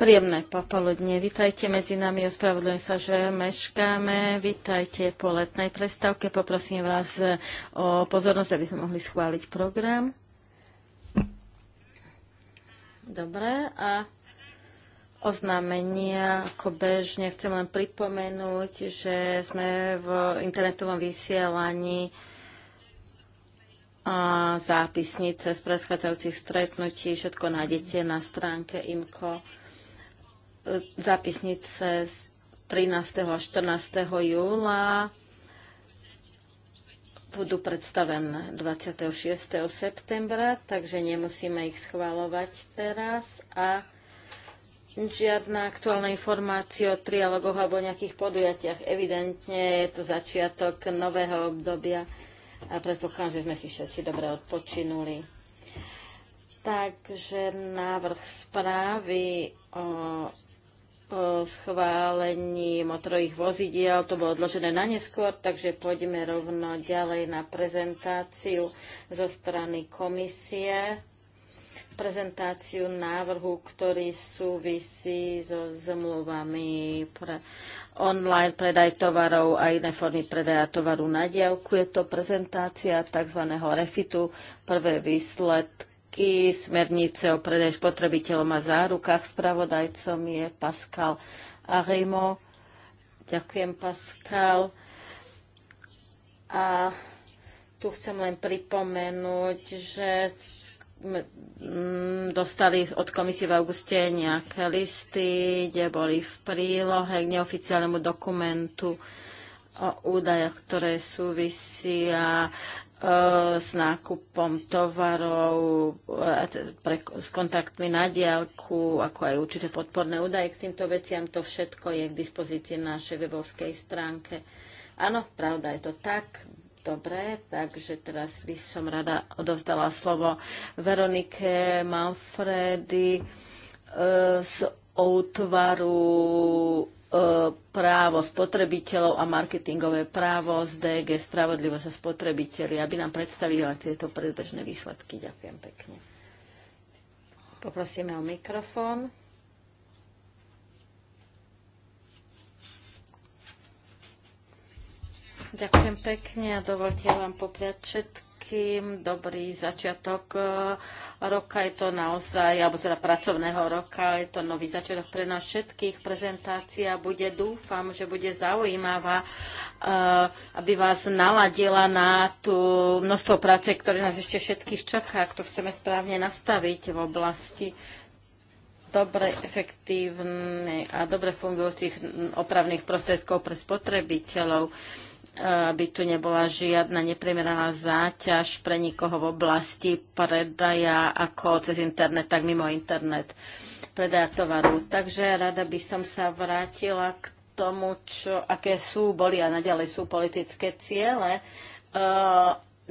Príjemné popoludne. Vítajte medzi nami, ospravedlňujem sa, že meškáme. Vítajte po letnej prestávke. Poprosím vás eh, o pozornosť, aby sme mohli schváliť program. Dobre, a oznámenia, ako bežne chcem len pripomenúť, že sme v internetovom vysielaní a zápisnice z predchádzajúcich stretnutí, všetko nájdete na stránke IMKO. Zápisnice z 13. a 14. júla budú predstavené 26. septembra, takže nemusíme ich schválovať teraz a žiadna aktuálna informácia o trialogoch alebo nejakých podujatiach. Evidentne je to začiatok nového obdobia a predpokladám, že sme si všetci dobre odpočinuli. Takže návrh správy o schválení motorových vozidiel. To bolo odložené na neskôr, takže poďme rovno ďalej na prezentáciu zo strany komisie prezentáciu návrhu, ktorý súvisí so zmluvami pre online predaj tovarov a iné formy predaja tovaru na diavku. Je to prezentácia tzv. refitu, prvé výsledky smernice o predaj spotrebiteľom a zárukách. Spravodajcom je Pascal Arimo. Ďakujem, Pascal. A tu chcem len pripomenúť, že dostali od komisie v auguste nejaké listy, kde boli v prílohe k neoficiálnemu dokumentu o údajoch, ktoré súvisia e, s nákupom tovarov, e, pre, s kontaktmi na diálku, ako aj určité podporné údaje k týmto veciam. To všetko je k dispozícii na našej webovskej stránke. Áno, pravda je to tak Dobre, takže teraz by som rada odovzdala slovo Veronike Manfredi e, z útvaru e, právo spotrebiteľov a marketingové právo z DG Spravodlivosť a spotrebiteľi, aby nám predstavila tieto predbežné výsledky. Ďakujem pekne. Poprosíme o mikrofón. Ďakujem pekne a dovolte vám popriať všetkým dobrý začiatok eh, roka. Je to naozaj, alebo teda pracovného roka, je to nový začiatok pre nás všetkých. Prezentácia bude, dúfam, že bude zaujímavá, eh, aby vás naladila na tú množstvo práce, ktoré nás ešte všetkých čaká, ak to chceme správne nastaviť v oblasti dobre efektívne a dobre fungujúcich mm, opravných prostriedkov pre spotrebiteľov aby tu nebola žiadna neprimeraná záťaž pre nikoho v oblasti predaja ako cez internet, tak mimo internet predaja tovaru. Takže rada by som sa vrátila k tomu, čo, aké sú, boli a naďalej sú politické ciele e,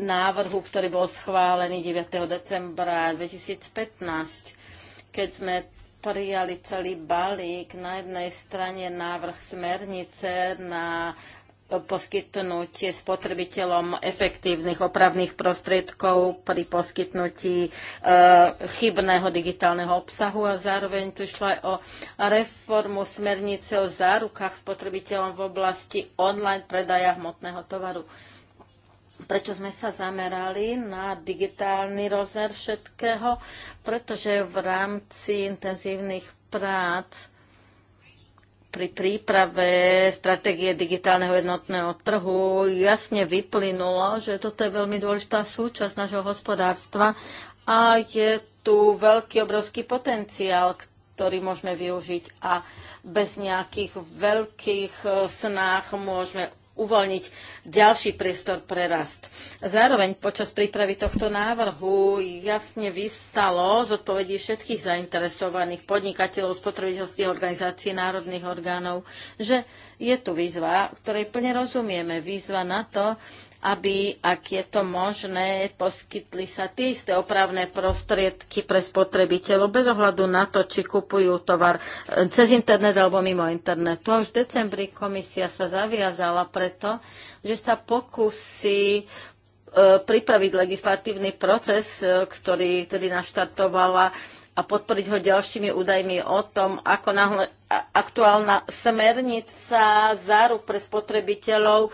návrhu, ktorý bol schválený 9. decembra 2015, keď sme prijali celý balík. Na jednej strane návrh smernice na poskytnúť spotrebiteľom efektívnych opravných prostriedkov pri poskytnutí e, chybného digitálneho obsahu a zároveň tu išlo aj o reformu smernice o zárukách spotrebiteľom v oblasti online predaja hmotného tovaru. Prečo sme sa zamerali na digitálny rozmer všetkého? Pretože v rámci intenzívnych prác pri príprave stratégie digitálneho jednotného trhu jasne vyplynulo, že toto je veľmi dôležitá súčasť nášho hospodárstva a je tu veľký obrovský potenciál, ktorý môžeme využiť a bez nejakých veľkých snách môžeme uvoľniť ďalší priestor pre rast. Zároveň počas prípravy tohto návrhu jasne vyvstalo z odpovedí všetkých zainteresovaných podnikateľov, spotrebiteľských organizácií, národných orgánov, že je tu výzva, ktorej plne rozumieme. Výzva na to, aby, ak je to možné, poskytli sa tie isté opravné prostriedky pre spotrebiteľov bez ohľadu na to, či kupujú tovar e, cez internet alebo mimo internetu. A už v decembri komisia sa zaviazala preto, že sa pokusí e, pripraviť legislatívny proces, e, ktorý tedy naštartovala a podporiť ho ďalšími údajmi o tom, ako náhle aktuálna smernica záruk pre spotrebiteľov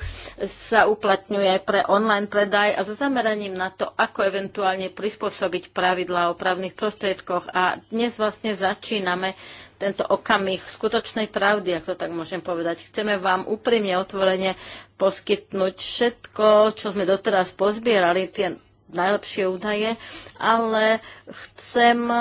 sa uplatňuje aj pre online predaj a so zameraním na to, ako eventuálne prispôsobiť pravidlá o právnych prostriedkoch. A dnes vlastne začíname tento okamih skutočnej pravdy, ak to tak môžem povedať. Chceme vám úprimne, otvorene poskytnúť všetko, čo sme doteraz pozbierali, tie najlepšie údaje, ale chcem e,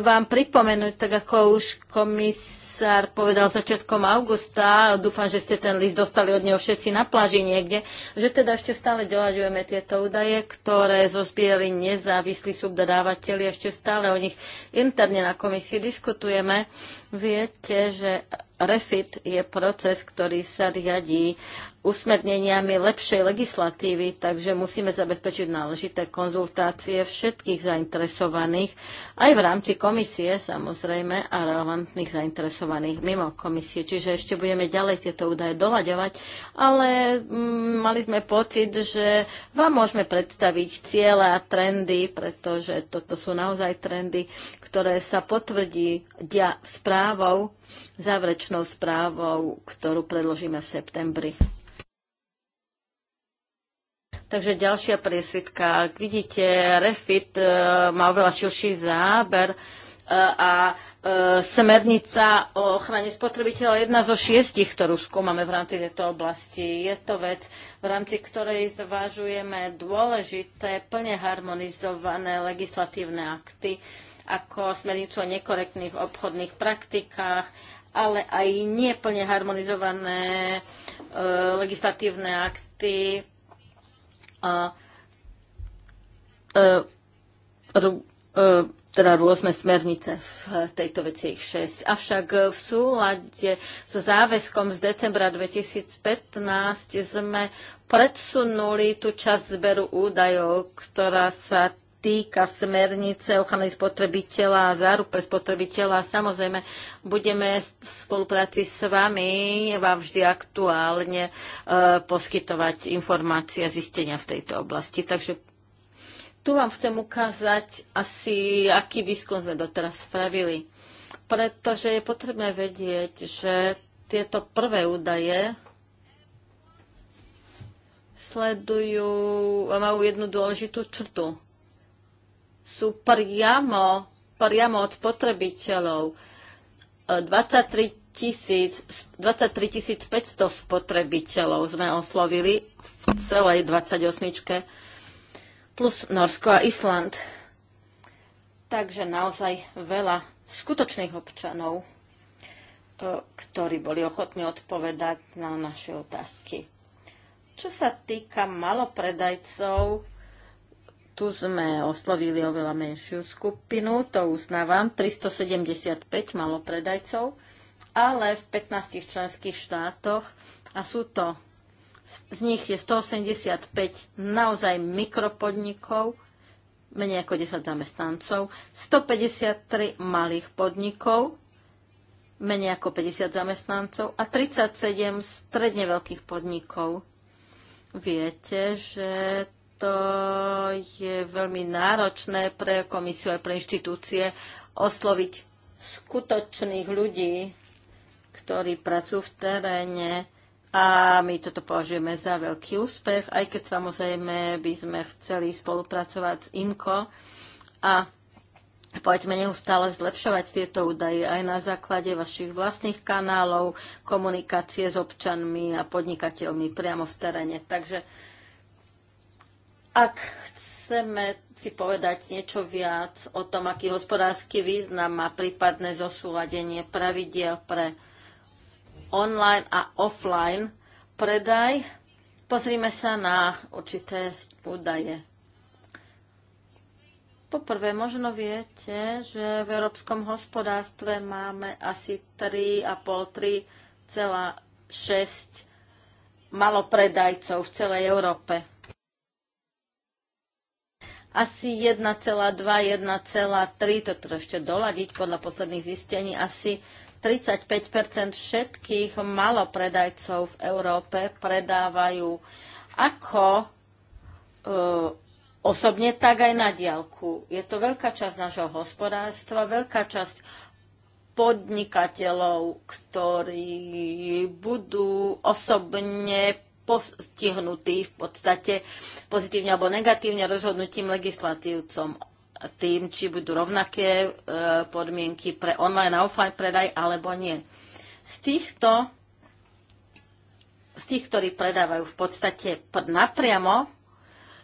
vám pripomenúť, tak ako už komisár povedal začiatkom augusta, dúfam, že ste ten list dostali od neho všetci na pláži niekde, že teda ešte stále doľaďujeme tieto údaje, ktoré zozbierali nezávislí subdodávateľi, ešte stále o nich interne na komisii diskutujeme. Viete, že REFIT je proces, ktorý sa riadí usmerneniami lepšej legislatívy, takže musíme zabezpečiť náležité konzultácie všetkých zainteresovaných, aj v rámci komisie samozrejme a relevantných zainteresovaných mimo komisie. Čiže ešte budeme ďalej tieto údaje doľaďovať, ale mm, mali sme pocit, že vám môžeme predstaviť ciele a trendy, pretože toto sú naozaj trendy, ktoré sa potvrdí správou záverečnou správou, ktorú predložíme v septembri. Takže ďalšia priesvitka. Ak vidíte, Refit e, má oveľa širší záber e, a e, smernica o ochrane spotrebiteľa je jedna zo šiestich, ktorú skúmame v rámci tejto oblasti. Je to vec, v rámci ktorej zvažujeme dôležité, plne harmonizované legislatívne akty, ako smernicu o nekorektných obchodných praktikách, ale aj neplne harmonizované e, legislatívne akty a e, e, teda rôzne smernice v tejto veci ich 6. Avšak v súlade so záväzkom z decembra 2015 sme predsunuli tú časť zberu údajov, ktorá sa týka smernice ochrany spotrebiteľa a záruk pre spotrebiteľa. Samozrejme, budeme v spolupráci s vami vám vždy aktuálne e, poskytovať informácie a zistenia v tejto oblasti. Takže tu vám chcem ukázať asi, aký výskum sme doteraz spravili. Pretože je potrebné vedieť, že tieto prvé údaje sledujú a majú jednu dôležitú črtu sú priamo, priamo od spotrebiteľov. 23 e, tisíc, 23 500 spotrebiteľov sme oslovili v celej 28 plus Norsko a Island. Takže naozaj veľa skutočných občanov, e, ktorí boli ochotní odpovedať na naše otázky. Čo sa týka malopredajcov, tu sme oslovili oveľa menšiu skupinu, to uznávam, 375 malopredajcov, ale v 15 členských štátoch a sú to, z nich je 185 naozaj mikropodnikov, menej ako 10 zamestnancov, 153 malých podnikov, menej ako 50 zamestnancov a 37 stredne veľkých podnikov. Viete, že to je veľmi náročné pre komisiu aj pre inštitúcie osloviť skutočných ľudí, ktorí pracujú v teréne a my toto považujeme za veľký úspech, aj keď samozrejme by sme chceli spolupracovať s IMCO a povedzme neustále zlepšovať tieto údaje aj na základe vašich vlastných kanálov, komunikácie s občanmi a podnikateľmi priamo v teréne. Takže ak chceme si povedať niečo viac o tom, aký hospodársky význam má prípadné zosúladenie pravidiel pre online a offline predaj, pozrime sa na určité údaje. Poprvé, možno viete, že v európskom hospodárstve máme asi 3,5-3,6 malopredajcov v celej Európe asi 1,2-1,3, to treba ešte doladiť podľa posledných zistení, asi 35 všetkých malopredajcov v Európe predávajú ako e, osobne, tak aj na diálku. Je to veľká časť nášho hospodárstva, veľká časť podnikateľov, ktorí budú osobne postihnutí v podstate pozitívne alebo negatívne rozhodnutím legislatívcom tým, či budú rovnaké e, podmienky pre online a offline predaj alebo nie. Z týchto, z tých, ktorí predávajú v podstate napriamo,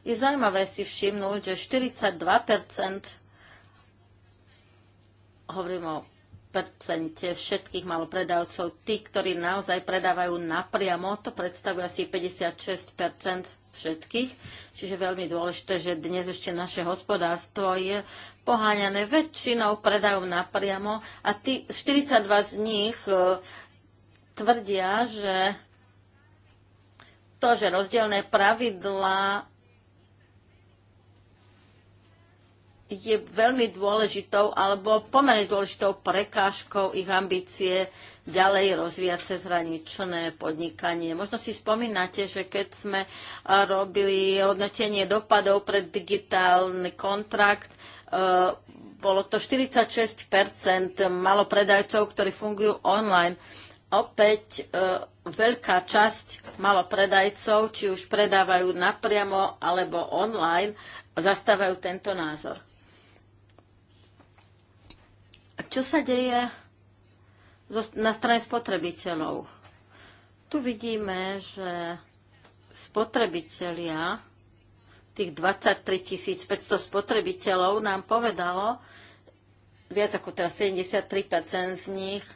je zaujímavé si všimnúť, že 42 hovorím o percente všetkých malopredavcov, tí, ktorí naozaj predávajú napriamo, to predstavuje asi 56 všetkých. Čiže veľmi dôležité, že dnes ešte naše hospodárstvo je poháňané väčšinou predajom napriamo a tí, 42 z nich e, tvrdia, že to, že rozdielne pravidlá je veľmi dôležitou alebo pomerne dôležitou prekážkou ich ambície ďalej rozvíjať cezhraničné podnikanie. Možno si spomínate, že keď sme robili hodnotenie dopadov pre digitálny kontrakt, bolo to 46 malo predajcov, ktorí fungujú online. Opäť veľká časť malopredajcov, či už predávajú napriamo alebo online, zastávajú tento názor. Čo sa deje na strane spotrebiteľov? Tu vidíme, že spotrebitelia, tých 23 500 spotrebiteľov nám povedalo, viac ako teraz 73% z nich e,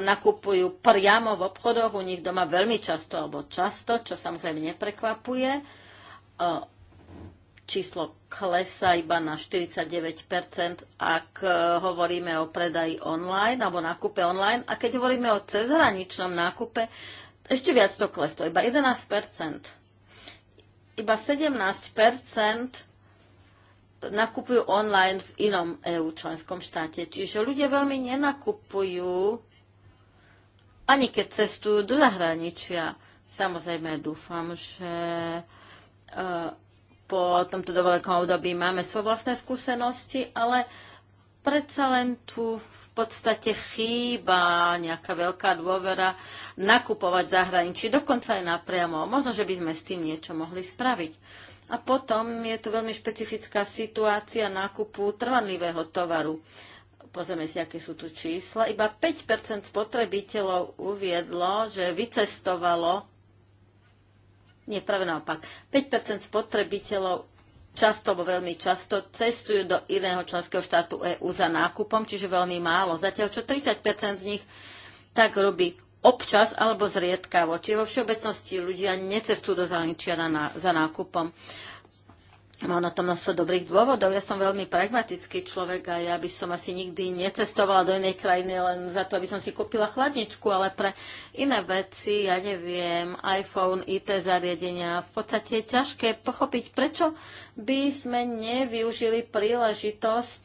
nakupujú priamo v obchodoch, u nich doma veľmi často alebo často, čo samozrejme neprekvapuje. E, číslo klesa iba na 49%, ak e, hovoríme o predaji online alebo nákupe online. A keď hovoríme o cezhraničnom nákupe, ešte viac to kleslo, iba 11%. Iba 17% nakupujú online v inom EU členskom štáte. Čiže ľudia veľmi nenakupujú, ani keď cestujú do zahraničia. Samozrejme, dúfam, že e, po tomto dovolenkom období máme svoje vlastné skúsenosti, ale predsa len tu v podstate chýba nejaká veľká dôvera nakupovať zahraničí, dokonca aj napriamo. Možno, že by sme s tým niečo mohli spraviť. A potom je tu veľmi špecifická situácia nákupu trvanlivého tovaru. Pozrieme si, aké sú tu čísla. Iba 5 spotrebiteľov uviedlo, že vycestovalo nie, práve naopak. 5 spotrebiteľov často, bo veľmi často, cestujú do iného členského štátu EÚ za nákupom, čiže veľmi málo. Zatiaľ, čo 30 z nich tak robí občas alebo zriedkavo. Čiže vo všeobecnosti ľudia necestujú do zahraničia na, za nákupom. Uh, Mám no, na to množstvo dobrých dôvodov. Ja som veľmi pragmatický človek a ja by som asi nikdy necestovala do inej krajiny len za to, aby som si kúpila chladničku, ale pre iné veci, ja neviem, iPhone, IT zariadenia, v podstate je ťažké pochopiť, prečo by sme nevyužili príležitosť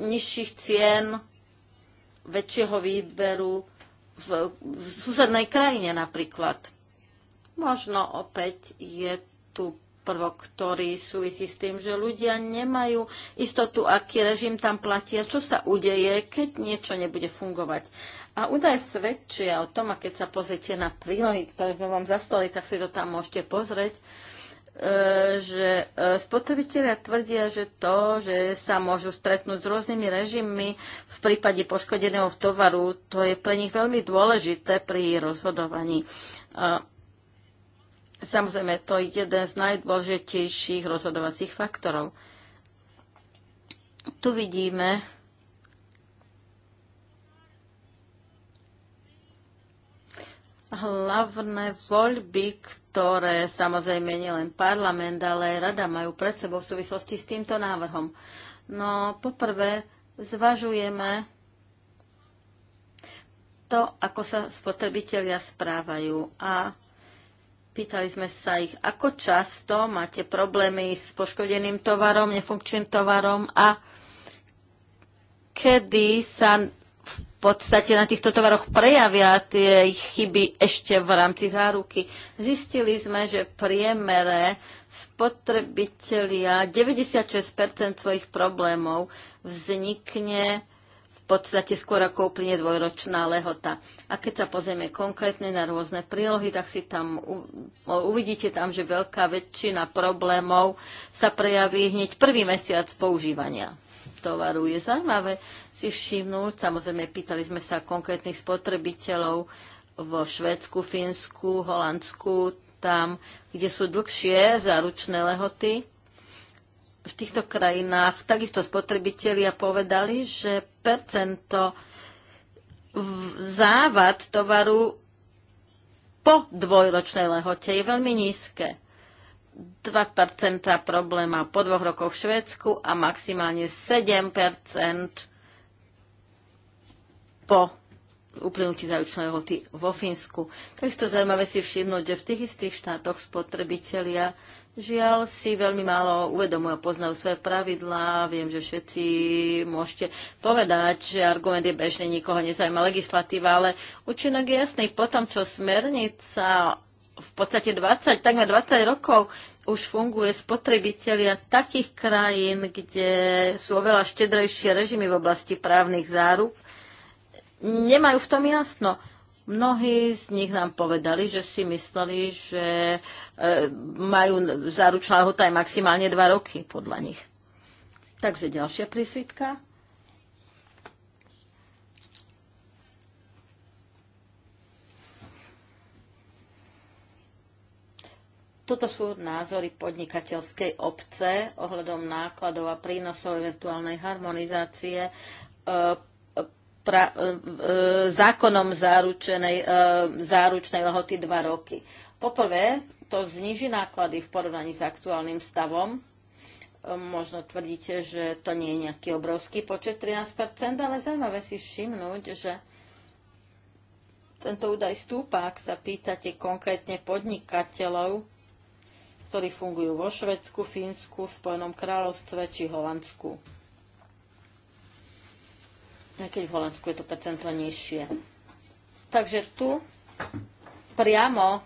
nižších cien, väčšieho výberu v, v susednej krajine napríklad. Možno opäť je tu prvok, ktorý súvisí s tým, že ľudia nemajú istotu, aký režim tam platí a čo sa udeje, keď niečo nebude fungovať. A údaj svedčia o tom, a keď sa pozriete na prílohy, ktoré sme vám zaslali, tak si to tam môžete pozrieť, e, že e, spotrebitelia tvrdia, že to, že sa môžu stretnúť s rôznymi režimmi v prípade poškodeného tovaru, to je pre nich veľmi dôležité pri rozhodovaní Samozrejme, to je jeden z najdôležitejších rozhodovacích faktorov. Tu vidíme hlavné voľby, ktoré samozrejme nielen parlament, ale aj rada majú pred sebou v súvislosti s týmto návrhom. No, poprvé zvažujeme to, ako sa spotrebitelia správajú a Pýtali sme sa ich, ako často máte problémy s poškodeným tovarom, nefunkčným tovarom a kedy sa v podstate na týchto tovaroch prejavia tie ich chyby ešte v rámci záruky. Zistili sme, že priemere spotrebitelia 96% svojich problémov vznikne podstate skôr ako úplne dvojročná lehota. A keď sa pozrieme konkrétne na rôzne prílohy, tak si tam uvidíte tam, že veľká väčšina problémov sa prejaví hneď prvý mesiac používania tovaru. Je zaujímavé si všimnúť, samozrejme pýtali sme sa konkrétnych spotrebiteľov vo Švedsku, Fínsku, Holandsku, tam, kde sú dlhšie záručné lehoty, v týchto krajinách takisto spotrebitelia povedali, že percento závad tovaru po dvojročnej lehote je veľmi nízke. 2% problém má po dvoch rokoch v Švedsku a maximálne 7% po uplynutí záručnej lehoty vo Fínsku. Takisto zaujímavé si všimnúť, že v tých istých štátoch spotrebitelia Žiaľ si veľmi málo uvedomujú, poznajú svoje pravidlá. Viem, že všetci môžete povedať, že argument je bežný, nikoho nezaujíma legislatíva, ale účinok je jasný. Potom, čo smernica v podstate 20, takmer 20 rokov už funguje spotrebitelia takých krajín, kde sú oveľa štedrejšie režimy v oblasti právnych záruk, nemajú v tom jasno. Mnohí z nich nám povedali, že si mysleli, že e, majú záručná hota aj maximálne dva roky podľa nich. Takže ďalšia prísvitka. Toto sú názory podnikateľskej obce ohľadom nákladov a prínosov eventuálnej harmonizácie e, pra, e, e, zákonom záručenej, e, záručnej lehoty 2 roky. Poprvé, to zniží náklady v porovnaní s aktuálnym stavom. Možno tvrdíte, že to nie je nejaký obrovský počet 13%, ale zaujímavé si všimnúť, že tento údaj stúpa, ak sa pýtate konkrétne podnikateľov, ktorí fungujú vo Švedsku, Fínsku, Spojenom kráľovstve či Holandsku keď v Holandsku je to percento nižšie. Takže tu priamo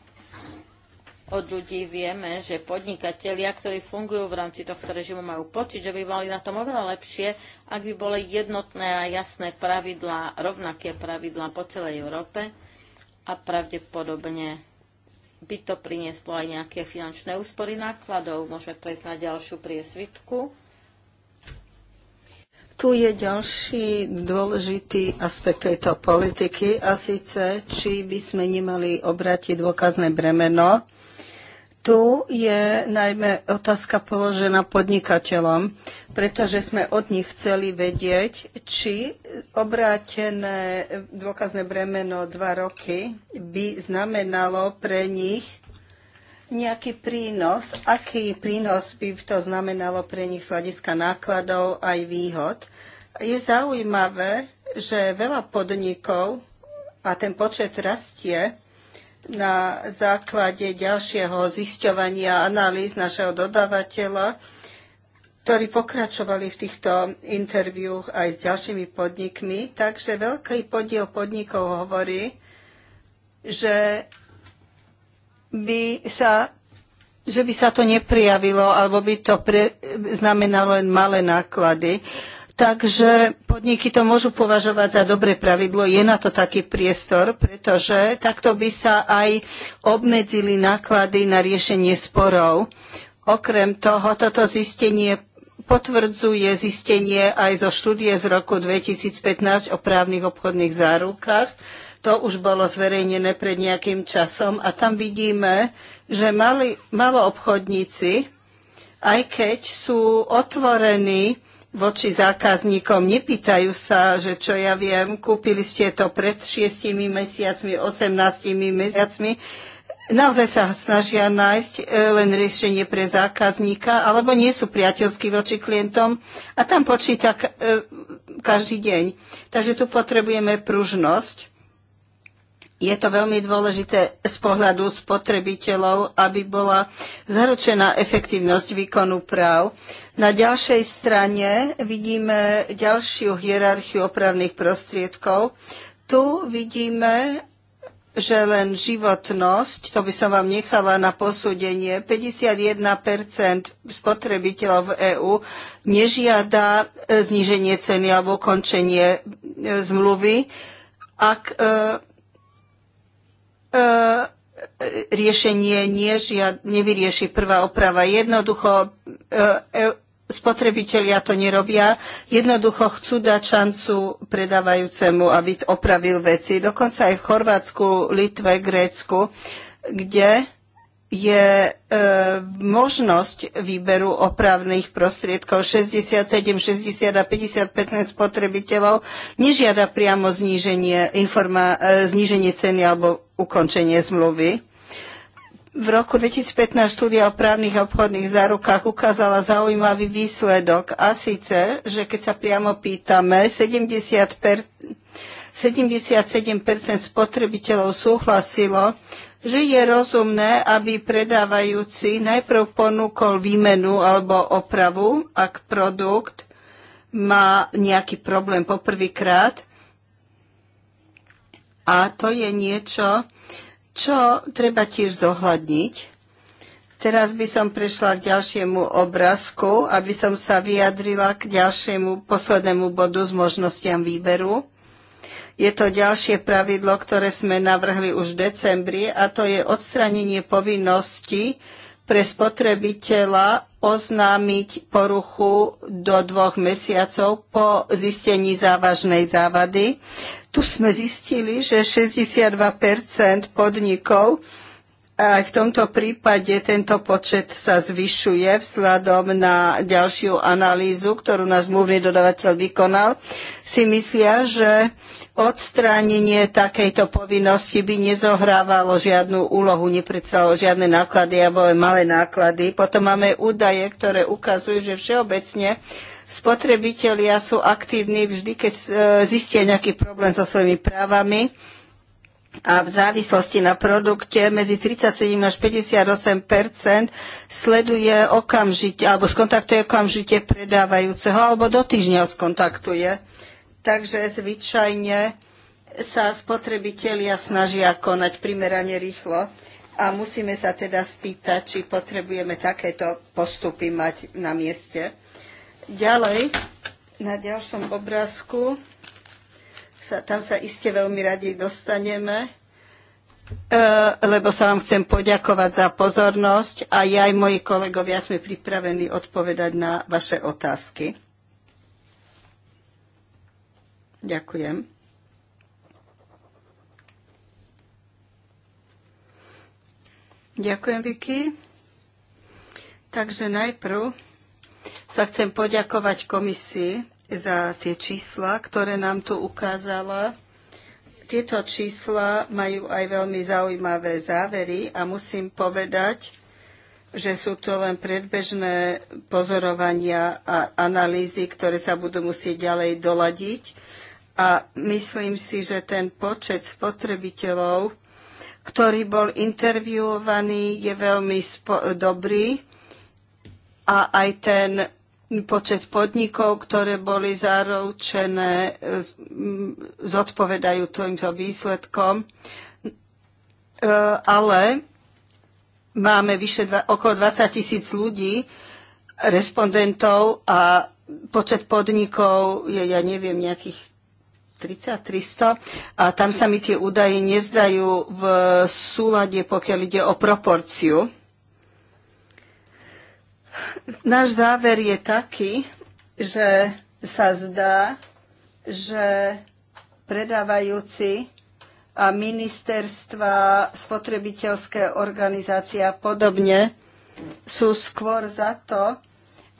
od ľudí vieme, že podnikatelia, ktorí fungujú v rámci tohto režimu, majú pocit, že by mali na tom oveľa lepšie, ak by boli jednotné a jasné pravidlá, rovnaké pravidlá po celej Európe a pravdepodobne by to prinieslo aj nejaké finančné úspory nákladov. Môžeme prejsť na ďalšiu priesvitku. Tu je ďalší dôležitý aspekt tejto politiky a síce, či by sme nemali obrátiť dôkazné bremeno. Tu je najmä otázka položená podnikateľom, pretože sme od nich chceli vedieť, či obrátené dôkazné bremeno dva roky by znamenalo pre nich nejaký prínos, aký prínos by to znamenalo pre nich z hľadiska nákladov aj výhod. Je zaujímavé, že veľa podnikov a ten počet rastie na základe ďalšieho zisťovania analýz našeho dodávateľa, ktorí pokračovali v týchto interviúch aj s ďalšími podnikmi. Takže veľký podiel podnikov hovorí, že by sa že by sa to neprijavilo, alebo by to pre, znamenalo len malé náklady. Takže podniky to môžu považovať za dobré pravidlo. Je na to taký priestor, pretože takto by sa aj obmedzili náklady na riešenie sporov. Okrem toho, toto zistenie potvrdzuje zistenie aj zo štúdie z roku 2015 o právnych obchodných zárukách, to už bolo zverejnené pred nejakým časom a tam vidíme, že mali, malo obchodníci, aj keď sú otvorení voči zákazníkom, nepýtajú sa, že čo ja viem, kúpili ste to pred šiestimi mesiacmi, osemnáctimi mesiacmi, naozaj sa snažia nájsť e, len riešenie pre zákazníka, alebo nie sú priateľskí voči klientom a tam počíta e, každý deň. Takže tu potrebujeme pružnosť je to veľmi dôležité z pohľadu spotrebiteľov, aby bola zaručená efektívnosť výkonu práv. Na ďalšej strane vidíme ďalšiu hierarchiu opravných prostriedkov. Tu vidíme, že len životnosť, to by som vám nechala na posúdenie, 51 spotrebiteľov v EÚ nežiada e, zníženie ceny alebo ukončenie e, zmluvy. Ak e, E, riešenie nežiad, nevyrieši prvá oprava. Jednoducho e, e, spotrebitelia to nerobia. Jednoducho chcú dať šancu predávajúcemu, aby opravil veci. Dokonca aj v Chorvátsku, Litve, Grécku, kde je e, možnosť výberu opravných prostriedkov 67, 60 a 50 15 spotrebiteľov nežiada priamo zníženie, informa, e, zníženie ceny alebo ukončenie zmluvy. V roku 2015 štúdia o právnych obchodných zárukách ukázala zaujímavý výsledok a síce, že keď sa priamo pýtame, 70 per, 77 spotrebiteľov súhlasilo, že je rozumné, aby predávajúci najprv ponúkol výmenu alebo opravu, ak produkt má nejaký problém poprvýkrát. A to je niečo, čo treba tiež zohľadniť. Teraz by som prešla k ďalšiemu obrázku, aby som sa vyjadrila k ďalšiemu poslednému bodu s možnostiam výberu. Je to ďalšie pravidlo, ktoré sme navrhli už v decembri a to je odstranenie povinnosti pre spotrebiteľa oznámiť poruchu do dvoch mesiacov po zistení závažnej závady. Tu sme zistili, že 62 podnikov aj v tomto prípade tento počet sa zvyšuje vzhľadom na ďalšiu analýzu, ktorú nás zmluvný dodavateľ vykonal. Si myslia, že odstránenie takejto povinnosti by nezohrávalo žiadnu úlohu, nepredstavovalo žiadne náklady alebo len malé náklady. Potom máme údaje, ktoré ukazujú, že všeobecne spotrebitelia sú aktívni vždy, keď e, zistia nejaký problém so svojimi právami a v závislosti na produkte medzi 37 až 58 sleduje okamžite alebo skontaktuje okamžite predávajúceho alebo do týždňa ho skontaktuje. Takže zvyčajne sa spotrebitelia snažia konať primerane rýchlo a musíme sa teda spýtať, či potrebujeme takéto postupy mať na mieste. Ďalej, na ďalšom obrázku sa, tam sa iste veľmi radi dostaneme, e, lebo sa vám chcem poďakovať za pozornosť a ja aj moji kolegovia sme pripravení odpovedať na vaše otázky. Ďakujem. Ďakujem, Vicky. Takže najprv sa chcem poďakovať komisii za tie čísla, ktoré nám tu ukázala. Tieto čísla majú aj veľmi zaujímavé závery a musím povedať, že sú to len predbežné pozorovania a analýzy, ktoré sa budú musieť ďalej doladiť. A myslím si, že ten počet spotrebiteľov, ktorý bol intervjuovaný, je veľmi dobrý a aj ten počet podnikov, ktoré boli zaručené, e, zodpovedajú týmto výsledkom, e, ale máme vyše dva, okolo 20 tisíc ľudí, respondentov a počet podnikov je, ja neviem, nejakých 30, 300 a tam sa mi tie údaje nezdajú v súlade, pokiaľ ide o proporciu Náš záver je taký, že sa zdá, že predávajúci a ministerstva, spotrebiteľské organizácie a podobne sú skôr za to,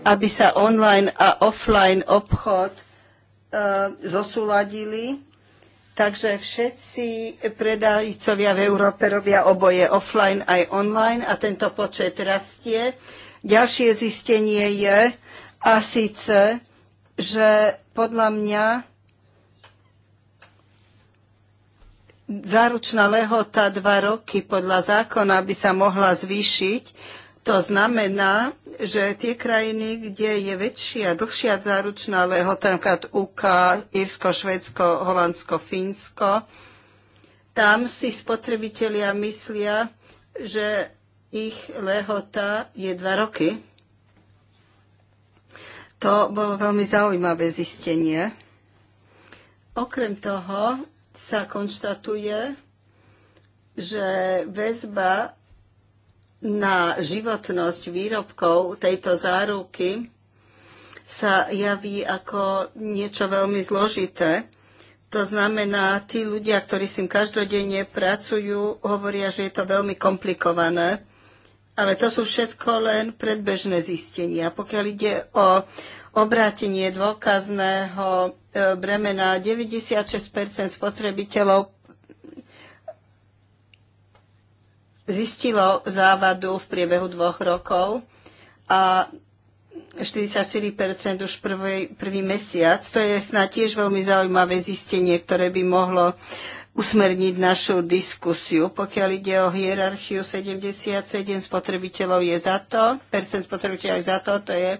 aby sa online a offline obchod e, zosúladili. Takže všetci predajcovia v Európe robia oboje offline aj online a tento počet rastie. Ďalšie zistenie je, a síce, že podľa mňa záručná lehota dva roky podľa zákona by sa mohla zvýšiť. To znamená, že tie krajiny, kde je väčšia, dlhšia záručná lehota, napríklad UK, Irsko, Švedsko, Holandsko, Fínsko, tam si spotrebitelia myslia, že ich lehota je dva roky. To bolo veľmi zaujímavé zistenie. Okrem toho sa konštatuje, že väzba na životnosť výrobkov tejto záruky sa javí ako niečo veľmi zložité. To znamená, tí ľudia, ktorí s tým každodenne pracujú, hovoria, že je to veľmi komplikované. Ale to sú všetko len predbežné zistenia. Pokiaľ ide o obrátenie dôkazného e, bremena, 96 spotrebiteľov zistilo závadu v priebehu dvoch rokov a 44% už prvý, prvý mesiac. To je snad tiež veľmi zaujímavé zistenie, ktoré by mohlo usmerniť našu diskusiu. Pokiaľ ide o hierarchiu 77 spotrebiteľov je za to, percent spotrebiteľov je za to, to je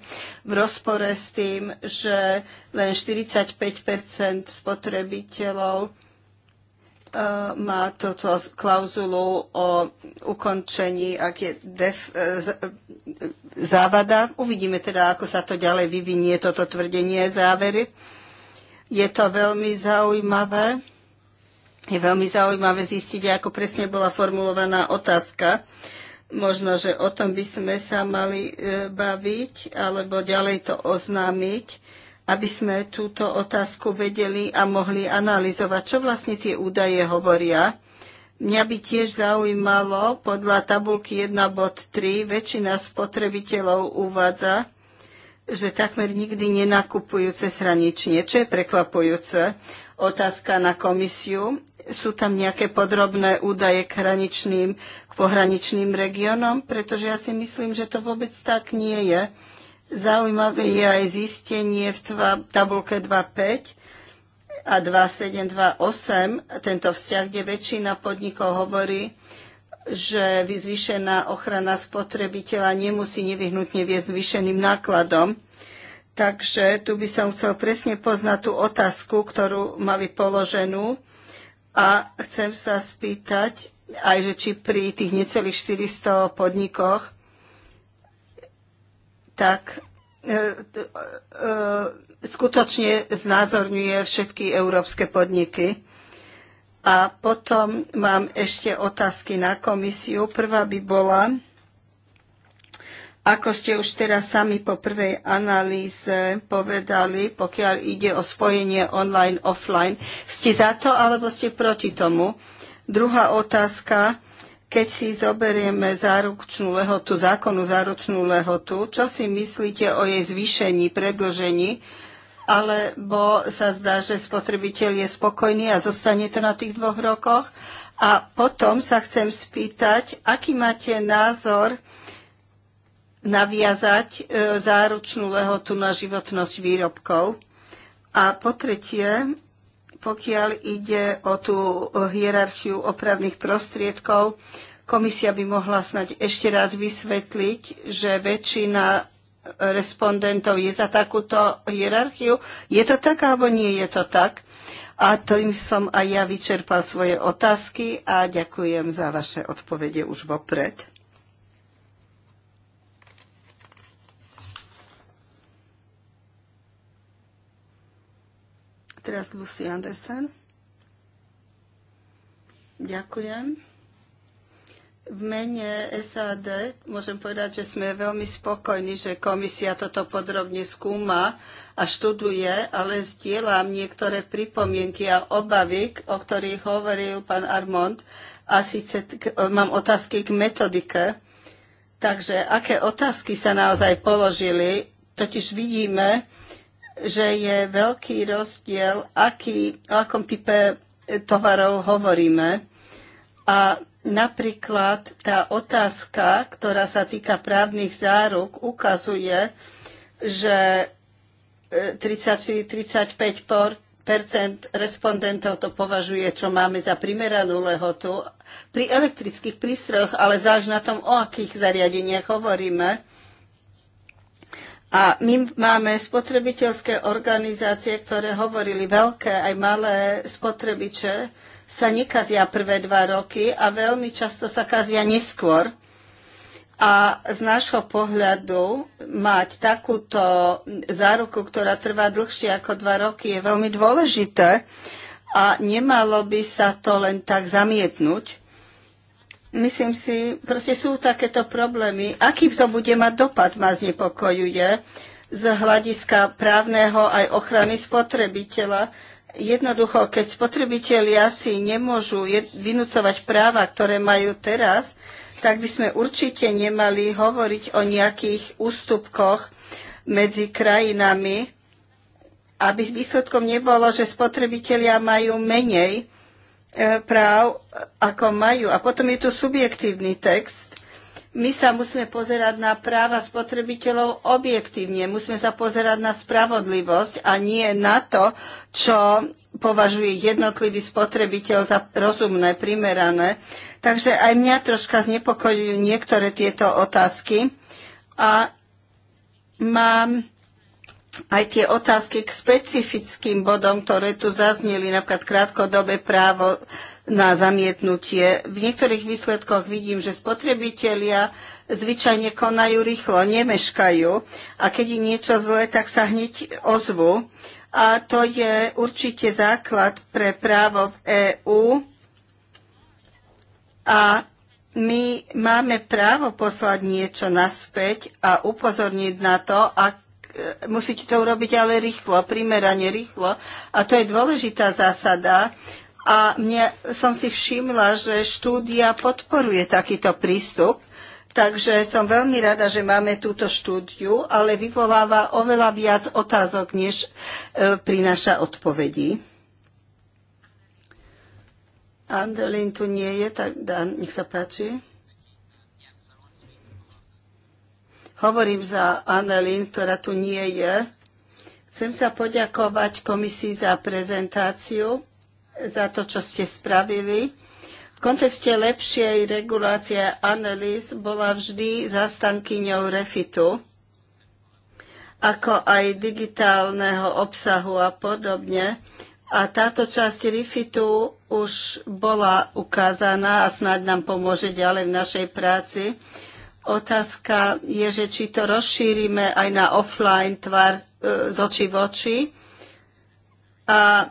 v rozpore s tým, že len 45 spotrebiteľov e, má toto klauzulu o ukončení, ak je def, e, e, závada. Uvidíme teda, ako sa to ďalej vyvinie, toto tvrdenie závery. Je to veľmi zaujímavé je veľmi zaujímavé zistiť, ako presne bola formulovaná otázka. Možno, že o tom by sme sa mali e, baviť alebo ďalej to oznámiť, aby sme túto otázku vedeli a mohli analyzovať, čo vlastne tie údaje hovoria. Mňa by tiež zaujímalo, podľa tabulky 1.3 väčšina spotrebiteľov uvádza, že takmer nikdy nenakupujú hranične, čo je prekvapujúce. Otázka na komisiu sú tam nejaké podrobné údaje k hraničným, k pohraničným regiónom, pretože ja si myslím, že to vôbec tak nie je. Zaujímavé je aj zistenie v tabulke 2.5 a 2.7.2.8, tento vzťah, kde väčšina podnikov hovorí, že vyzvyšená ochrana spotrebiteľa nemusí nevyhnutne viesť zvýšeným nákladom. Takže tu by som chcel presne poznať tú otázku, ktorú mali položenú a chcem sa spýtať aj, že či pri tých necelých 400 podnikoch tak e, e, skutočne znázorňuje všetky európske podniky. A potom mám ešte otázky na komisiu. Prvá by bola, ako ste už teraz sami po prvej analýze povedali, pokiaľ ide o spojenie online-offline, ste za to alebo ste proti tomu? Druhá otázka, keď si zoberieme záručnú lehotu, zákonu záručnú lehotu, čo si myslíte o jej zvýšení, predlžení, alebo sa zdá, že spotrebiteľ je spokojný a zostane to na tých dvoch rokoch? A potom sa chcem spýtať, aký máte názor, naviazať e, záručnú lehotu na životnosť výrobkov. A po tretie, pokiaľ ide o tú hierarchiu opravných prostriedkov, komisia by mohla snať ešte raz vysvetliť, že väčšina respondentov je za takúto hierarchiu. Je to tak, alebo nie je to tak? A tým som aj ja vyčerpal svoje otázky a ďakujem za vaše odpovede už vopred. teraz Lucy Andersen. Ďakujem. V mene SAD môžem povedať, že sme veľmi spokojní, že komisia toto podrobne skúma a študuje, ale zdieľam niektoré pripomienky a obavy, o ktorých hovoril pán Armond. A síce mám otázky k metodike. Takže aké otázky sa naozaj položili? Totiž vidíme, že je veľký rozdiel, aký, o akom type tovarov hovoríme. A napríklad tá otázka, ktorá sa týka právnych záruk, ukazuje, že 34-35 e, respondentov to považuje, čo máme za primeranú lehotu. Pri elektrických prístrojoch, ale záž na tom, o akých zariadeniach hovoríme, a my máme spotrebiteľské organizácie, ktoré hovorili veľké aj malé spotrebiče, sa nekazia prvé dva roky a veľmi často sa kazia neskôr. A z nášho pohľadu mať takúto záruku, ktorá trvá dlhšie ako dva roky, je veľmi dôležité a nemalo by sa to len tak zamietnúť. Myslím si, proste sú takéto problémy. Aký to bude mať dopad, ma znepokojuje z hľadiska právneho aj ochrany spotrebiteľa. Jednoducho, keď spotrebitelia si nemôžu vynúcovať práva, ktoré majú teraz, tak by sme určite nemali hovoriť o nejakých ústupkoch medzi krajinami, aby výsledkom nebolo, že spotrebitelia majú menej E, práv, ako majú. A potom je tu subjektívny text. My sa musíme pozerať na práva spotrebiteľov objektívne. Musíme sa pozerať na spravodlivosť a nie na to, čo považuje jednotlivý spotrebiteľ za rozumné, primerané. Takže aj mňa troška znepokojujú niektoré tieto otázky. A mám aj tie otázky k špecifickým bodom, ktoré tu zazneli, napríklad krátkodobé právo na zamietnutie. V niektorých výsledkoch vidím, že spotrebitelia zvyčajne konajú rýchlo, nemeškajú a keď je niečo zlé, tak sa hneď ozvu. A to je určite základ pre právo v EÚ. A my máme právo poslať niečo naspäť a upozorniť na to, ak E, musíte to urobiť ale rýchlo, primerane rýchlo. A to je dôležitá zásada. A mne, som si všimla, že štúdia podporuje takýto prístup. Takže som veľmi rada, že máme túto štúdiu, ale vyvoláva oveľa viac otázok, než e, prináša odpovedí. Andelin tu nie je, tak dá, nech sa páči. Hovorím za Annelin, ktorá tu nie je. Chcem sa poďakovať komisii za prezentáciu, za to, čo ste spravili. V kontexte lepšej regulácie analýz bola vždy zastankyňou refitu, ako aj digitálneho obsahu a podobne. A táto časť refitu už bola ukázaná a snáď nám pomôže ďalej v našej práci. Otázka je, že či to rozšírime aj na offline tvár e, z očí v oči. A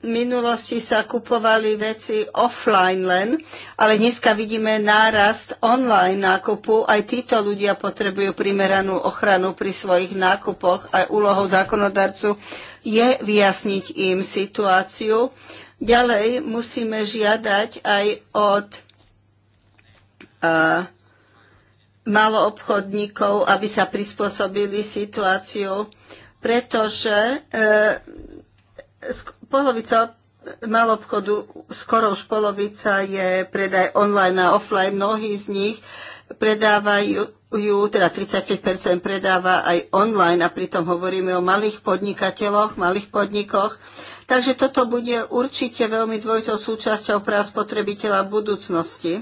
v minulosti sa kupovali veci offline len, ale dneska vidíme nárast online nákupu. Aj títo ľudia potrebujú primeranú ochranu pri svojich nákupoch. Aj úlohou zákonodarcu je vyjasniť im situáciu Ďalej musíme žiadať aj od uh, maloobchodníkov, aby sa prispôsobili situáciu, pretože uh, polovica malobchodu, skoro už polovica je predaj online a offline. Mnohí z nich predávajú, teda 35% predáva aj online a pritom hovoríme o malých podnikateľoch, malých podnikoch. Takže toto bude určite veľmi dôležitou súčasťou práv spotrebiteľa v budúcnosti.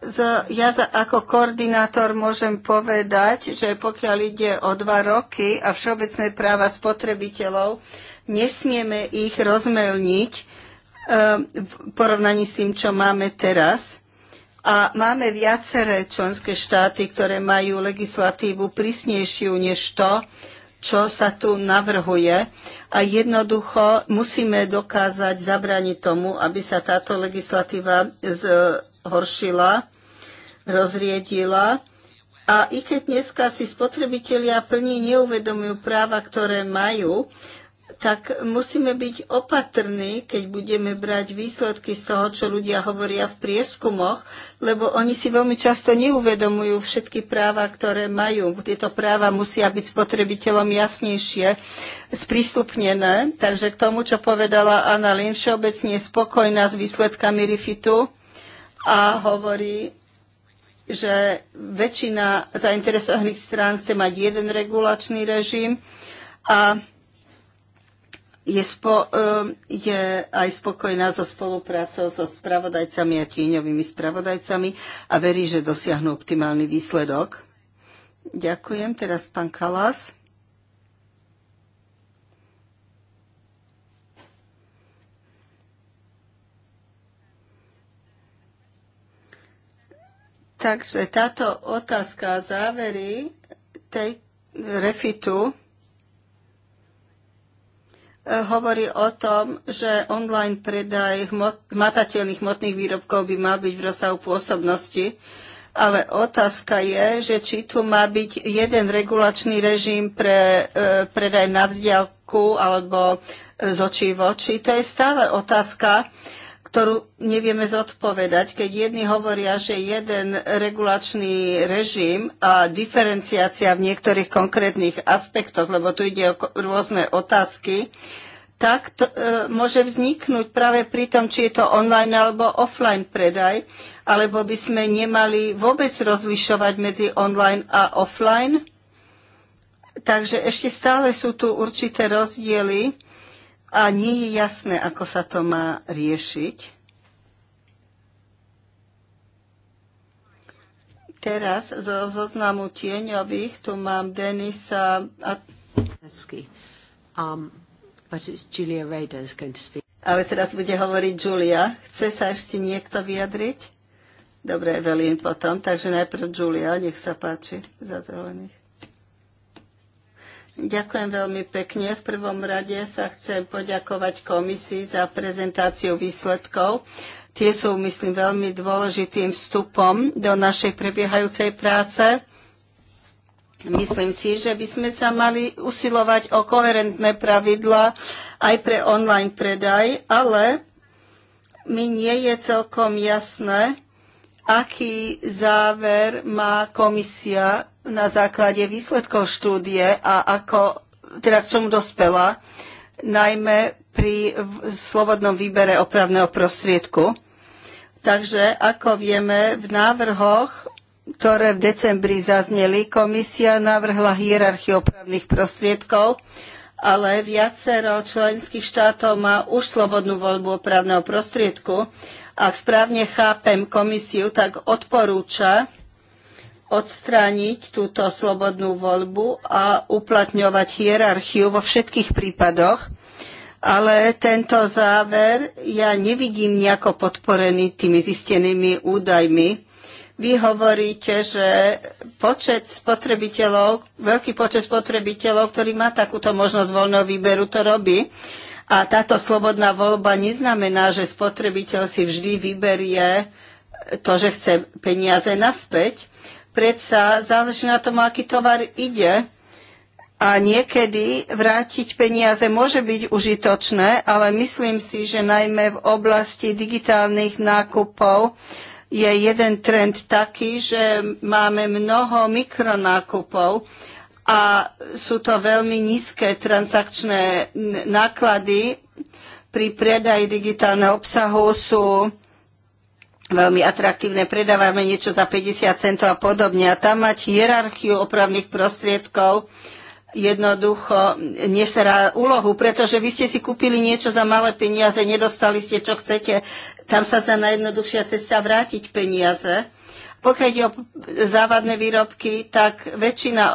Z, ja za, ako koordinátor môžem povedať, že pokiaľ ide o dva roky a všeobecné práva spotrebiteľov, nesmieme ich rozmelniť e, v porovnaní s tým, čo máme teraz. A máme viaceré členské štáty, ktoré majú legislatívu prísnejšiu než to, čo sa tu navrhuje a jednoducho musíme dokázať zabraniť tomu, aby sa táto legislatíva zhoršila, rozriedila. A i keď dneska si spotrebitelia plní neuvedomujú práva, ktoré majú, tak musíme byť opatrní, keď budeme brať výsledky z toho, čo ľudia hovoria v prieskumoch, lebo oni si veľmi často neuvedomujú všetky práva, ktoré majú. Tieto práva musia byť spotrebiteľom jasnejšie sprístupnené. Takže k tomu, čo povedala Anna Lin, všeobecne je spokojná s výsledkami RIFITu a hovorí, že väčšina zainteresovaných strán chce mať jeden regulačný režim a je, spo, um, je aj spokojná so spoluprácou so spravodajcami a tieňovými spravodajcami a verí, že dosiahnu optimálny výsledok. Ďakujem. Teraz pán Kalas. Takže táto otázka závery tej refitu hovorí o tom, že online predaj hmot, matateľných hmotných výrobkov by mal byť v rozsahu pôsobnosti, ale otázka je, že či tu má byť jeden regulačný režim pre e, predaj na vzdialku alebo z očí v oči. To je stále otázka, e, ktorú nevieme zodpovedať. Keď jedni hovoria, že jeden regulačný režim a diferenciácia v niektorých konkrétnych aspektoch, lebo tu ide o rôzne otázky, tak to, e, môže vzniknúť práve pri tom, či je to online alebo offline predaj, alebo by sme nemali vôbec rozlišovať medzi online a offline. Takže ešte stále sú tu určité rozdiely a nie je jasné, ako sa to má riešiť. Teraz zo zoznamu tieňových tu mám Denisa a... Um, but it's Julia Rader is going to speak. Ale teraz bude hovoriť Julia. Chce sa ešte niekto vyjadriť? Dobre, Evelyn potom. Takže najprv Julia, nech sa páči za zelených. Ďakujem veľmi pekne. V prvom rade sa chcem poďakovať komisii za prezentáciu výsledkov. Tie sú, myslím, veľmi dôležitým vstupom do našej prebiehajúcej práce. Myslím si, že by sme sa mali usilovať o koherentné pravidla aj pre online predaj, ale mi nie je celkom jasné, aký záver má komisia na základe výsledkov štúdie a ako, teda k čomu dospela, najmä pri slobodnom výbere opravného prostriedku. Takže, ako vieme, v návrhoch, ktoré v decembri zazneli, komisia navrhla hierarchiu opravných prostriedkov, ale viacero členských štátov má už slobodnú voľbu opravného prostriedku. Ak správne chápem komisiu, tak odporúča odstrániť túto slobodnú voľbu a uplatňovať hierarchiu vo všetkých prípadoch, ale tento záver ja nevidím nejako podporený tými zistenými údajmi. Vy hovoríte, že počet spotrebiteľov, veľký počet spotrebiteľov, ktorý má takúto možnosť voľného výberu, to robí. A táto slobodná voľba neznamená, že spotrebiteľ si vždy vyberie to, že chce peniaze naspäť. Predsa záleží na tom, aký tovar ide. A niekedy vrátiť peniaze môže byť užitočné, ale myslím si, že najmä v oblasti digitálnych nákupov je jeden trend taký, že máme mnoho mikronákupov a sú to veľmi nízke transakčné náklady pri predaji digitálneho obsahu sú veľmi atraktívne, predávame niečo za 50 centov a podobne. A tam mať hierarchiu opravných prostriedkov jednoducho neserá úlohu, pretože vy ste si kúpili niečo za malé peniaze, nedostali ste, čo chcete. Tam sa zdá najjednoduchšia cesta vrátiť peniaze. Pokiaľ ide o závadné výrobky, tak väčšina e,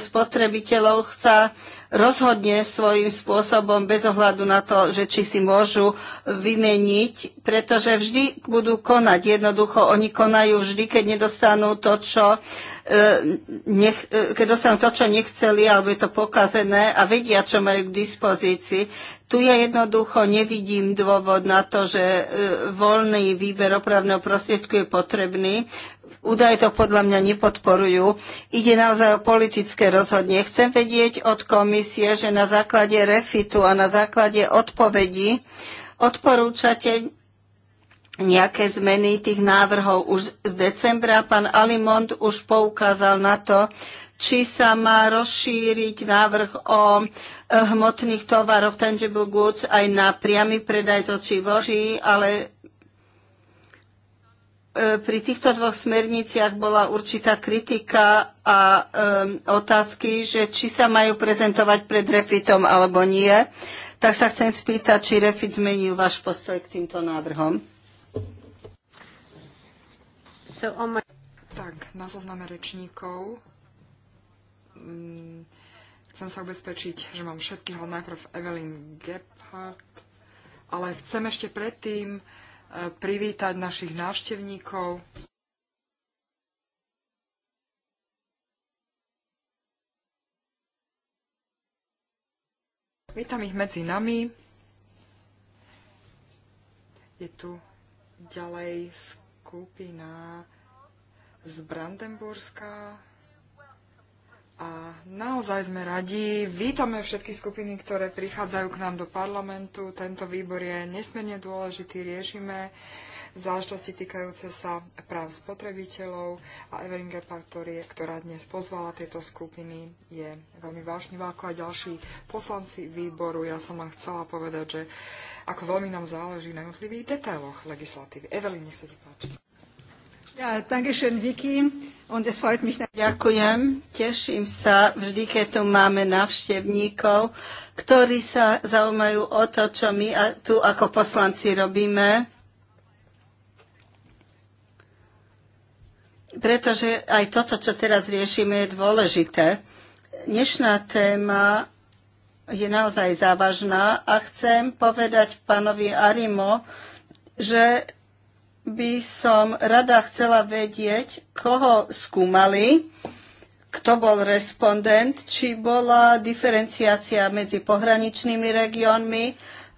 spotrebiteľov chce rozhodne svojím spôsobom bez ohľadu na to, že či si môžu vymeniť, pretože vždy budú konať. Jednoducho oni konajú vždy, keď nedostanú to, čo, e, nech, e, keď dostanú to, čo nechceli, alebo je to pokazené a vedia, čo majú k dispozícii. Tu ja jednoducho nevidím dôvod na to, že e, voľný výber opravného prostriedku je potrebný, údaje to podľa mňa nepodporujú. Ide naozaj o politické rozhodnie. Chcem vedieť od komisie, že na základe refitu a na základe odpovedí odporúčate nejaké zmeny tých návrhov už z decembra. Pán Alimond už poukázal na to, či sa má rozšíriť návrh o eh, hmotných tovaroch tangible goods aj na priamy predaj zočí voží, ale E, pri týchto dvoch smerniciach bola určitá kritika a um, otázky, že či sa majú prezentovať pred refitom alebo nie. Tak sa chcem spýtať, či refit zmenil váš postoj k týmto návrhom. So my... Tak, na zozname rečníkov mm, chcem sa ubezpečiť, že mám všetkých, ale najprv Evelyn Gebhardt. Ale chcem ešte predtým uh, privítať našich návštevníkov. Vítam ich medzi nami. Je tu ďalej skupina z Brandenburska, a naozaj sme radi. Vítame všetky skupiny, ktoré prichádzajú k nám do parlamentu. Tento výbor je nesmierne dôležitý. Riešime záležitosti týkajúce sa práv spotrebiteľov a Evelyn Gepardtorie, ktorá dnes pozvala tieto skupiny, je veľmi vášnivá, ako aj ďalší poslanci výboru. Ja som vám chcela povedať, že ako veľmi nám záleží na jednotlivých detailoch legislatívy. Evelyn, nech sa ti páči. Ja, Vicky. Ďakujem. Teším sa vždy, keď tu máme navštevníkov, ktorí sa zaujímajú o to, čo my tu ako poslanci robíme. Pretože aj toto, čo teraz riešime, je dôležité. Dnešná téma je naozaj závažná a chcem povedať pánovi Arimo, že by som rada chcela vedieť, koho skúmali, kto bol respondent, či bola diferenciácia medzi pohraničnými regiónmi,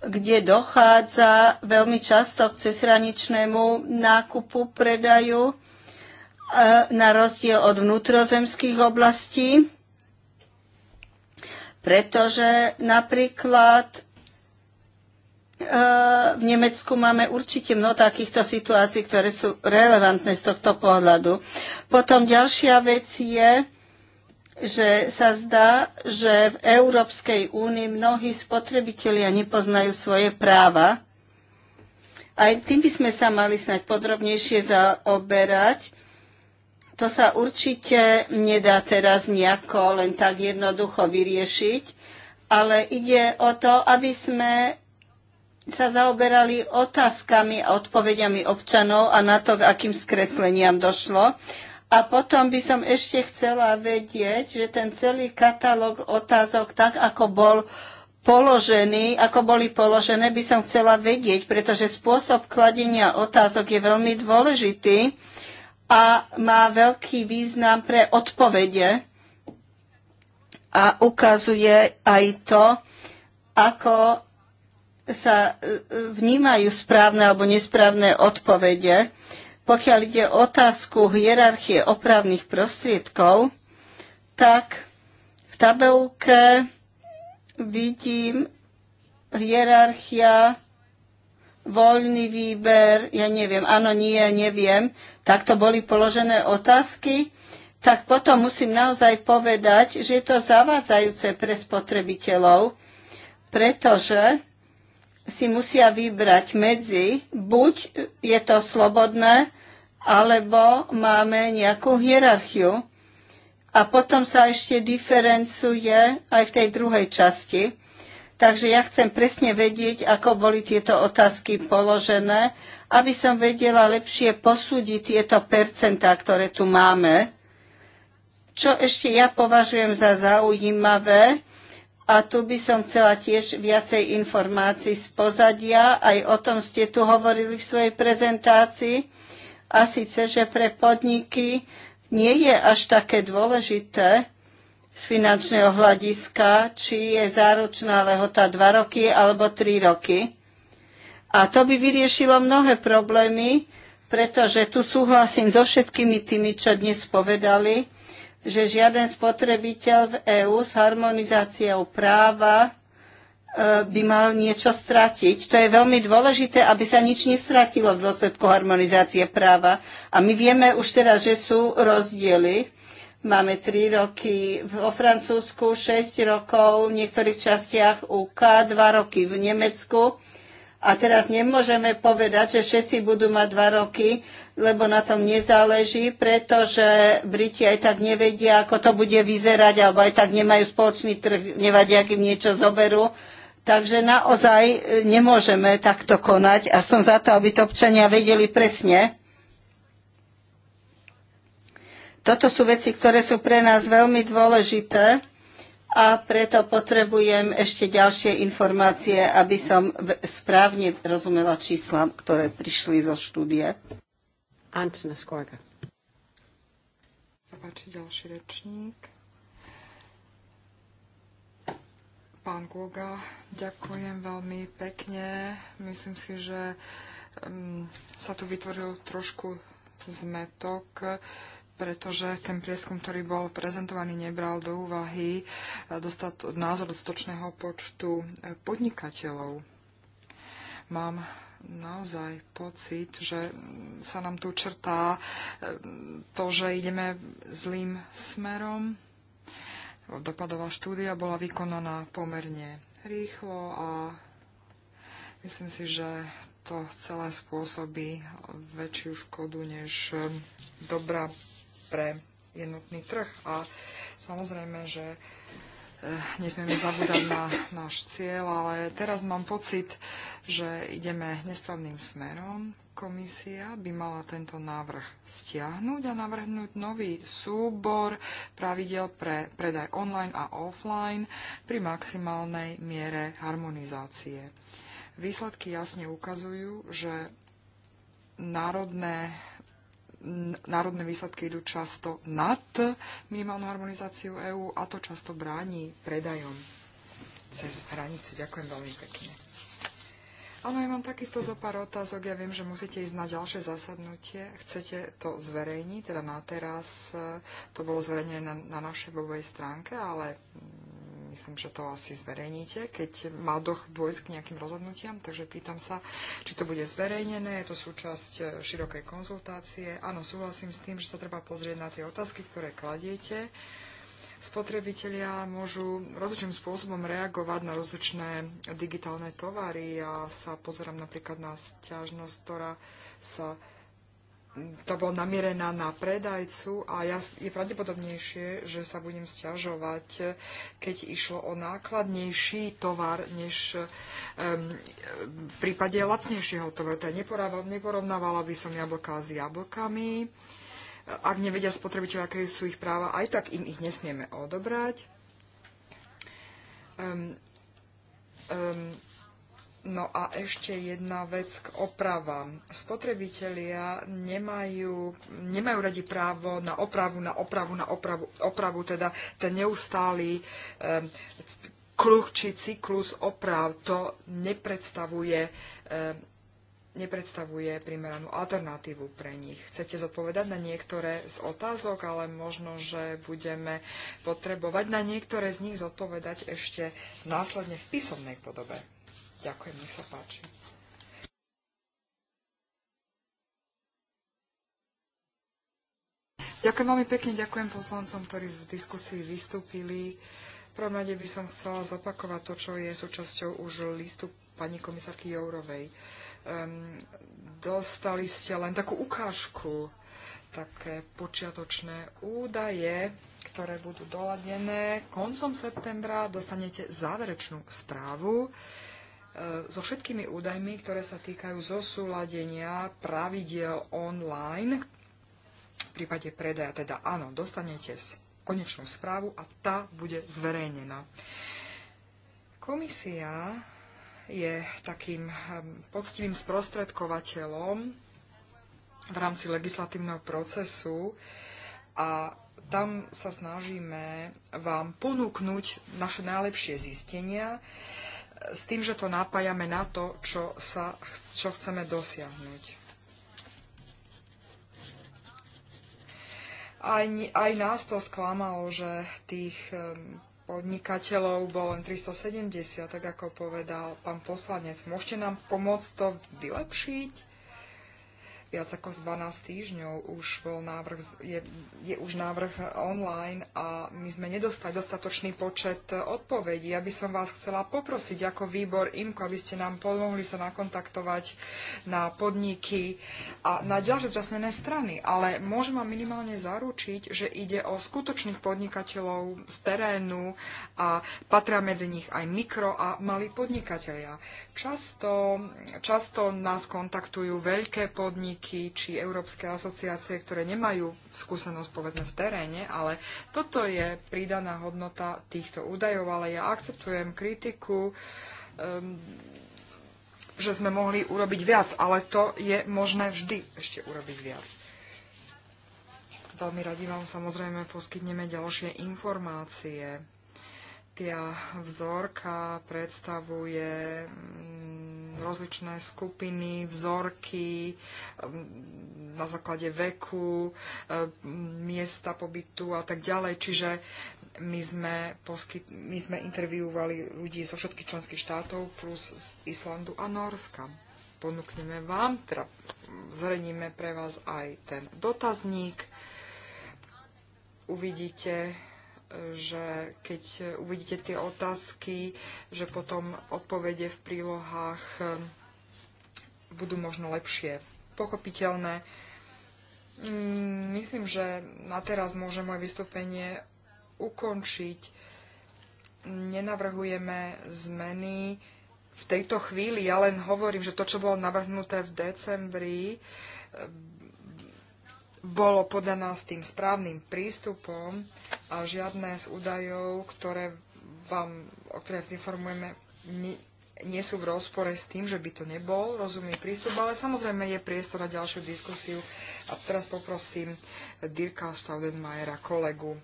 kde dochádza veľmi často k cezhraničnému nákupu, predaju, e, na rozdiel od vnútrozemských oblastí, pretože napríklad Eh, v Nemecku máme určite mnoho takýchto situácií, ktoré sú relevantné z tohto pohľadu. Potom ďalšia vec je, že sa zdá, že v Európskej únii mnohí spotrebitelia nepoznajú svoje práva. Aj tým by sme sa mali snať podrobnejšie zaoberať. To sa určite nedá teraz nejako len tak jednoducho vyriešiť, ale ide o to, aby sme sa zaoberali otázkami a odpovediami občanov a na to, k akým skresleniam došlo. A potom by som ešte chcela vedieť, že ten celý katalóg otázok, tak ako bol položený, ako boli položené, by som chcela vedieť, pretože spôsob kladenia otázok je veľmi dôležitý a má veľký význam pre odpovede a ukazuje aj to, ako sa e, vnímajú správne alebo nesprávne odpovede. Pokiaľ ide o otázku hierarchie opravných prostriedkov, tak v tabelke vidím hierarchia, voľný výber, ja neviem, áno, nie, neviem, takto boli položené otázky, tak potom musím naozaj povedať, že je to zavádzajúce pre spotrebiteľov, pretože si musia vybrať medzi, buď je to slobodné, alebo máme nejakú hierarchiu. A potom sa ešte diferencuje aj v tej druhej časti. Takže ja chcem presne vedieť, ako boli tieto otázky položené, aby som vedela lepšie posúdiť tieto percentá, ktoré tu máme. Čo ešte ja považujem za zaujímavé, a tu by som chcela tiež viacej informácií z pozadia. Aj o tom ste tu hovorili v svojej prezentácii. A síce, že pre podniky nie je až také dôležité z finančného hľadiska, či je záručná lehota 2 roky alebo 3 roky. A to by vyriešilo mnohé problémy, pretože tu súhlasím so všetkými tými, čo dnes povedali že žiaden spotrebiteľ v EÚ s harmonizáciou práva e, by mal niečo stratiť. To je veľmi dôležité, aby sa nič nestratilo v dôsledku harmonizácie práva. A my vieme už teraz, že sú rozdiely. Máme tri roky vo Francúzsku, 6 rokov v niektorých častiach UK, 2 roky v Nemecku. A teraz nemôžeme povedať, že všetci budú mať dva roky, lebo na tom nezáleží, pretože Briti aj tak nevedia, ako to bude vyzerať, alebo aj tak nemajú spoločný trh, nevadia, ak im niečo zoberú. Takže naozaj e, nemôžeme takto konať a som za to, aby to občania vedeli presne. Toto sú veci, ktoré sú pre nás veľmi dôležité a preto potrebujem ešte ďalšie informácie, aby som správne rozumela čísla, ktoré prišli zo štúdie. Antonis Skorga. Zapáči ďalší rečník. Pán Guga, ďakujem veľmi pekne. Myslím si, že mm, sa tu vytvoril trošku zmetok pretože ten prieskum, ktorý bol prezentovaný, nebral do úvahy e, dostat- názor dostatočného počtu e, podnikateľov. Mám naozaj pocit, že mm, sa nám tu črtá e, to, že ideme zlým smerom. Dopadová štúdia bola vykonaná pomerne rýchlo a myslím si, že to celé spôsobí väčšiu škodu než dobrá pre jednotný trh a samozrejme, že eh, nesmieme zabúdať na náš cieľ, ale teraz mám pocit, že ideme nesprávnym smerom. Komisia by mala tento návrh stiahnuť a navrhnúť nový súbor pravidel pre predaj online a offline pri maximálnej miere harmonizácie. Výsledky jasne ukazujú, že národné národné výsledky idú často nad minimálnu harmonizáciu EÚ a to často bráni predajom cez hranice. Ďakujem veľmi pekne. Áno, ja mám takisto zo pár otázok. Ja viem, že musíte ísť na ďalšie zasadnutie. Chcete to zverejniť? Teda na teraz eh, to bolo zverejnené na, na našej webovej stránke, ale myslím, že to asi zverejníte, keď má dôjsť k nejakým rozhodnutiam, takže pýtam sa, či to bude zverejnené, je to súčasť e, širokej konzultácie. Áno, súhlasím s tým, že sa treba pozrieť na tie otázky, ktoré kladiete. Spotrebitelia môžu rozličným spôsobom reagovať na rozličné digitálne tovary. Ja sa pozerám napríklad na stiažnosť, ktorá sa to bolo namierená na predajcu a ja, je pravdepodobnejšie, že sa budem stiažovať, keď išlo o nákladnejší tovar, než um, v prípade lacnejšieho tovaru. Teda neporovnávala by som jablká s jablkami. Ak nevedia spotrebiteľ, aké sú ich práva, aj tak im ich nesmieme odobrať. Um, um, No a ešte jedna vec k opravám. Spotrebitelia nemajú, nemajú radi právo na opravu, na opravu, na opravu, opravu teda ten neustály um, kruh či cyklus oprav. To nepredstavuje, um, nepredstavuje primeranú alternatívu pre nich. Chcete zodpovedať na niektoré z otázok, ale možno, že budeme potrebovať na niektoré z nich zodpovedať ešte následne v písomnej podobe. Ďakujem, nech sa páči. Ďakujem veľmi pekne, ďakujem poslancom, ktorí v diskusii vystúpili. V prvom rade by som chcela zopakovať to, čo je súčasťou už listu pani komisárky Jourovej. Um, dostali ste len takú ukážku, také počiatočné údaje, ktoré budú doladené. Koncom septembra dostanete záverečnú správu. Uh, E, so všetkými údajmi, ktoré sa týkajú zosúladenia pravidel online v prípade predaja. Teda áno, dostanete konečnú správu a tá bude zverejnená. Komisia je takým e, poctivým sprostredkovateľom v rámci legislatívneho procesu a tam sa snažíme vám ponúknuť naše najlepšie zistenia s tým, že to napájame na to, čo, sa, čo chceme dosiahnuť. Aj, aj nás to sklamalo, že tých podnikateľov bolo len 370, tak ako povedal pán poslanec. Môžete nám pomôcť to vylepšiť? viac ako 12 týždňov už bol návrh, je, je už návrh online a my sme nedostali dostatočný počet odpovedí. Ja by som vás chcela poprosiť ako výbor IMKO, aby ste nám pomohli sa nakontaktovať na podniky a na ďalšie zúčastnené strany. Ale môžem vám minimálne zaručiť, že ide o skutočných podnikateľov z terénu a patria medzi nich aj mikro a malí podnikatelia. Často, často nás kontaktujú veľké podniky, podniky či európske asociácie, ktoré nemajú skúsenosť povedzme v teréne, ale toto je pridaná hodnota týchto údajov, ale ja akceptujem kritiku, um, že sme mohli urobiť viac, ale to je možné vždy ešte urobiť viac. Veľmi radi vám samozrejme poskytneme ďalšie informácie. Tia vzorka predstavuje um, rozličné skupiny, vzorky na základe veku, miesta pobytu a tak ďalej. Čiže my sme, poskyt, my sme interviúvali ľudí zo všetkých členských štátov plus z Islandu a Norska. Ponúkneme vám, teda zhrníme pre vás aj ten dotazník. Uvidíte, že keď uvidíte tie otázky, že potom odpovede v prílohách ehm, budú možno lepšie pochopiteľné. Mm, myslím, že na teraz môže moje vystúpenie ukončiť. Nenavrhujeme zmeny v tejto chvíli. Ja len hovorím, že to, čo bolo navrhnuté v decembri, ehm, bolo podané s tým správnym prístupom a žiadne z údajov, ktoré vám, o ktoré vás informujeme, nie, nie sú v rozpore s tým, že by to nebol rozumný prístup, ale samozrejme je priestor na ďalšiu diskusiu. A teraz poprosím Dirka Staudenmajera, kolegu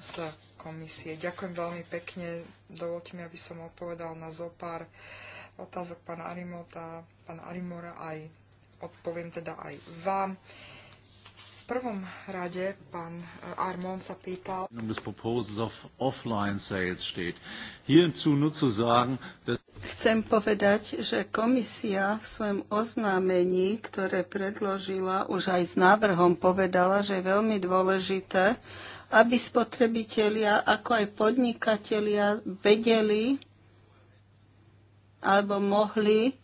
z komisie. Ďakujem veľmi pekne. Dovolte mi, aby som odpovedal na zo pár otázok pána Arimota, pána Arimora aj odpoviem teda aj vám. Uh, prvom rade pán eh, Armón sa pýtal. Chcem povedať, že komisia v svojom oznámení, ktoré predložila, už aj s návrhom povedala, že je veľmi dôležité, aby spotrebitelia ako aj podnikatelia vedeli alebo mohli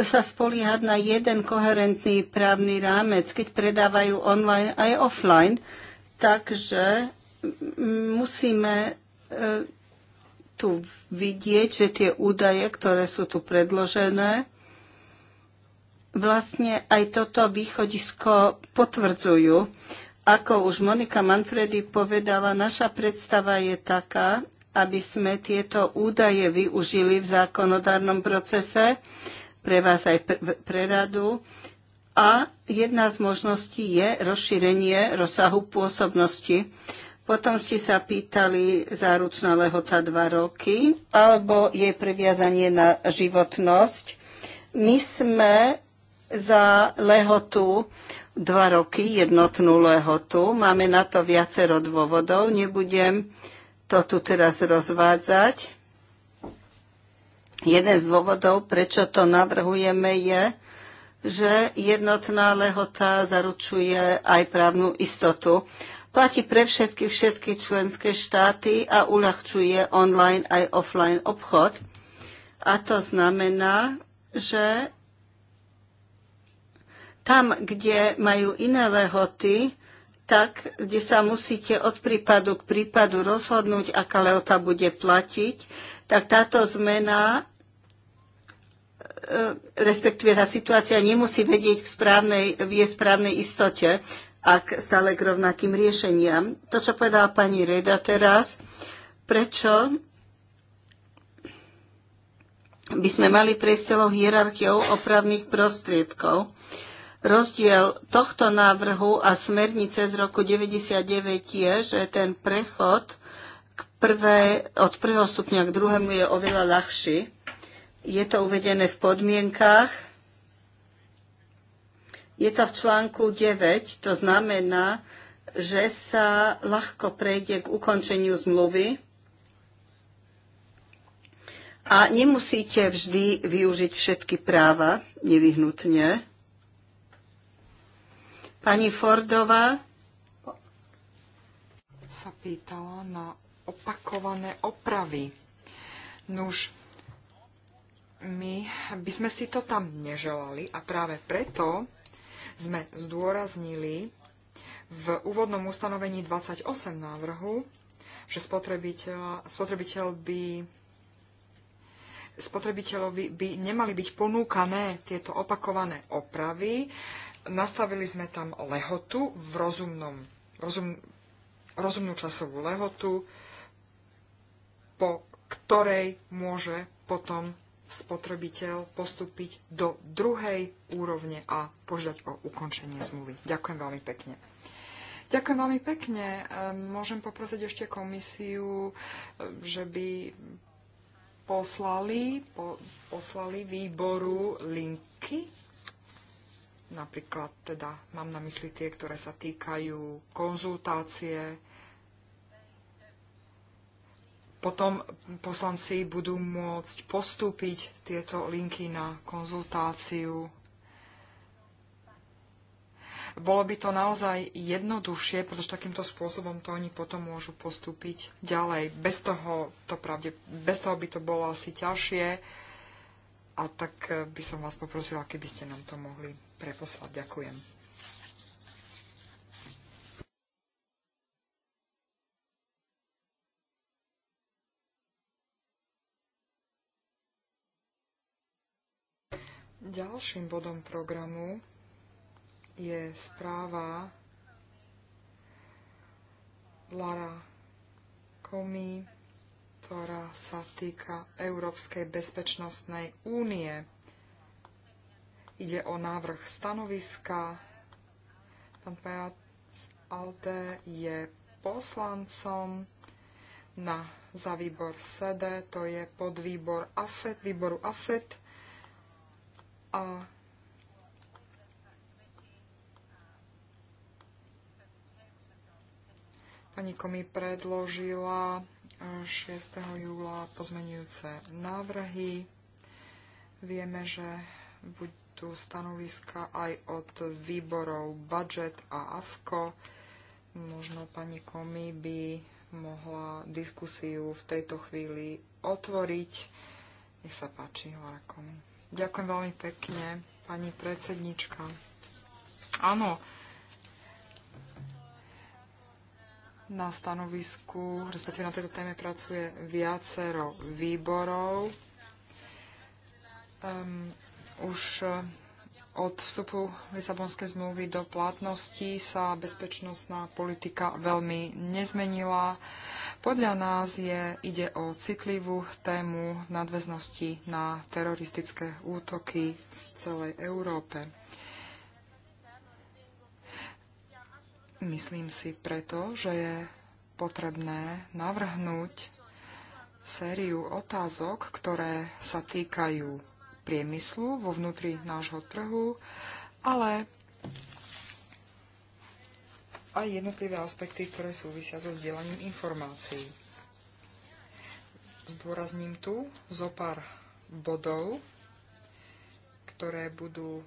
sa spoliehať na jeden koherentný právny rámec, keď predávajú online aj offline. Takže musíme e, tu vidieť, že tie údaje, ktoré sú tu predložené, vlastne aj toto východisko potvrdzujú. Ako už Monika Manfredi povedala, naša predstava je taká, aby sme tieto údaje využili v zákonodárnom procese pre vás aj pre radu. A jedna z možností je rozšírenie rozsahu pôsobnosti. Potom ste sa pýtali záručná lehota 2 roky alebo jej previazanie na životnosť. My sme za lehotu 2 roky, jednotnú lehotu. Máme na to viacero dôvodov. Nebudem to tu teraz rozvádzať. Jeden z dôvodov, prečo to navrhujeme, je, že jednotná lehota zaručuje aj právnu istotu. Platí pre všetky, všetky členské štáty a uľahčuje online aj offline obchod. A to znamená, že tam, kde majú iné lehoty, tak, kde sa musíte od prípadu k prípadu rozhodnúť, aká lehota bude platiť, tak táto zmena E, respektíve tá situácia nemusí vedieť k správnej, vie správnej istote ak stále k rovnakým riešeniam. To, čo povedala pani Reda teraz, prečo by sme mali prejsť celou hierarchiou opravných prostriedkov. Rozdiel tohto návrhu a smernice z roku 99 je, že ten prechod k prvé, od prvého stupňa k druhému je oveľa ľahší. Je to uvedené v podmienkách. Je to v článku 9, to znamená, že sa ľahko prejde k ukončeniu zmluvy a nemusíte vždy využiť všetky práva, nevyhnutne. Pani Fordová sa pýtala na opakované opravy. Nuž, my by sme si to tam neželali a práve preto sme zdôraznili v úvodnom ustanovení 28 návrhu, že spotrebiteľ, spotrebiteľ by spotrebiteľovi by nemali byť ponúkané tieto opakované opravy. Nastavili sme tam lehotu v rozumnom, rozum, rozumnú časovú lehotu, po ktorej môže potom spotrebiteľ postúpiť do druhej úrovne a požiadať o ukončenie zmluvy. Ďakujem veľmi pekne. Ďakujem veľmi pekne. E, môžem poprosiť ešte komisiu, e, že by poslali, po, poslali výboru linky napríklad teda mám na mysli tie, ktoré sa týkajú konzultácie potom poslanci budú môcť postúpiť tieto linky na konzultáciu. Bolo by to naozaj jednoduchšie, pretože takýmto spôsobom to oni potom môžu postúpiť ďalej. Bez toho, to pravde, bez toho by to bolo asi ťažšie. A tak eh, by som vás poprosila, keby ste nám to mohli preposlať. Ďakujem. Ďalším bodom programu je správa Lara Komi, ktorá sa týka Európskej bezpečnostnej únie. Ide o návrh stanoviska. Pán Pajac Alte je poslancom na, za výbor SEDE, to je podvýbor AFET, výboru AFET Pani Komi predložila 6. E, júla pozmenujúce návrhy. Vieme, že budú stanoviska aj od výborov budget a AFKO. Možno pani Komi by mohla diskusiu v tejto chvíli otvoriť. Nech sa páči, Lara Komi. Ďakujem veľmi pekne, pani predsednička. Áno, na stanovisku, respektíve na tejto téme pracuje viacero výborov. Um, už eh, od vstupu Lisabonskej zmluvy do platnosti sa bezpečnostná politika veľmi nezmenila. Podľa nás je, ide o citlivú tému nadväznosti na teroristické útoky v celej Európe. Myslím si preto, že je potrebné navrhnúť sériu otázok, ktoré sa týkajú priemyslu vo vnútri nášho trhu, ale a jednotlivé aspekty, ktoré súvisia so zdieľaním informácií. Zdôrazním tu zo pár bodov, ktoré budú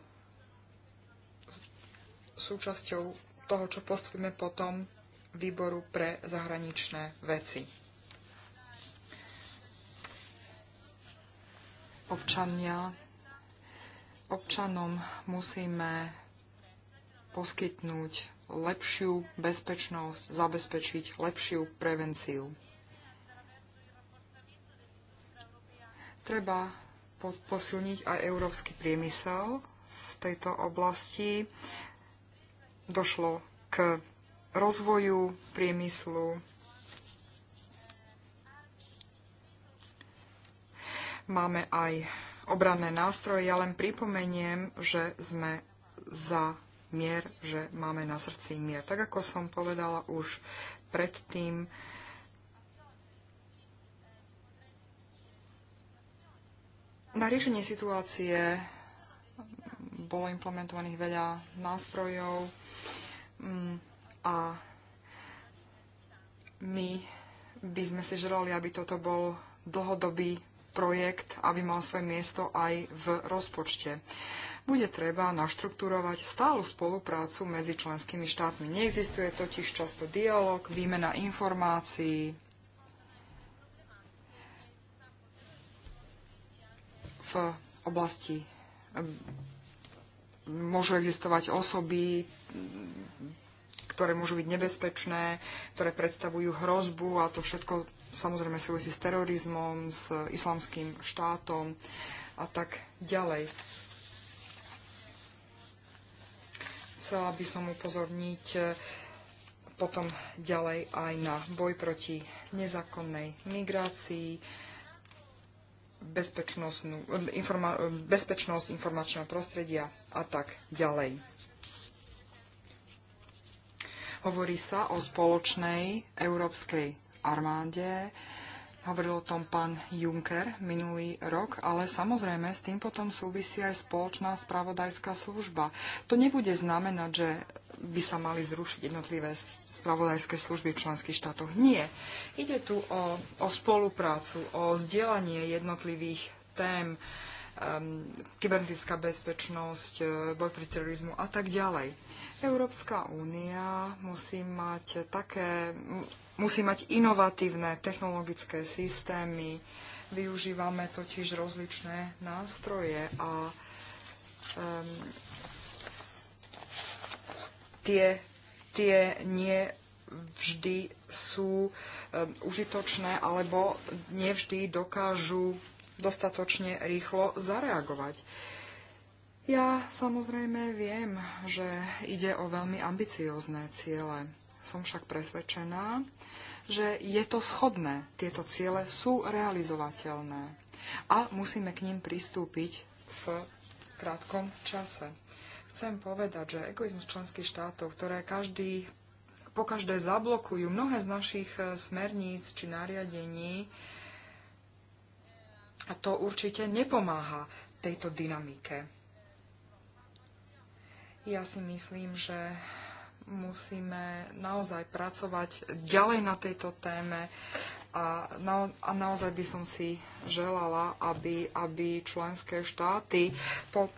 súčasťou toho, čo postupíme potom výboru pre zahraničné veci. občania, občanom musíme poskytnúť lepšiu bezpečnosť, zabezpečiť lepšiu prevenciu. Treba posilniť aj európsky priemysel v tejto oblasti. Došlo k rozvoju priemyslu. Máme aj obranné nástroje. Ja len pripomeniem, že sme za mier, že máme na srdci mier. Tak ako som povedala už predtým, na riešenie situácie bolo implementovaných veľa nástrojov mm, a my by sme si želali, aby toto bol dlhodobý projekt, aby mal svoje miesto aj v rozpočte bude treba naštruktúrovať stálu spoluprácu medzi členskými štátmi. Neexistuje totiž často dialog, výmena informácií. V oblasti môžu existovať osoby, ktoré môžu byť nebezpečné, ktoré predstavujú hrozbu a to všetko samozrejme súvisí s terorizmom, s islamským štátom a tak ďalej. Chcela by som upozorniť e, potom ďalej aj na boj proti nezákonnej migrácii, informa, bezpečnosť informačného prostredia a tak ďalej. Hovorí sa o spoločnej európskej armáde, Hovoril o tom pán Juncker minulý rok, ale samozrejme s tým potom súvisí aj spoločná spravodajská služba. To nebude znamenať, že by sa mali zrušiť jednotlivé spravodajské služby v členských štátoch. Nie. Ide tu o, o spoluprácu, o zdieľanie jednotlivých tém, um, kybernetická bezpečnosť, e, boj pri terorizmu a tak ďalej. Európska únia musí mať také, musí mať inovatívne technologické systémy. Využívame totiž rozličné nástroje a um, tie, tie nie vždy sú um, užitočné alebo nevždy dokážu dostatočne rýchlo zareagovať. Ja samozrejme viem, že ide o veľmi ambiciózne ciele som však presvedčená, že je to schodné. Tieto ciele sú realizovateľné a musíme k ním pristúpiť v krátkom čase. Chcem povedať, že egoizmus členských štátov, ktoré každý každé zablokujú mnohé z našich e, smerníc či nariadení, a to určite nepomáha tejto dynamike. Ja si myslím, že musíme naozaj pracovať ďalej na tejto téme a, na, a naozaj by som si želala, aby, aby členské štáty po,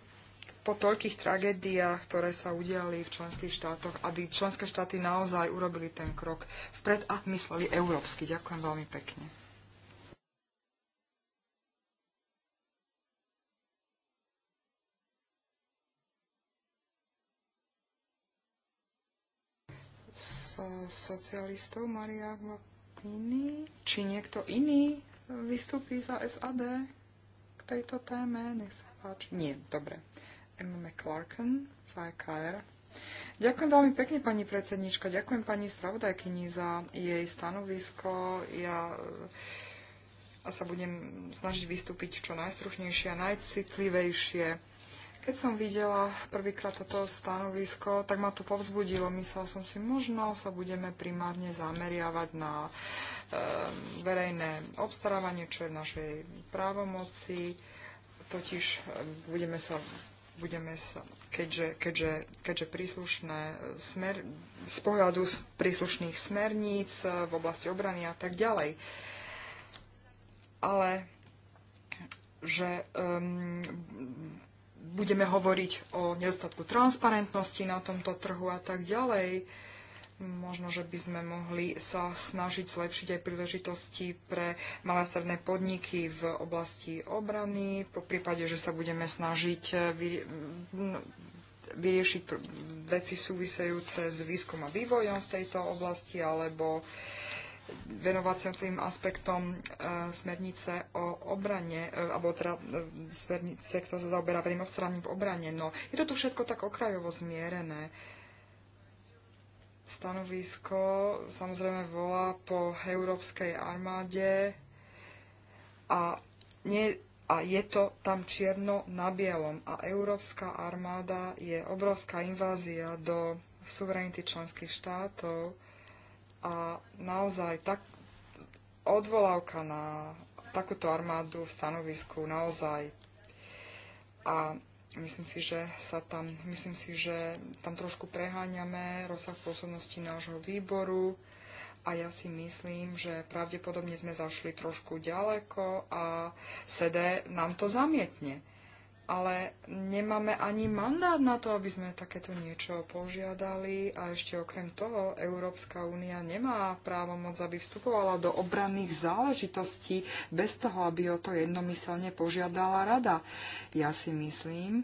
po toľkých tragédiách, ktoré sa udiali v členských štátoch, aby členské štáty naozaj urobili ten krok vpred a mysleli európsky. Ďakujem veľmi pekne. s socialistou Maria Vapini, či niekto iný vystúpi za SAD k tejto téme, nech sa páči. Nie, dobre. Emma McClarken za EKR. Ďakujem veľmi pekne, pani predsednička. Ďakujem pani spravodajkyni za jej stanovisko. Ja e, sa budem snažiť vystúpiť čo najstrušnejšie a najcitlivejšie. Keď som videla prvýkrát toto stanovisko, tak ma to povzbudilo. Myslela som si, možno sa budeme primárne zameriavať na e, verejné obstarávanie, čo je v našej právomoci. Totiž ehm, budeme sa, budeme sa keďže, keďže, keďže príslušné e, smer, z pohľadu príslušných smerníc e, v oblasti obrany a tak ďalej. Ale že um, budeme hovoriť o nedostatku transparentnosti na tomto trhu a tak ďalej. Možno, že by sme mohli sa snažiť zlepšiť aj príležitosti pre malé a stredné podniky v oblasti obrany, po prípade, že sa budeme snažiť vyriešiť veci súvisejúce s výskum a vývojom v tejto oblasti, alebo venovať sa tým aspektom e, smernice o obrane, e, alebo teda e, smernice, ktorá sa zaoberá primovstraním v obrane. No, je to tu všetko tak okrajovo zmierené. Stanovisko samozrejme volá po európskej armáde a, nie, a je to tam čierno na bielom. A európska armáda je obrovská invázia do suverenity členských štátov a naozaj tak, odvolávka na takúto armádu v stanovisku naozaj a myslím si, že sa tam, myslím si, že tam trošku preháňame rozsah pôsobnosti nášho výboru a ja si myslím, že pravdepodobne sme zašli trošku ďaleko a SED nám to zamietne ale nemáme ani mandát na to, aby sme takéto niečo požiadali a ešte okrem toho Európska únia nemá právo moc, aby vstupovala do obranných záležitostí bez toho, aby o to jednomyselne požiadala rada. Ja si myslím, e,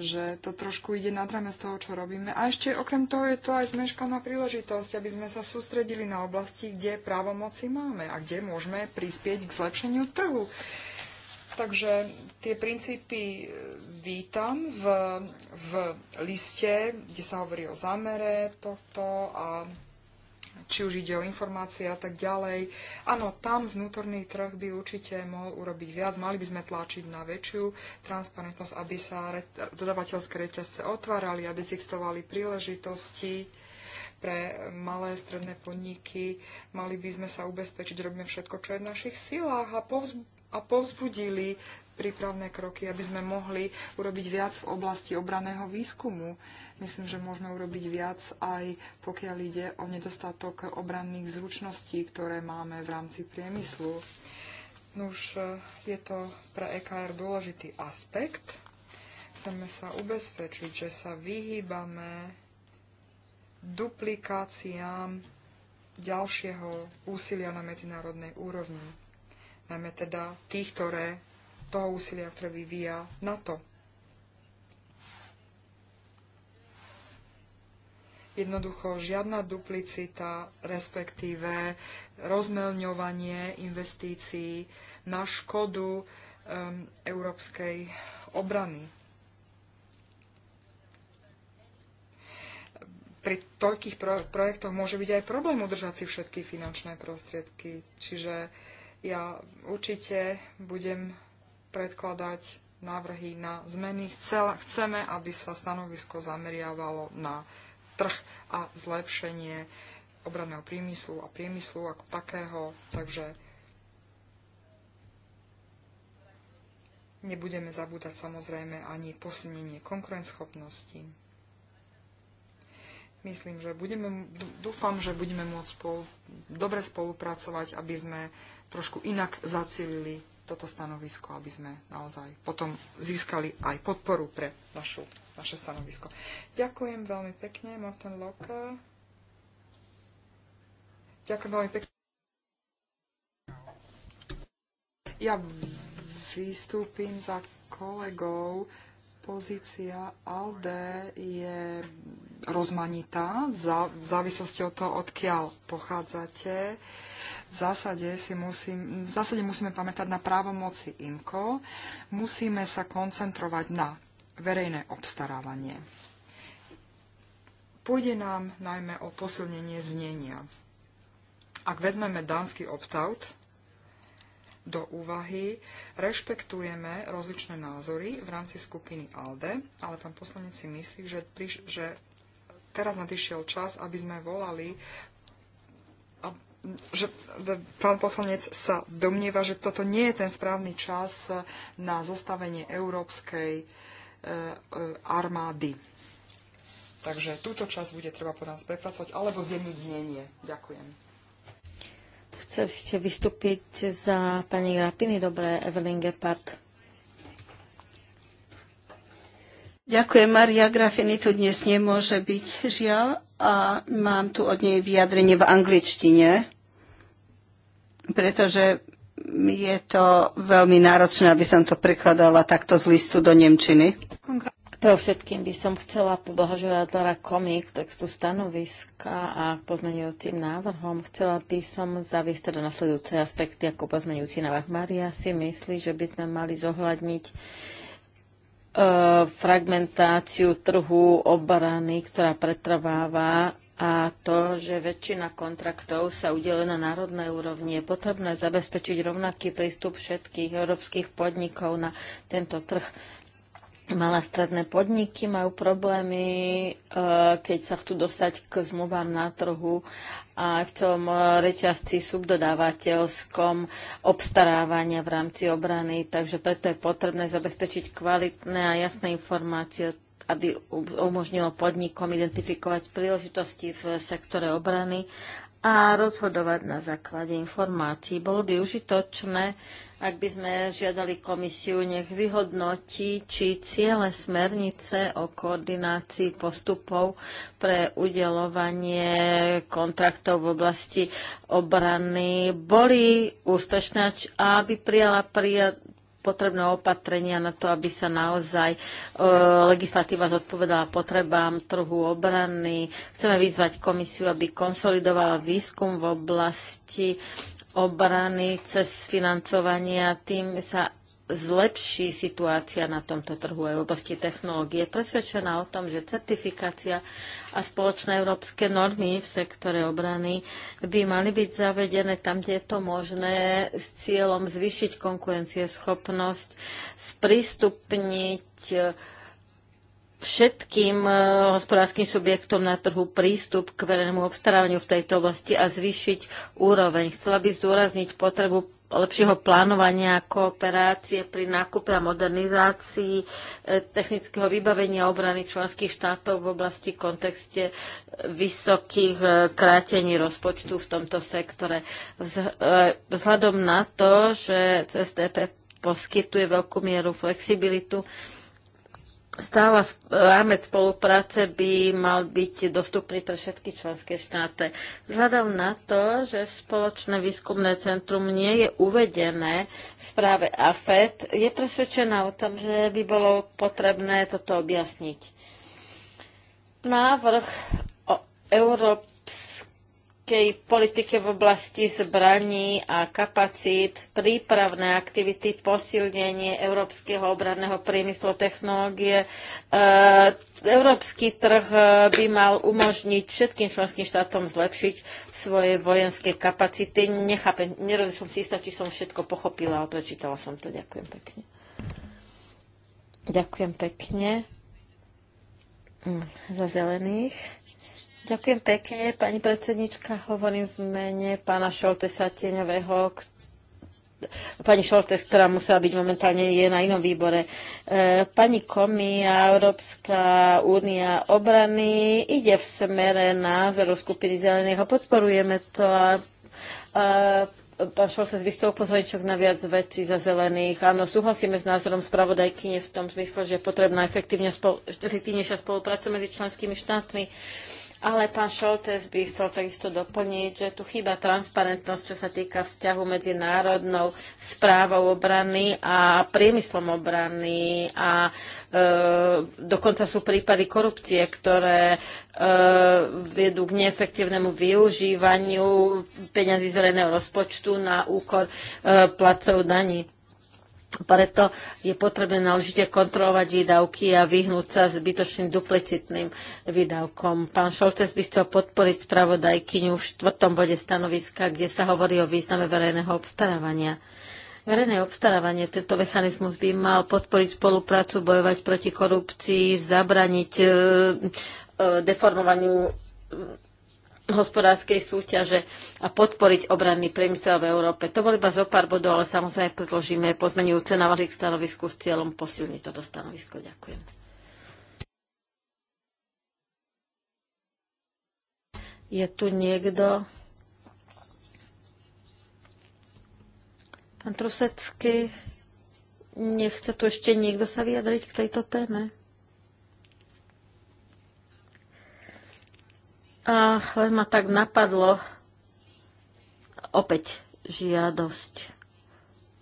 že to trošku ide nad z toho, čo robíme. A ešte okrem toho je to aj zmeškaná príležitosť, aby sme sa sústredili na oblasti, kde právomoci máme a kde môžeme prispieť k zlepšeniu trhu. Takže tie princípy e, vítam v, v liste, kde sa hovorí o zámere tohto a či už ide o informácie a tak ďalej. Áno, tam vnútorný trh by určite mohol urobiť viac. Mali by sme tlačiť na väčšiu transparentnosť, aby sa dodavateľské reťazce otvárali, aby existovali príležitosti pre malé stredné podniky. Mali by sme sa ubezpečiť, že robíme všetko, čo je v našich silách a a povzbudili prípravné kroky, aby sme mohli urobiť viac v oblasti obraného výskumu. Myslím, že môžeme urobiť viac aj pokiaľ ide o nedostatok obranných zručností, ktoré máme v rámci priemyslu. Nuž, eh, je to pre EKR dôležitý aspekt. Chceme sa ubezpečiť, že sa vyhýbame duplikáciám ďalšieho úsilia na medzinárodnej úrovni najmä teda tých, ktoré toho úsilia, ktoré vyvíja NATO. Jednoducho žiadna duplicita, respektíve rozmelňovanie investícií na škodu um, európskej obrany. Pri toľkých pro- projektoch môže byť aj problém udržať si všetky finančné prostriedky. Čiže uh, ja určite budem predkladať návrhy na zmeny. Chceme, aby sa stanovisko zameriavalo na trh a zlepšenie obranného priemyslu a priemyslu ako takého, takže nebudeme zabúdať samozrejme ani posilnenie konkurenschopnosti. Myslím, že budeme, dúfam, že budeme môcť spolu, dobre spolupracovať, aby sme trošku inak zacielili toto stanovisko, aby sme naozaj potom získali aj podporu pre našu, naše stanovisko. Ďakujem veľmi pekne, Morten Locke. Ďakujem veľmi pekne. Ja vystúpim za kolegov. Pozícia ALDE je rozmanitá v závislosti od toho, odkiaľ pochádzate. Uh, v zásade, si musím, v zásade musíme pamätať na právomoci IMCO. Musíme sa koncentrovať na verejné obstarávanie. Pôjde nám najmä o posilnenie znenia. Ak vezmeme dánsky opt-out, do úvahy. Rešpektujeme rozličné názory v rámci skupiny ALDE, ale pán poslanec si myslí, že, priš- že teraz nadišiel čas, aby sme volali že pán poslanec sa domnieva, že toto nie je ten správny čas na zostavenie európskej e, e, armády. Takže túto časť bude treba po nás prepracovať alebo zjemniť znenie. Ďakujem. Chcete vystúpiť za pani Grapiny? dobré Evelyn Gepard. Ďakujem, Maria Grafiny tu dnes nemôže byť, žiaľ, a mám tu od nej vyjadrenie v angličtine pretože je to veľmi náročné, aby som to prekladala takto z listu do Nemčiny. Pre všetkým by som chcela poblahožovať Lara Komik textu stanoviska a pozmeňujúcim návrhom. Chcela by som zaviesť teda nasledujúce aspekty ako pozmeňujúci návrh. Maria si myslí, že by sme mali zohľadniť e, fragmentáciu trhu obrany, ktorá pretrváva a to, že väčšina kontraktov sa udeluje na národnej úrovni. Je potrebné zabezpečiť rovnaký prístup všetkých európskych podnikov na tento trh. Malé stredné podniky majú problémy, e, keď sa chcú dostať k zmluvám na trhu a v tom e, reťazci subdodávateľskom obstarávania v rámci obrany, takže preto je potrebné zabezpečiť kvalitné a jasné informácie aby um-, umožnilo podnikom identifikovať príležitosti v sektore obrany a rozhodovať na základe informácií. Bolo by užitočné, ak by sme žiadali komisiu, nech vyhodnotí, či ciele smernice o koordinácii postupov pre udelovanie kontraktov v oblasti obrany boli úspešné, aby prijala potrebné opatrenia na to, aby sa naozaj e, legislatíva zodpovedala potrebám trhu obrany. Chceme vyzvať komisiu, aby konsolidovala výskum v oblasti obrany cez financovania, tým sa zlepší situácia na tomto trhu aj v oblasti technológie. Presvedčená o tom, že certifikácia a spoločné európske normy v sektore obrany by mali byť zavedené tam, kde je to možné, s cieľom zvýšiť konkurencieschopnosť, sprístupniť eh, všetkým eh, hospodárskym subjektom na trhu prístup k verejnému obstarávaniu v tejto oblasti a zvýšiť úroveň. Chcela by zdôrazniť potrebu lepšieho plánovania kooperácie pri nákupe a modernizácii e, technického vybavenia obrany členských štátov v oblasti kontexte vysokých e, krátení rozpočtu v tomto sektore. E, vzhľadom na to, že CSTP poskytuje veľkú mieru flexibilitu, Stála rámec spolupráce by mal byť dostupný pre všetky členské štáty. Vzhľadom na to, že spoločné výskumné centrum nie je uvedené v správe AFET, je presvedčená o tom, že by bolo potrebné toto objasniť. Návrh o európsky nejakej politike v oblasti zbraní a kapacít, prípravné aktivity, posilnenie európskeho obranného priemyslu technológie. E, európsky trh e, by mal umožniť všetkým členským štátom zlepšiť svoje vojenské kapacity. Nechápem, nerozumiem som si istá, či som všetko pochopila, ale prečítala som to. Ďakujem pekne. Ďakujem pekne. Hm, za zelených. Ďakujem pekne, pani predsednička. Hovorím v mene pána Šoltesa Tieňového, pani Šoltes, ktorá musela byť momentálne je na inom výbore. E, pani Komi a Európska únia obrany ide v smere názoru skupiny zelených a podporujeme to a, a Pán Šolces, vy ste na viac vecí za zelených. Áno, súhlasíme s názorom spravodajkyne v tom zmysle, že je potrebná efektívnejšia spolupráca medzi členskými štátmi. Ale pán Šoltes by chcel takisto doplniť, že tu chýba transparentnosť, čo sa týka vzťahu medzi národnou správou obrany a priemyslom obrany a e, dokonca sú prípady korupcie, ktoré e, vedú k neefektívnemu využívaniu peňazí z verejného rozpočtu na úkor e, placov daní. Preto je potrebné náležite kontrolovať výdavky a vyhnúť sa zbytočným duplicitným výdavkom. Pán Šoltes by chcel podporiť spravodajkyňu v štvrtom bode stanoviska, kde sa hovorí o význame verejného obstarávania. Verejné obstarávanie, tento mechanizmus by mal podporiť spoluprácu, bojovať proti korupcii, zabraniť e, e, deformovaniu hospodárskej súťaže a podporiť obranný priemysel v Európe. To bol iba zo pár bodov, ale samozrejme predložíme pozmenujúce návrhy k stanovisku s cieľom posilniť toto stanovisko. Ďakujem. Je tu niekto? Pán Trusecký, nechce tu ešte niekto sa vyjadriť k tejto téme? Ach, len ma tak napadlo. Opäť žiadosť.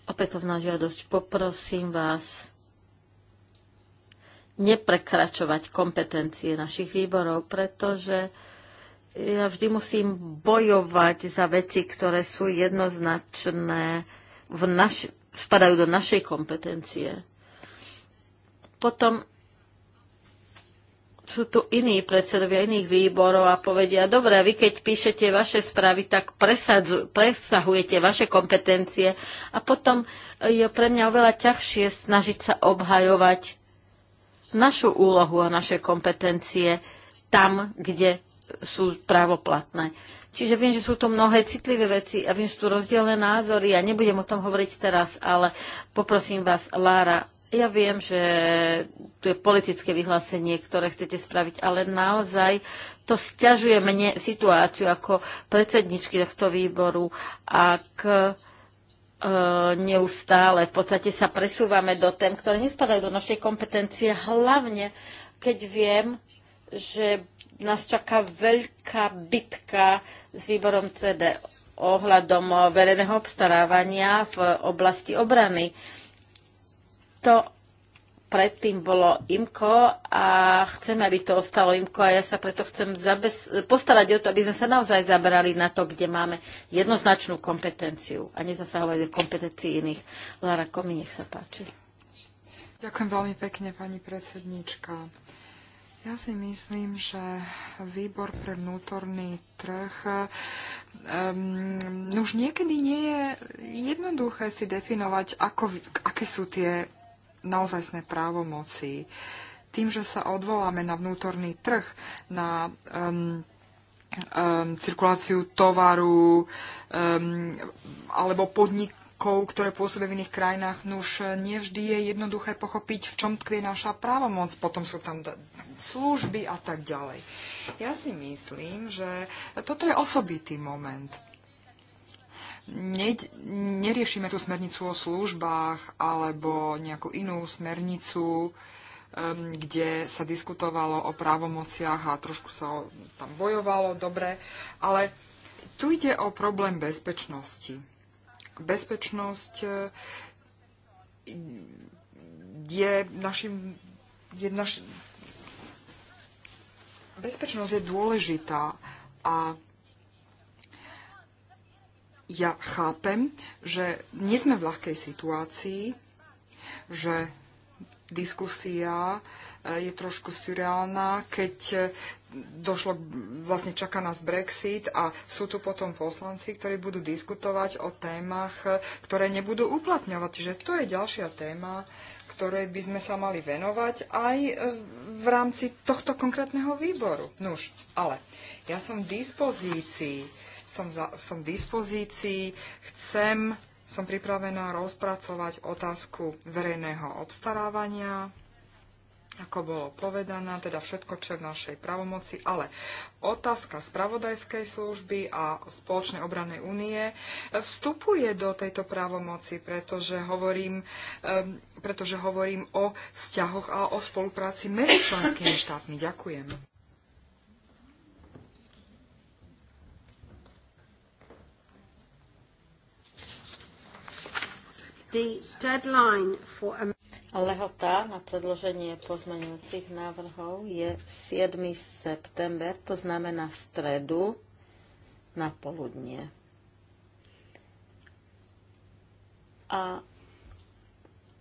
Opätovná žiadosť. Poprosím vás neprekračovať kompetencie našich výborov, pretože ja vždy musím bojovať za veci, ktoré sú jednoznačné, v naš- spadajú do našej kompetencie. Potom sú tu iní predsedovia iných výborov a povedia, dobre, vy keď píšete vaše správy, tak presahujete vaše kompetencie a potom je pre mňa oveľa ťažšie snažiť sa obhajovať našu úlohu a naše kompetencie tam, kde sú právoplatné. Čiže viem, že sú to mnohé citlivé veci a viem, že sú tu rozdielne názory a ja nebudem o tom hovoriť teraz, ale poprosím vás, Lára, ja viem, že tu je politické vyhlásenie, ktoré chcete spraviť, ale naozaj to stiažuje mne situáciu ako predsedničky tohto výboru, ak e, neustále v podstate sa presúvame do tém, ktoré nespadajú do našej kompetencie, hlavne keď viem, že nás čaká veľká bitka s výborom CD ohľadom verejného obstarávania v oblasti obrany. To predtým bolo IMKO a chceme, aby to ostalo IMKO a ja sa preto chcem zabez... postarať o to, aby sme sa naozaj zaberali na to, kde máme jednoznačnú kompetenciu a nezasahovať do kompetencií iných. Lara Komi, nech sa páči. Ďakujem veľmi pekne, pani predsednička. Ja si myslím, že výbor pre vnútorný trh um, už niekedy nie je jednoduché si definovať, ako, aké sú tie naozajstné právomoci. Tým, že sa odvoláme na vnútorný trh, na um, um, cirkuláciu tovaru um, alebo podnik prvkov, ktoré pôsobia v iných krajinách, nuž no eh, nevždy je jednoduché pochopiť, v čom tkvie naša právomoc, potom sú tam služby a tak ďalej. Ja si myslím, že toto je osobitý moment. Ne, neriešime tú smernicu o službách alebo nejakú inú smernicu, ehm, kde sa diskutovalo o právomociach a trošku sa tam bojovalo, dobre, ale tu ide o problém bezpečnosti bezpečnosť e, je našim... Je naš... Bezpečnosť je dôležitá a ja chápem, že nie sme v ľahkej situácii, že diskusia e, je trošku surreálna, keď došlo, vlastne čaká nás Brexit a sú tu potom poslanci, ktorí budú diskutovať o témach, ktoré nebudú uplatňovať. Čiže to je ďalšia téma, ktorej by sme sa mali venovať aj e, v rámci tohto konkrétneho výboru. Nuž, ale ja som v dispozícii, som, za, som v dispozícii, chcem, som pripravená rozpracovať otázku verejného obstarávania, ako bolo povedané, teda všetko, čo je v našej pravomoci, ale otázka spravodajskej služby a spoločnej obranej únie e, vstupuje do tejto právomoci, pretože hovorím, um, pretože hovorím o vzťahoch a o spolupráci medzi členskými štátmi. Ďakujem. Lehota na predloženie pozmeňujúcich návrhov je 7. september, to znamená v stredu na poludnie. A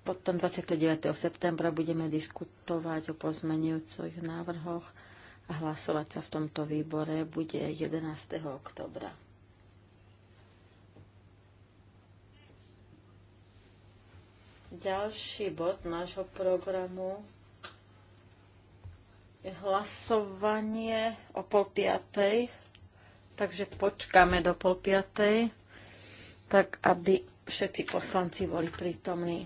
potom 29. septembra budeme diskutovať o pozmeňujúcich návrhoch a hlasovať sa v tomto výbore bude 11. oktobra. Ďalší bod nášho programu je hlasovanie o pol piatej, takže počkáme do pol piatej, tak aby všetci poslanci boli prítomní.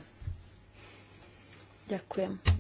Ďakujem.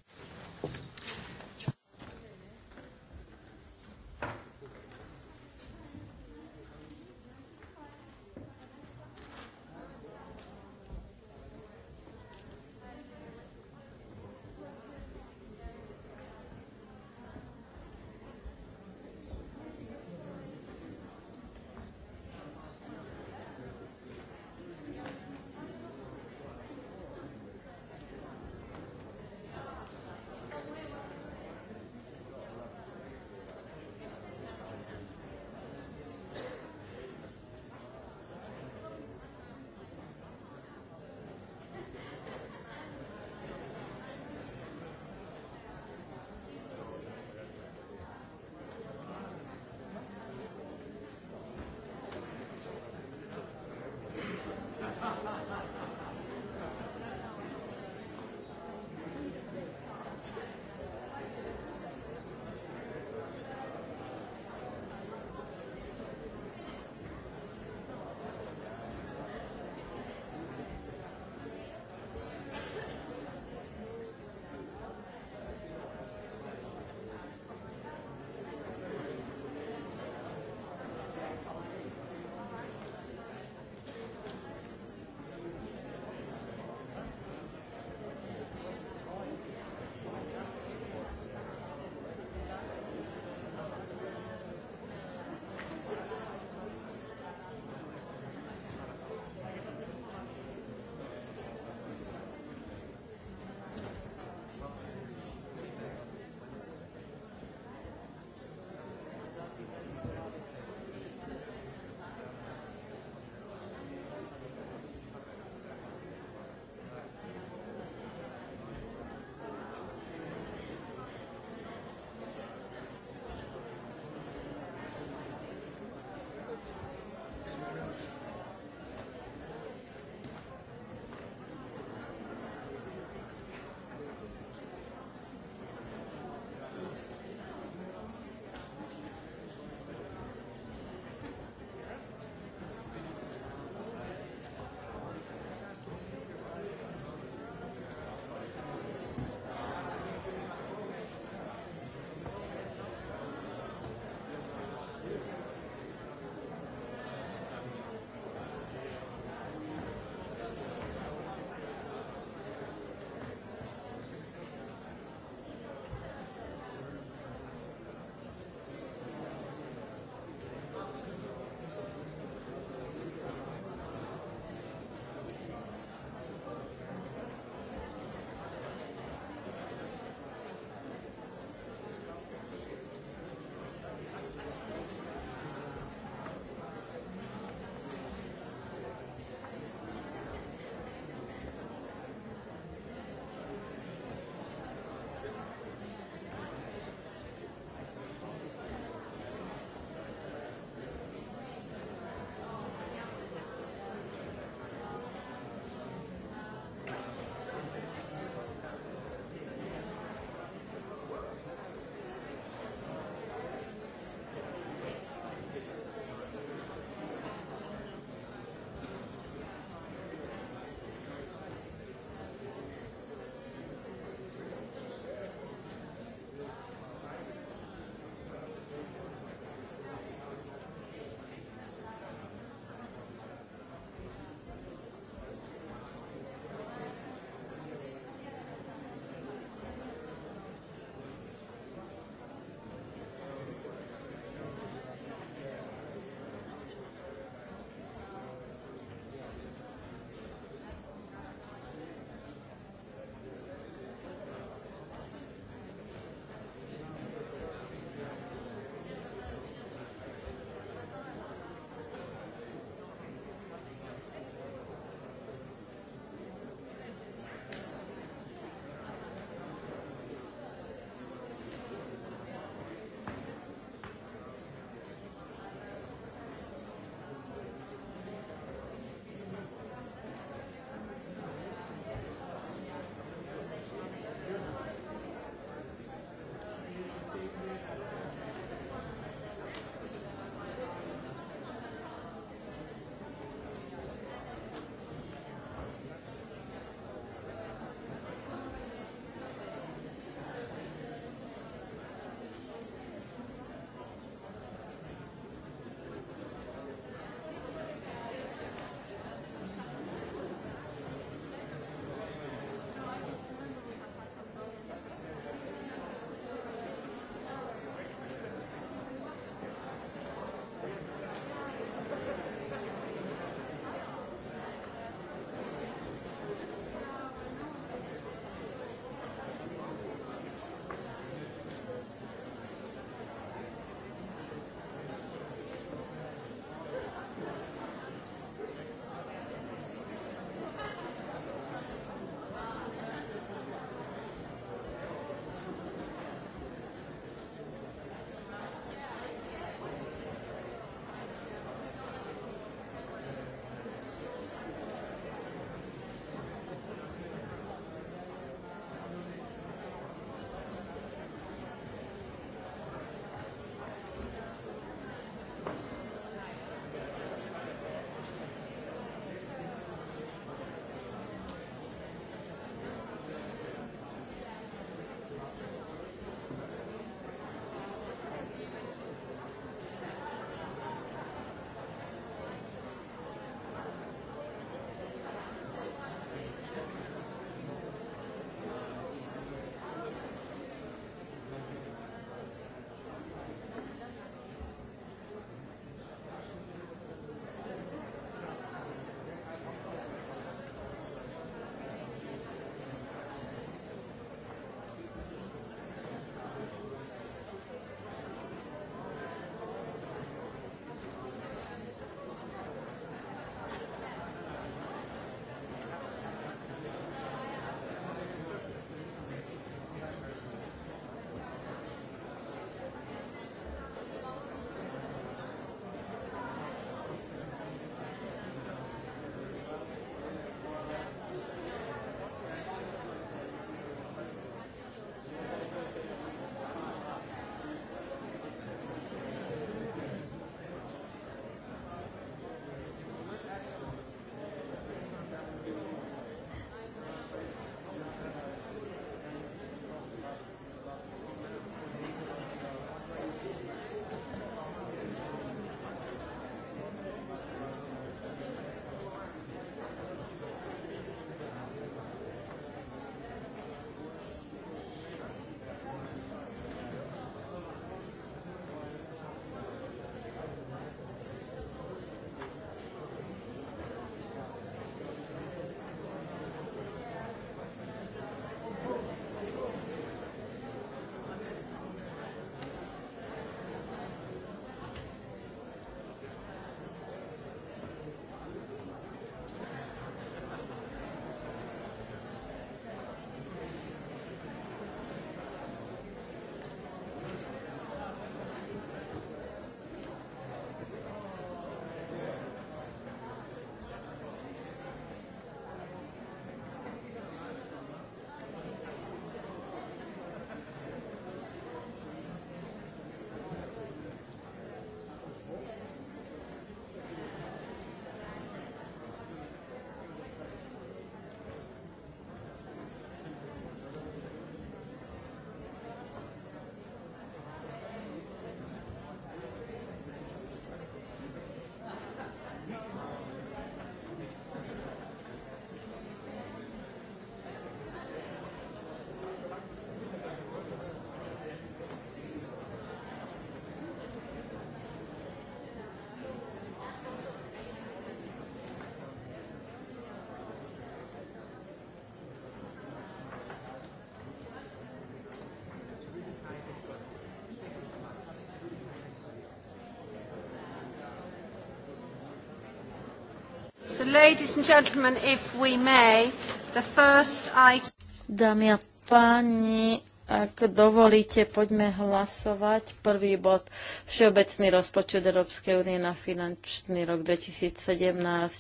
So, ladies and gentlemen, if we may, the first item... Dámy a páni, ak dovolíte, poďme hlasovať. Prvý bod. Všeobecný rozpočet Európskej únie na finančný rok 2017.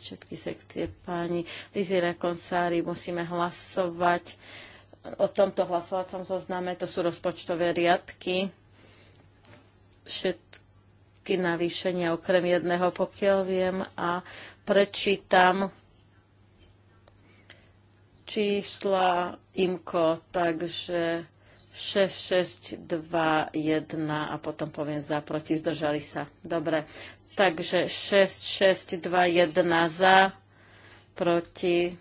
Všetky sekcie páni Lizira Konsári musíme hlasovať o tomto hlasovacom zozname. To sú rozpočtové riadky prvky navýšenia okrem jedného, pokiaľ viem, a prečítam čísla IMKO, takže 6, 6, 2, 1 a potom poviem za, proti, zdržali sa. Dobre, takže 6, 6, 2, 1 za, proti,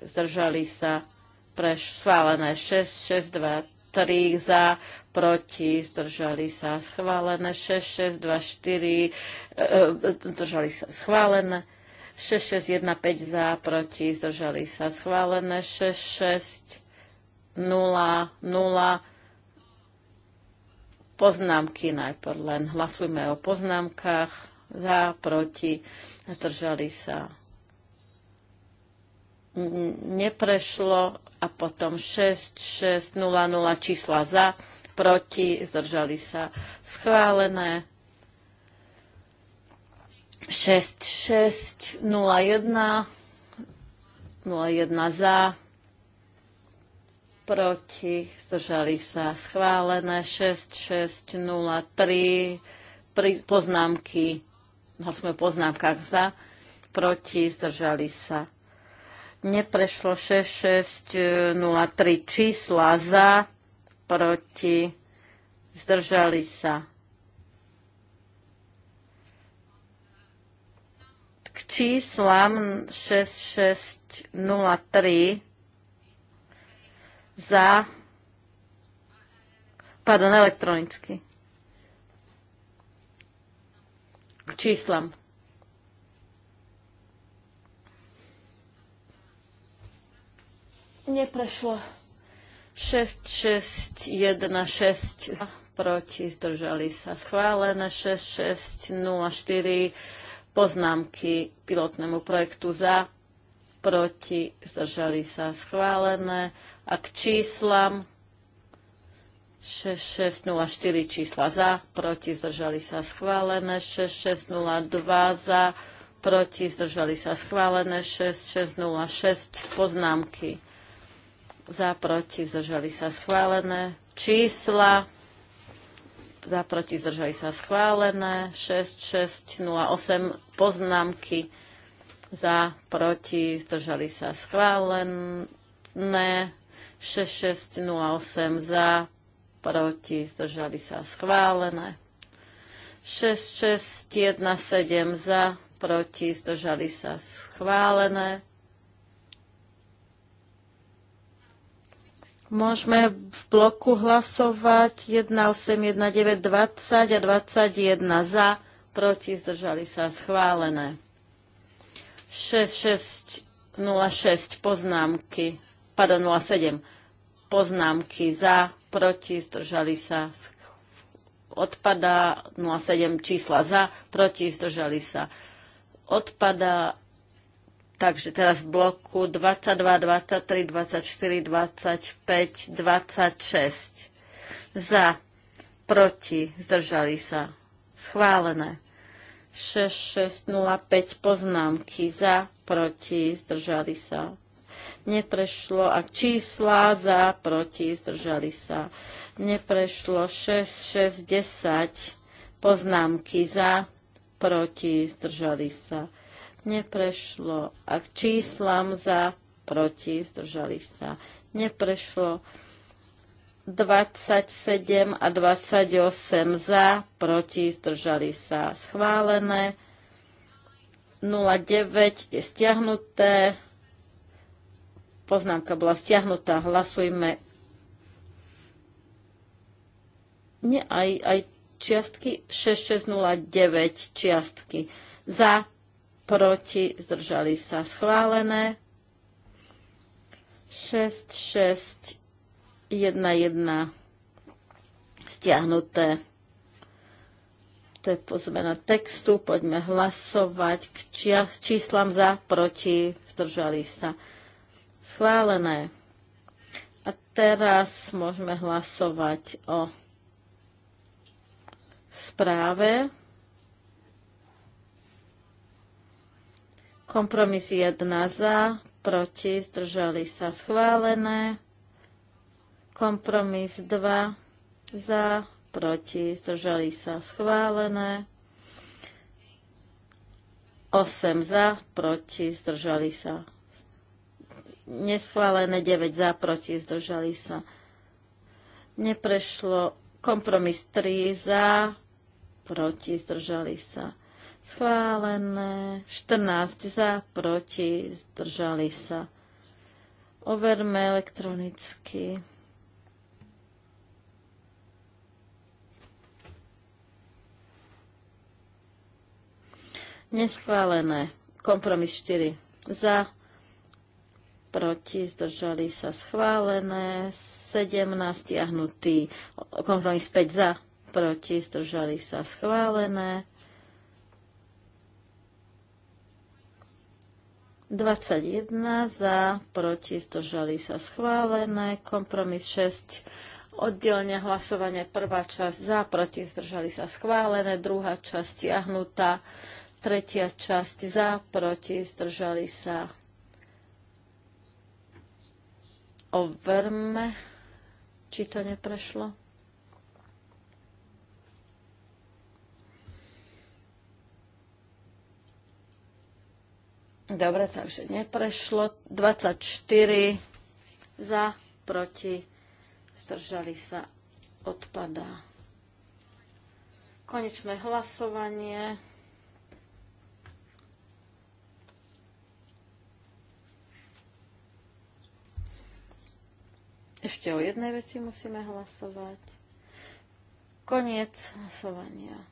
zdržali sa, preš, schválené 6, 6, 2, 3 za, proti, zdržali sa schválené, 6, 6, 2, 4, zdržali sa schválené, 6, 6, 1, 5 za, proti, zdržali sa schválené, 6, 6, 0, 0, poznámky najprv len. Hlasujme o poznámkach za, proti, zdržali sa neprešlo a potom 6600 čísla za, proti, zdržali sa schválené. 6601 01 za, proti, zdržali sa schválené. 6603 pri poznámky, hovoríme o poznámkach za, proti, zdržali sa neprešlo 6603 čísla za, proti, zdržali sa. K číslam 6603 za, pardon, elektronicky. K číslam Neprešlo. 6, 6, 1, 6 proti, zdržali sa schválené 4 poznámky pilotnému projektu za, proti, zdržali sa schválené a k číslam 6604 čísla za, proti, zdržali sa schválené 6602 za, proti, zdržali sa schválené 6606 poznámky za, proti, zdržali sa schválené. Čísla za, proti, zdržali sa schválené. 6, 6, 0, 8 poznámky za, proti, zdržali sa schválené. 6, 6, 0, 8 za, proti, zdržali sa schválené. 6, 6, 1, 7 za, proti, zdržali sa schválené. Môžeme v bloku hlasovať 1, 8, 1, 9, 20 a 21 za, proti, zdržali sa, schválené. 6, 6, 0, 6 poznámky, pardon, 0, 7 poznámky za, proti, zdržali sa, odpada, 0,7 čísla za, proti, zdržali sa, odpada, Takže teraz v bloku 22, 23, 24, 25, 26. Za, proti, zdržali sa. Schválené. 6, 6, 5 poznámky za, proti, zdržali sa. Neprešlo a čísla za, proti, zdržali sa. Neprešlo 6, 10 poznámky za, proti, zdržali sa neprešlo. A k číslam za, proti, zdržali sa, neprešlo. 27 a 28 za, proti, zdržali sa, schválené. 09 je stiahnuté. Poznámka bola stiahnutá. Hlasujme. Nie, aj, aj čiastky 6609 čiastky. Za, proti, zdržali sa schválené. 6, 6, 1, 1 stiahnuté. To je pozmena textu. Poďme hlasovať k číslam za, proti, zdržali sa schválené. A teraz môžeme hlasovať o správe Kompromis 1 za, proti, zdržali sa schválené. Kompromis 2 za, proti, zdržali sa schválené. 8 za, proti, zdržali sa neschválené, 9 za, proti, zdržali sa. Neprešlo kompromis 3 za, proti, zdržali sa Schválené. 14 za, proti, zdržali sa. Overme elektronicky. Neschválené. Kompromis 4 za, proti, zdržali sa. Schválené. 17 stiahnutý. Kompromis 5 za, proti, zdržali sa. Schválené. 21 za, proti, zdržali sa schválené. Kompromis 6, oddelne hlasovanie, prvá časť za, proti, zdržali sa schválené, druhá časť stiahnutá, tretia časť za, proti, zdržali sa. Overme, či to neprešlo. Dobre, takže neprešlo. 24 za, proti, zdržali sa, odpadá. Konečné hlasovanie. Ešte o jednej veci musíme hlasovať. Koniec hlasovania.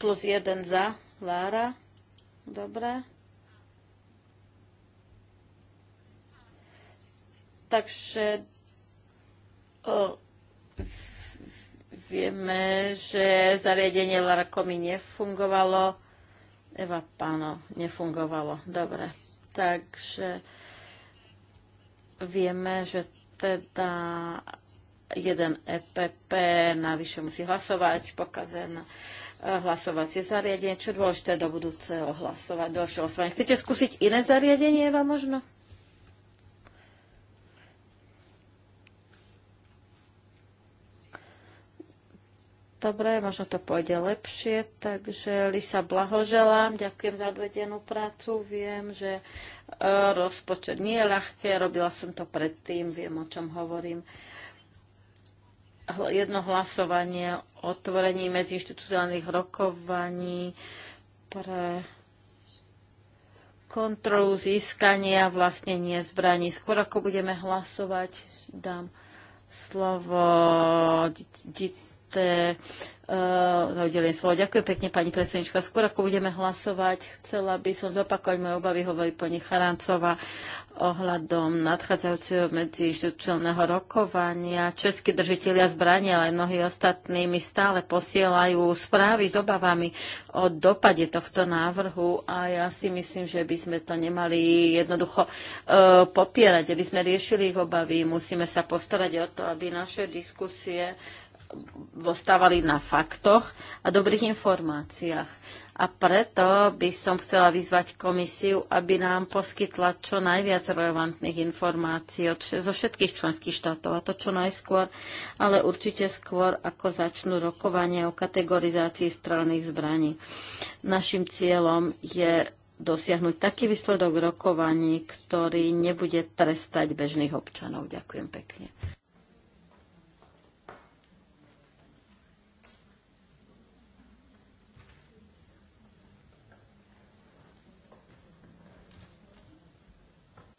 Plus jeden za. Lára. Dobre. Takže o, vieme, že zariadenie Komi nefungovalo. Eva Páno, nefungovalo. Dobre. Takže vieme, že teda jeden EPP navyše musí hlasovať, pokazen hlasovacie zariadenie, čo dôležité do budúceho hlasovať, do hlasovania. Chcete skúsiť iné zariadenie, Eva, možno? Dobre, možno to pôjde lepšie, takže Lisa, blahoželám, ďakujem za odvedenú prácu, viem, že e, rozpočet nie je ľahké, robila som to predtým, viem, o čom hovorím jedno hlasovanie o otvorení medziinstitucionálnych rokovaní pre kontrolu získania vlastnenie zbraní. Skôr ako budeme hlasovať, dám slovo dôležité uh, eh, udelím slovo. Ďakujem pekne, pani predsednička. Skôr ako budeme hlasovať, chcela by som zopakovať moje obavy, hovorí pani Charancová ohľadom nadchádzajúceho medziinstitucionálneho rokovania. Českí držitelia zbrania, ale aj mnohí ostatní mi stále posielajú správy s obavami o dopade tohto návrhu a ja si myslím, že by sme to nemali jednoducho e, popierať, aby sme riešili ich obavy. Musíme sa postarať o to, aby naše diskusie stávali na faktoch a dobrých informáciách. A preto by som chcela vyzvať komisiu, aby nám poskytla čo najviac relevantných informácií od, zo všetkých členských štátov, a to čo najskôr, ale určite skôr, ako začnú rokovanie o kategorizácii strelných zbraní. Našim cieľom je dosiahnuť taký výsledok rokovaní, ktorý nebude trestať bežných občanov. Ďakujem pekne.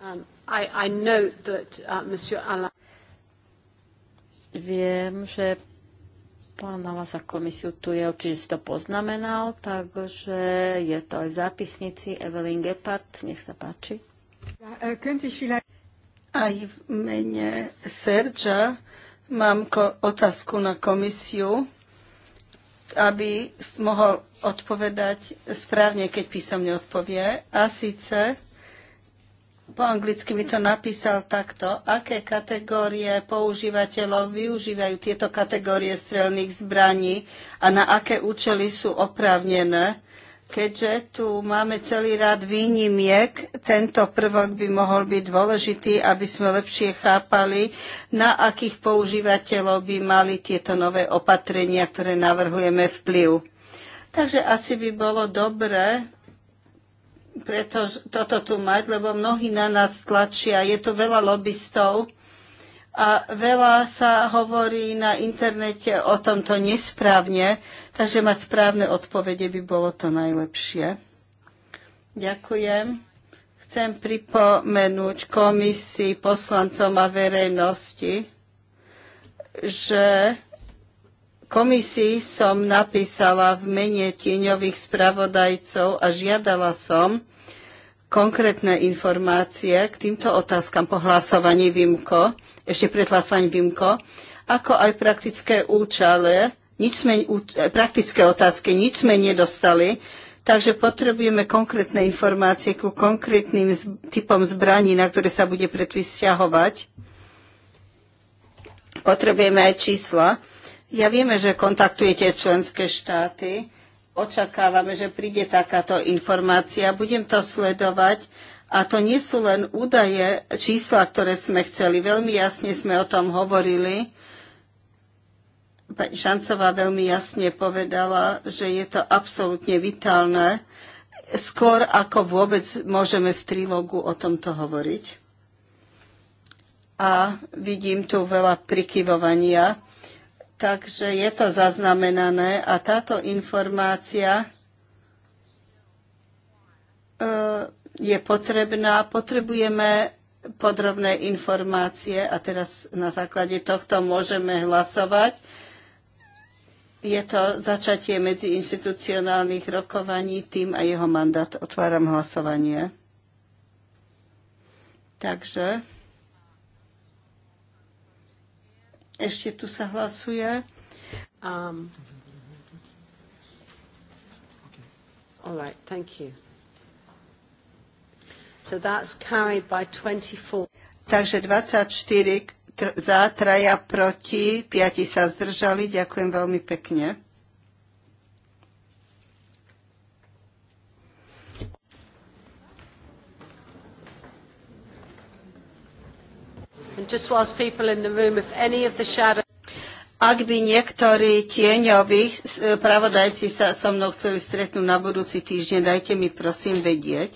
Um, uh, Viem, že pán Ala za komisiu tu je, určite si to poznamenal, takže je to aj v zápisnici Evelyn Gepard, nech sa páči. E, aj v mene Serča mám ko- otázku na komisiu, aby mohol odpovedať správne, keď písomne odpovie. A síce, po anglicky mi to napísal takto. Aké kategórie používateľov využívajú tieto kategórie strelných zbraní a na aké účely sú oprávnené? Keďže tu máme celý rád výnimiek, tento prvok by mohol byť dôležitý, aby sme lepšie chápali, na akých používateľov by mali tieto nové opatrenia, ktoré navrhujeme vplyv. Takže asi by bolo dobré preto toto tu mať, lebo mnohí na nás tlačia. Je tu veľa lobbystov a veľa sa hovorí na internete o tomto nesprávne, takže mať správne odpovede by bolo to najlepšie. Ďakujem. Chcem pripomenúť komisii, poslancom a verejnosti, že komisii som napísala v mene tieňových spravodajcov a žiadala som, konkrétne informácie k týmto otázkam po hlasovaní VIMKO, ešte pred hlasovaním VIMKO, ako aj praktické účale, nič sme, e, praktické otázky, nič sme nedostali, takže potrebujeme konkrétne informácie ku konkrétnym typom zbraní, na ktoré sa bude predvysťahovať. Potrebujeme aj čísla. Ja vieme, že kontaktujete členské štáty, očakávame, že príde takáto informácia. Budem to sledovať. A to nie sú len údaje, čísla, ktoré sme chceli. Veľmi jasne sme o tom hovorili. Pani Šancová veľmi jasne povedala, že je to absolútne vitálne, skôr ako vôbec môžeme v trilógu o tomto hovoriť. A vidím tu veľa prikyvovania. Takže je to zaznamenané a táto informácia e, je potrebná. Potrebujeme podrobné informácie a teraz na základe tohto môžeme hlasovať. Je to začatie medzi institucionálnych rokovaní, tým a jeho mandát. Otváram hlasovanie. Takže Ešte tu sa hlasuje. Um, all right, thank you. So that's carried by 24. Takže 24 za, traja proti, piati sa zdržali. Ďakujem veľmi pekne. Ak by niektorí tieňoví eh, pravodajci sa so mnou chceli stretnúť na budúci týždeň, dajte mi prosím vedieť.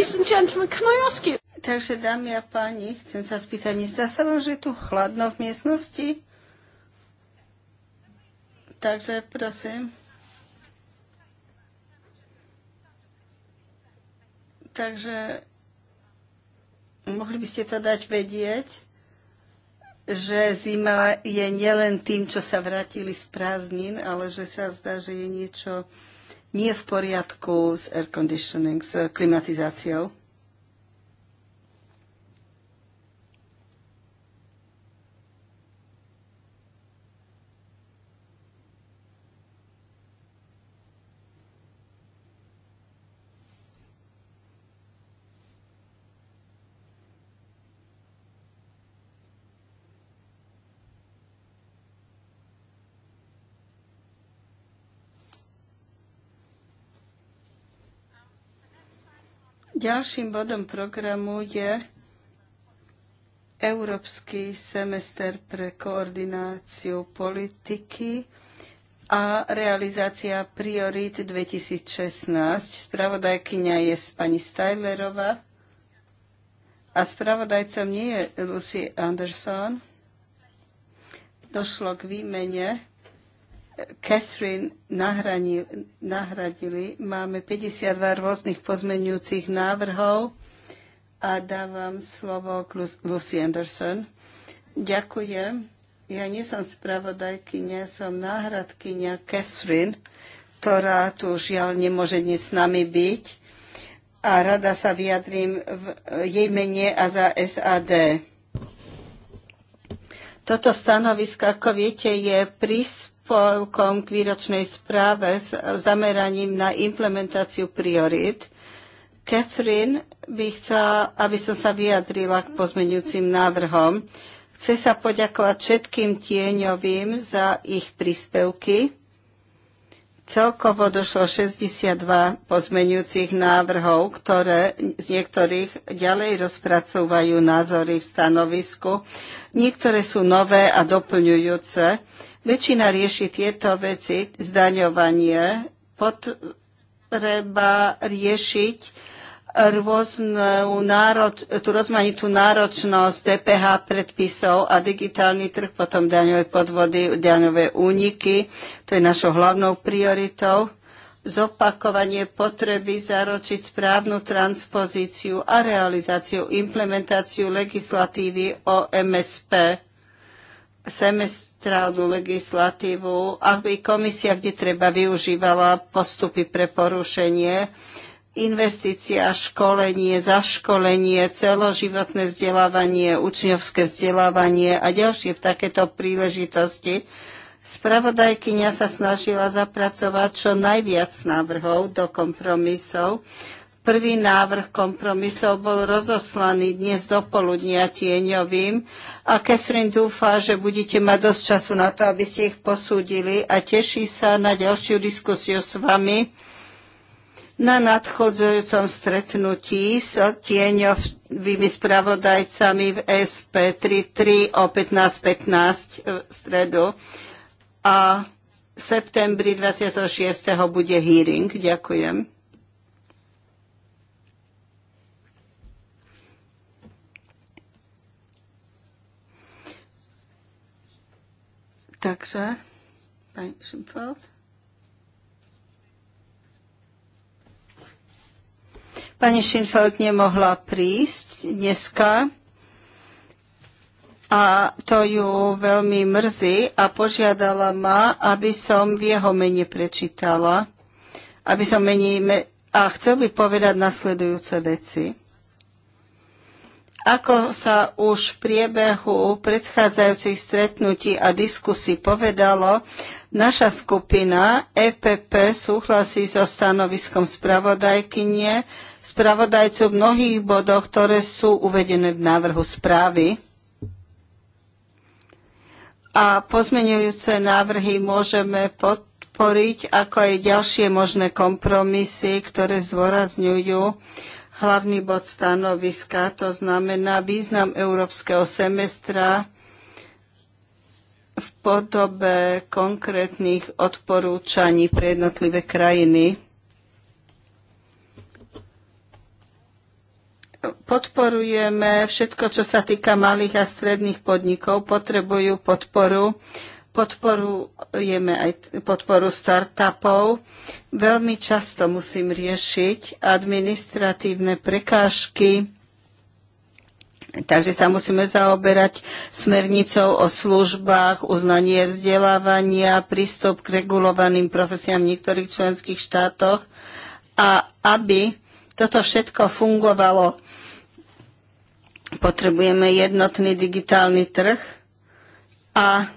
Ladies and gentlemen, can I ask you? Takže, dámy a páni, chcem sa spýtať, nezdá sa vám, že je tu chladno v miestnosti? Takže, prosím. Takže, mohli by ste to dať vedieť, že zima je nielen tým, čo sa vrátili z prázdnin, ale že sa zdá, že je niečo nie v poriadku s air conditioning, s klimatizáciou. Ďalším bodom programu je Európsky semester pre koordináciu politiky a realizácia priorít 2016. Spravodajkyňa je pani Stajlerová a spravodajcom nie je Lucy Anderson. Došlo k výmene Catherine nahradili. Máme 52 rôznych pozmenujúcich návrhov a dávam slovo Lucy Anderson. Ďakujem. Ja nie som spravodajkynia, som náhradkynia Catherine, ktorá tu žiaľ nemôže dnes s nami byť. A rada sa vyjadrím v jej mene a za SAD. Toto stanovisko, ako viete, je príspevok príspevkom k výročnej správe s zameraním na implementáciu priorit. Catherine by chcela, aby som sa vyjadrila k pozmeňujúcim návrhom. Chce sa poďakovať všetkým tieňovým za ich príspevky Celkovo došlo 62 pozmenujúcich návrhov, ktoré z niektorých ďalej rozpracúvajú názory v stanovisku. Niektoré sú nové a doplňujúce. Väčšina rieši tieto veci, zdaňovanie, potreba riešiť rôznu národ, tú rozmanitú náročnosť DPH predpisov a digitálny trh, potom daňové podvody, daňové úniky. To je našou hlavnou prioritou. Zopakovanie potreby zaročiť správnu transpozíciu a realizáciu, implementáciu legislatívy o MSP, semestrálnu legislatívu, aby komisia, kde treba, využívala postupy pre porušenie investícia, školenie, zaškolenie, celoživotné vzdelávanie, učňovské vzdelávanie a ďalšie v takéto príležitosti. Spravodajkyňa sa snažila zapracovať čo najviac návrhov do kompromisov. Prvý návrh kompromisov bol rozoslaný dnes do poludnia tieňovým a Catherine dúfa, že budete mať dosť času na to, aby ste ich posúdili a teší sa na ďalšiu diskusiu s vami na nadchodzujúcom stretnutí s tieňovými spravodajcami v SP33 o 15.15 e, v stredu a v septembri 26. bude hearing. Ďakujem. Takže, pani Schimpfeld. Pani Schinfeld nemohla prísť dneska a to ju veľmi mrzí a požiadala ma, aby som v jeho mene prečítala, aby som mení me- a chcel by povedať nasledujúce veci. Ako sa už v priebehu predchádzajúcich stretnutí a diskusí povedalo, naša skupina EPP súhlasí so stanoviskom spravodajkynie, spravodajcu v mnohých bodoch, ktoré sú uvedené v návrhu správy. A pozmeňujúce návrhy môžeme podporiť, ako aj ďalšie možné kompromisy, ktoré zdôrazňujú hlavný bod stanoviska, to znamená význam európskeho semestra, v podobe konkrétnych odporúčaní pre jednotlivé krajiny. podporujeme všetko, čo sa týka malých a stredných podnikov, potrebujú podporu. Podporujeme aj podporu startupov. Veľmi často musím riešiť administratívne prekážky, Takže sa musíme zaoberať smernicou o službách, uznanie vzdelávania, prístup k regulovaným profesiám v niektorých členských štátoch a aby toto všetko fungovalo Potrebujeme jednotný digitálny trh a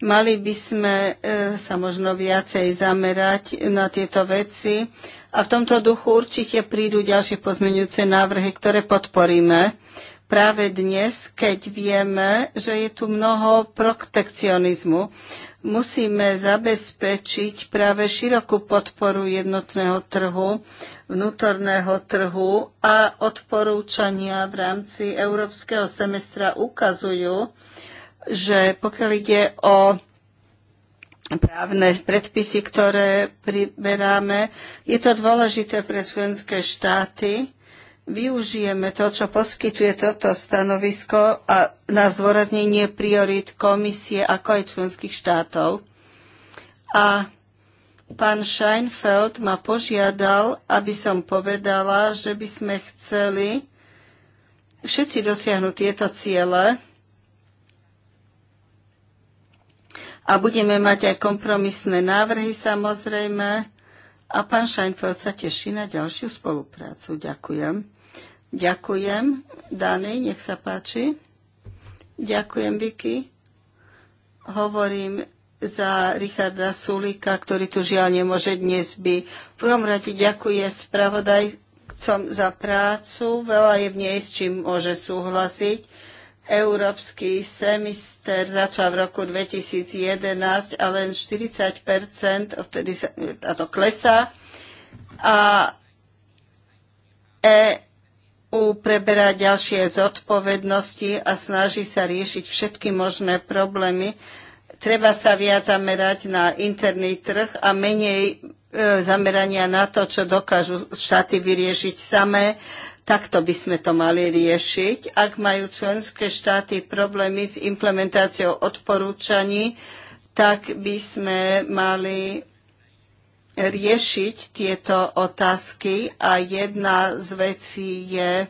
mali by sme e, sa možno viacej zamerať na tieto veci. A v tomto duchu určite prídu ďalšie pozmeňujúce návrhy, ktoré podporíme. Práve dnes, keď vieme, že je tu mnoho protekcionizmu, musíme zabezpečiť práve širokú podporu jednotného trhu, vnútorného trhu a odporúčania v rámci európskeho semestra ukazujú, že pokiaľ ide o právne predpisy, ktoré priberáme, je to dôležité pre členské štáty, využijeme to, čo poskytuje toto stanovisko a na zdôraznenie priorít komisie ako aj členských štátov. A pán Scheinfeld ma požiadal, aby som povedala, že by sme chceli všetci dosiahnuť tieto ciele a budeme mať aj kompromisné návrhy samozrejme a pán Scheinfeld sa teší na ďalšiu spoluprácu. Ďakujem. Ďakujem. Dany, nech sa páči. Ďakujem, Vicky. Hovorím za Richarda Sulika, ktorý tu žiaľ nemôže dnes byť. V prvom rade ďakujem spravodajcom za prácu. Veľa je v nej, s čím môže súhlasiť. Európsky semester začal v roku 2011 a len 40 vtedy sa, a to klesá. A EU preberá ďalšie zodpovednosti a snaží sa riešiť všetky možné problémy. Treba sa viac zamerať na interný trh a menej e, zamerania na to, čo dokážu štáty vyriešiť samé Takto by sme to mali riešiť. Ak majú členské štáty problémy s implementáciou odporúčaní, tak by sme mali riešiť tieto otázky a jedna z vecí je,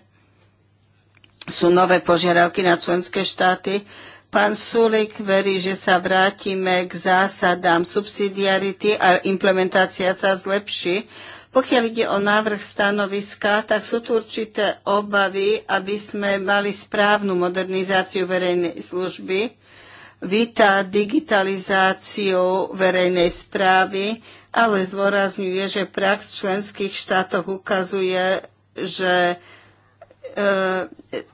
sú nové požiadavky na členské štáty. Pán Sulik verí, že sa vrátime k zásadám subsidiarity a implementácia sa zlepší. Pokiaľ ide o návrh stanoviska, tak sú tu určité obavy, aby sme mali správnu modernizáciu verejnej služby, víta digitalizáciu verejnej správy, ale zdôrazňuje, že prax v členských štátoch ukazuje, že e,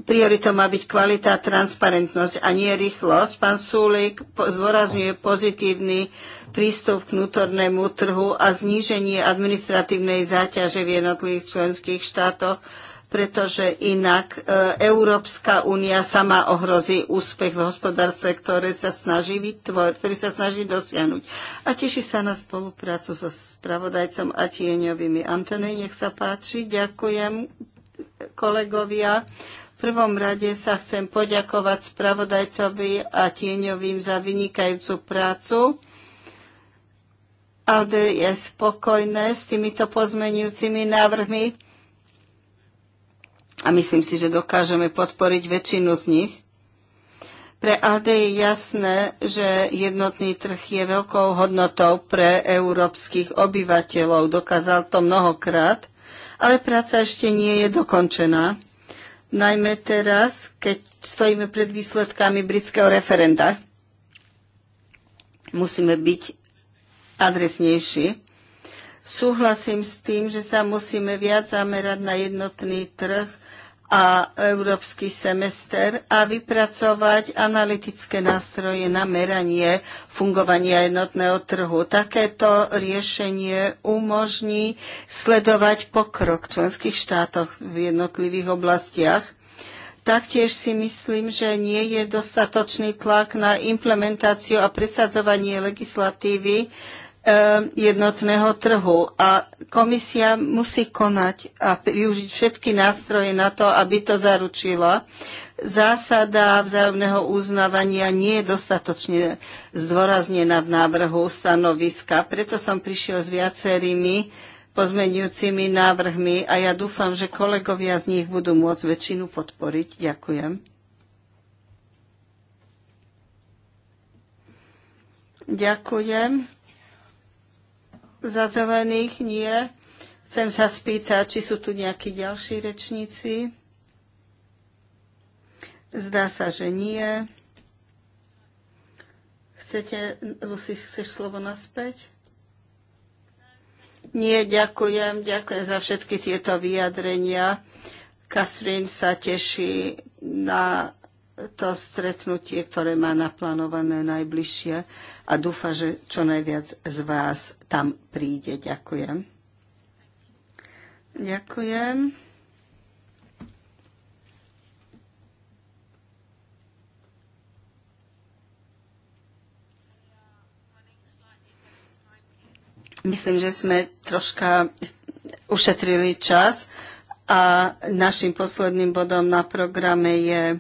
prioritou má byť kvalita, transparentnosť a nie rýchlosť. Pán Súlik zvorazňuje pozitívny prístup k vnútornému trhu a zníženie administratívnej záťaže v jednotlivých členských štátoch, pretože inak e, Európska únia sama ohrozí úspech v hospodárstve, ktoré sa snaží vytvoriť, ktorý sa snaží dosiahnuť. A teší sa na spoluprácu so spravodajcom a tieňovými. Antonej, nech sa páči. Ďakujem kolegovia. V prvom rade sa chcem poďakovať spravodajcovi a tieňovým za vynikajúcu prácu ALDE je spokojné s týmito pozmenujúcimi návrhmi a myslím si, že dokážeme podporiť väčšinu z nich. Pre ALDE je jasné, že jednotný trh je veľkou hodnotou pre európskych obyvateľov. Dokázal to mnohokrát, ale práca ešte nie je dokončená. Najmä teraz, keď stojíme pred výsledkami britského referenda. Musíme byť adresnejší. Súhlasím s tým, že sa musíme viac zamerať na jednotný trh a európsky semester a vypracovať analytické nástroje na meranie fungovania jednotného trhu. Takéto riešenie umožní sledovať pokrok v členských štátoch v jednotlivých oblastiach. Taktiež si myslím, že nie je dostatočný tlak na implementáciu a presadzovanie legislatívy E, jednotného trhu. A komisia musí konať a využiť všetky nástroje na to, aby to zaručila. Zásada vzájomného uznávania nie je dostatočne zdôraznená v návrhu stanoviska. Preto som prišiel s viacerými pozmenujúcimi návrhmi a ja dúfam, že kolegovia z nich budú môcť väčšinu podporiť. Ďakujem. Ďakujem. Za zelených nie. Chcem sa spýtať, či sú tu nejakí ďalší rečníci. Zdá sa, že nie. Chcete, Lucy, chceš slovo naspäť? Nie, ďakujem. Ďakujem za všetky tieto vyjadrenia. Katrin sa teší na to stretnutie, ktoré má naplánované najbližšie a dúfa, že čo najviac z vás tam príde. Ďakujem. Ďakujem. Myslím, že sme troška ušetrili čas a našim posledným bodom na programe je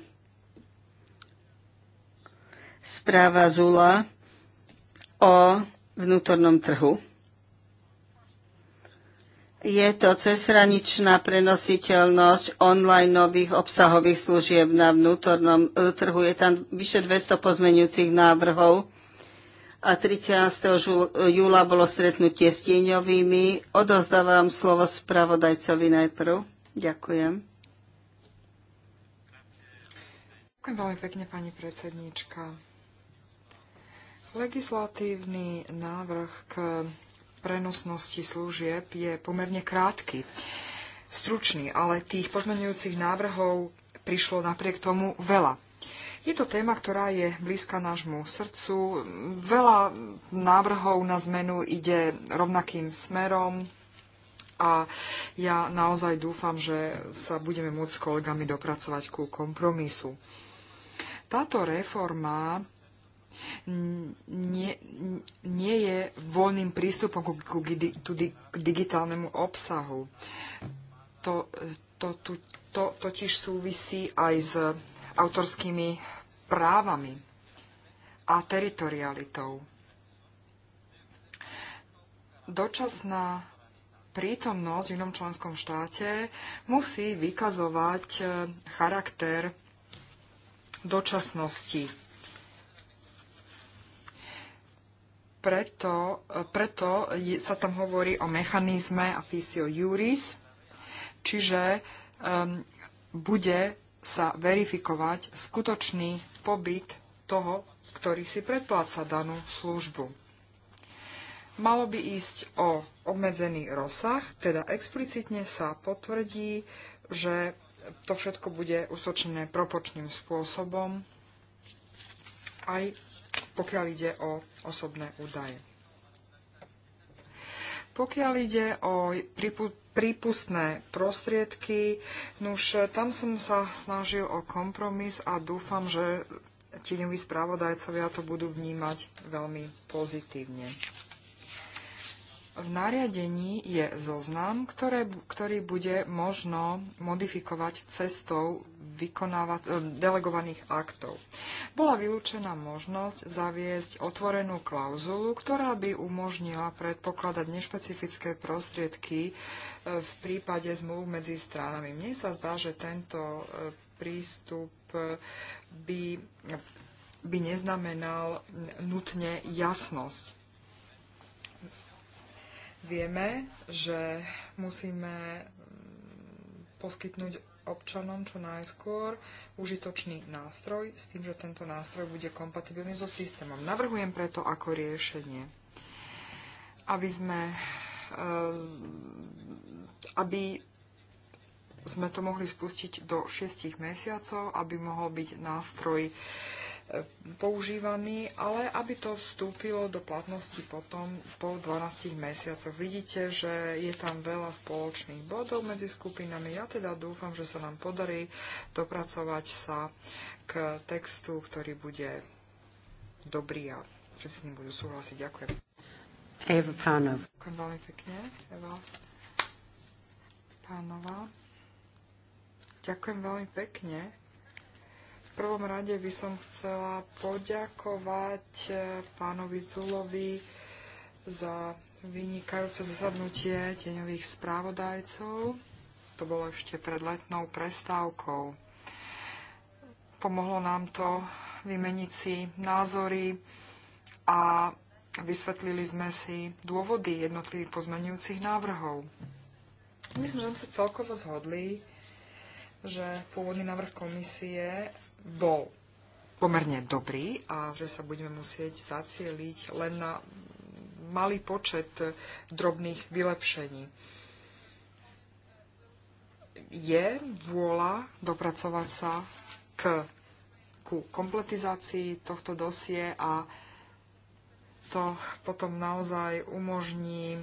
správa Zula o vnútornom trhu. Je to cezhraničná prenositeľnosť online nových obsahových služieb na vnútornom e, trhu. Je tam vyše 200 pozmenujúcich návrhov a 13. júla bolo stretnutie s tieňovými. Odozdávam slovo spravodajcovi najprv. Ďakujem. Ďakujem veľmi pekne, pani predsedníčka. Legislatívny návrh k prenosnosti služieb je pomerne krátky, stručný, ale tých pozmeňujúcich návrhov prišlo napriek tomu veľa. Je to téma, ktorá je blízka nášmu srdcu. Veľa návrhov na zmenu ide rovnakým smerom a ja naozaj dúfam, že sa budeme môcť s kolegami dopracovať ku kompromisu. Táto reforma nie, nie je voľným prístupom ku, ku, ku, k digitálnemu obsahu. To, to, to, to totiž súvisí aj s autorskými právami a teritorialitou. Dočasná prítomnosť v inom členskom štáte musí vykazovať eh, charakter dočasnosti preto, preto sa tam hovorí o mechanizme a fisio juris, čiže um, bude sa verifikovať skutočný pobyt toho, ktorý si predpláca danú službu. Malo by ísť o obmedzený rozsah, teda explicitne sa potvrdí, že to všetko bude usočené propočným spôsobom aj pokiaľ ide o osobné údaje. Pokiaľ ide o prípustné prostriedky, nuž tam som sa snažil o kompromis a dúfam, že tieňoví správodajcovia to budú vnímať veľmi pozitívne. V nariadení je zoznam, ktoré, ktorý bude možno modifikovať cestou e, delegovaných aktov. Bola vylúčená možnosť zaviesť otvorenú klauzulu, ktorá by umožnila predpokladať nešpecifické prostriedky e, v prípade zmluv medzi stranami. Mne sa zdá, že tento e, prístup by, by neznamenal nutne jasnosť Vieme, že musíme mm, poskytnúť občanom čo najskôr užitočný nástroj s tým, že tento nástroj bude kompatibilný so systémom. Navrhujem preto ako riešenie, aby sme, e, aby sme to mohli spustiť do šiestich mesiacov, aby mohol byť nástroj používaný, ale aby to vstúpilo do platnosti potom po 12 mesiacoch. Vidíte, že je tam veľa spoločných bodov medzi skupinami. Ja teda dúfam, že sa nám podarí dopracovať sa k textu, ktorý bude dobrý a že s ním budú súhlasiť. Ďakujem. Eva Pánov. Ďakujem veľmi pekne, Eva Pánova. Ďakujem veľmi pekne prvom rade by som chcela poďakovať eh, pánovi Zulovi za vynikajúce zasadnutie tieňových správodajcov. To bolo ešte pred letnou prestávkou. Pomohlo nám to vymeniť si názory a vysvetlili sme si dôvody jednotlivých pozmenujúcich návrhov. Myslím, že sme sa celkovo zhodli, že pôvodný návrh komisie bol pomerne dobrý a že sa budeme musieť zacieliť len na malý počet drobných vylepšení. Je vôľa dopracovať sa k, ku kompletizácii tohto dosie a to potom naozaj umožní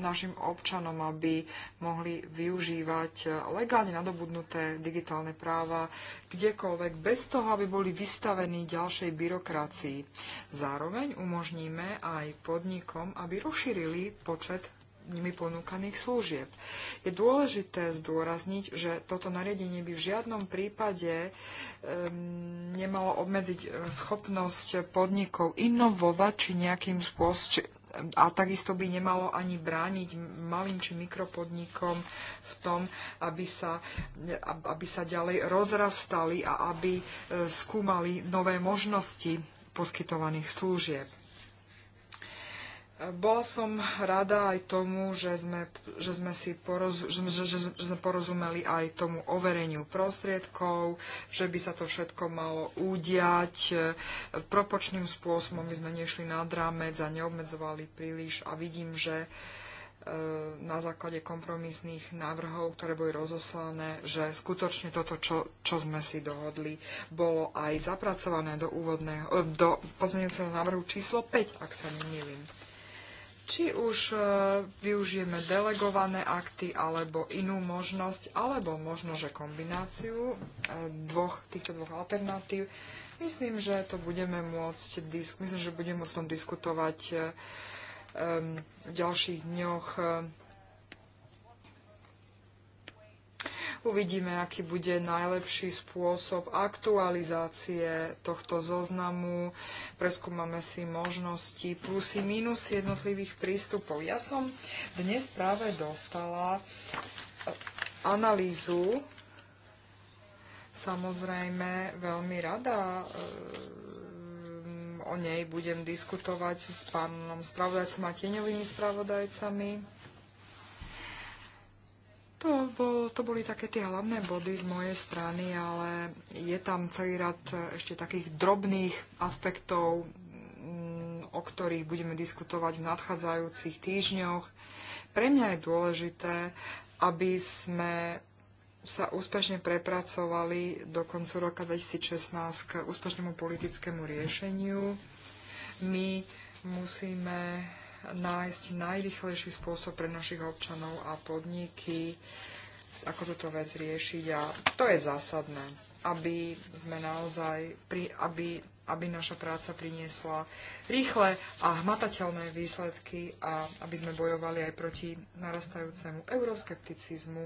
našim občanom, aby mohli využívať eh, legálne nadobudnuté digitálne práva kdekoľvek, bez toho, aby boli vystavení ďalšej byrokracii. Zároveň umožníme aj podnikom, aby rozšírili počet nimi ponúkaných služieb. Je dôležité zdôrazniť, že toto nariadenie by v žiadnom prípade nemalo obmedziť eh, schopnosť podnikov inovovať či nejakým spôsobom a takisto by nemalo ani brániť malým či mikropodnikom v tom, aby sa, aby sa ďalej rozrastali a aby e, skúmali nové možnosti poskytovaných služieb. Bola som rada aj tomu, že sme, že sme, si poroz, že, že, že, sme porozumeli aj tomu overeniu prostriedkov, že by sa to všetko malo udiať. E, Propočným spôsobom by sme nešli nad rámec a neobmedzovali príliš a vidím, že e, na základe kompromisných návrhov, ktoré boli rozoslané, že skutočne toto, čo, čo sme si dohodli, bolo aj zapracované do, úvodného, e, do pozmeňujúceho návrhu číslo 5, ak sa nemýlim či už e, využijeme delegované akty alebo inú možnosť, alebo možno, že kombináciu e, dvoch, týchto dvoch alternatív. Myslím, že to budeme môcť, myslím, že budeme môcť diskutovať e, v ďalších dňoch Uvidíme, aký bude najlepší spôsob aktualizácie tohto zoznamu. Preskúmame si možnosti plusy, minus jednotlivých prístupov. Ja som dnes práve dostala eh, analýzu samozrejme veľmi rada eh, o nej budem diskutovať s pánom spravodajcom a tieňovými spravodajcami. To, bol, to boli také tie hlavné body z mojej strany, ale je tam celý rad ešte takých drobných aspektov, mm, o ktorých budeme diskutovať v nadchádzajúcich týždňoch. Pre mňa je dôležité, aby sme sa úspešne prepracovali do koncu roka 2016 k úspešnému politickému riešeniu. My musíme nájsť najrychlejší spôsob pre našich občanov a podniky, ako túto vec riešiť. A to je zásadné, aby sme naozaj, pri, aby, aby naša práca priniesla rýchle a hmatateľné výsledky a aby sme bojovali aj proti narastajúcemu euroskepticizmu.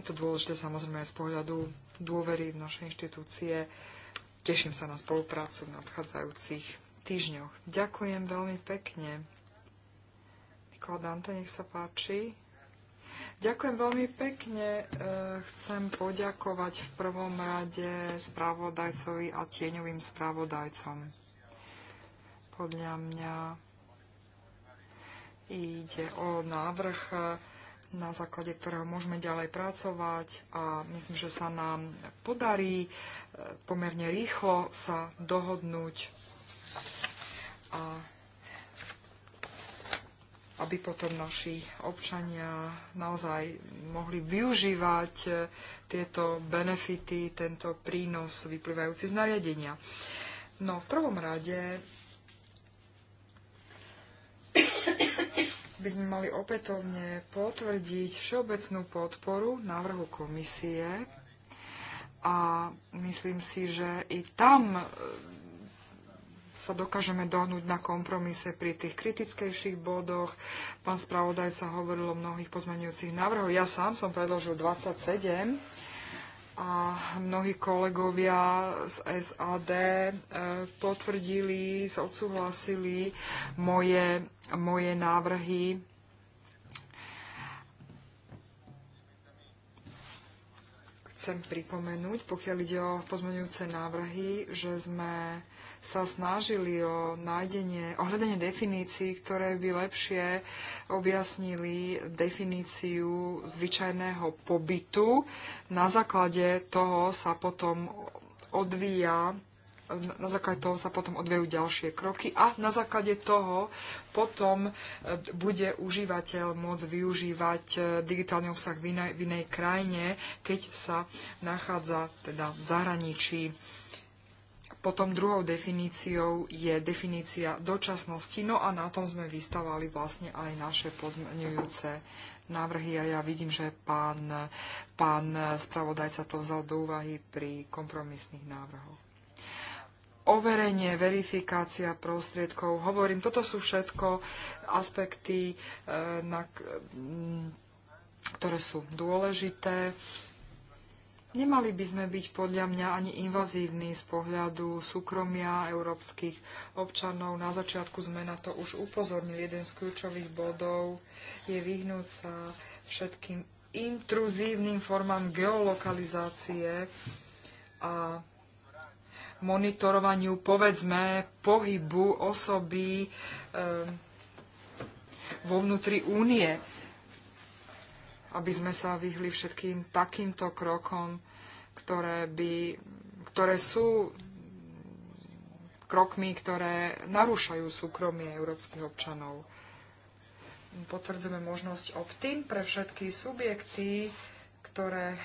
Je to dôležité samozrejme aj z pohľadu dôvery v naše inštitúcie. Teším sa na spoluprácu v nadchádzajúcich týždňoch. Ďakujem veľmi pekne. Nikola Dante, nech sa páči. Ďakujem veľmi pekne. E, chcem poďakovať v prvom rade správodajcovi a tieňovým správodajcom. Podľa mňa ide o návrh, na základe ktorého môžeme ďalej pracovať a myslím, že sa nám podarí e, pomerne rýchlo sa dohodnúť a aby potom naši občania naozaj mohli využívať e, tieto benefity, tento prínos vyplývajúci z nariadenia. No v prvom rade by sme mali opätovne potvrdiť všeobecnú podporu návrhu komisie a myslím si, že i tam sa dokážeme dohnúť na kompromise pri tých kritickejších bodoch. Pán spravodajca hovoril o mnohých pozmeňujúcich návrhov. Ja sám som predložil 27 a mnohí kolegovia z SAD e, potvrdili, odsúhlasili moje, moje návrhy. Chcem pripomenúť, pokiaľ ide o pozmeňujúce návrhy, že sme sa snažili o nájdenie, o hľadanie definícií, ktoré by lepšie objasnili definíciu zvyčajného pobytu. Na základe toho sa potom odvíja na základe toho sa potom odvejú ďalšie kroky a na základe toho potom e, bude užívateľ môcť využívať e, digitálny obsah v inej, v inej krajine, keď sa nachádza teda v zahraničí. Potom druhou definíciou je definícia dočasnosti, no a na tom sme vystavali vlastne aj naše pozmeňujúce návrhy a ja vidím, že pán, pán spravodajca to vzal do úvahy pri kompromisných návrhoch. Overenie, verifikácia prostriedkov, hovorím, toto sú všetko aspekty, eh, na, ktoré sú dôležité. Nemali by sme byť podľa mňa ani invazívni z pohľadu súkromia európskych občanov. Na začiatku sme na to už upozornili. Jeden z kľúčových bodov je vyhnúť sa všetkým intruzívnym formám geolokalizácie a monitorovaniu, povedzme, pohybu osoby e, vo vnútri únie aby sme sa vyhli všetkým takýmto krokom, ktoré, by, ktoré sú krokmi, ktoré narúšajú súkromie európskych občanov. Potvrdzujeme možnosť opt-in pre všetky subjekty, ktoré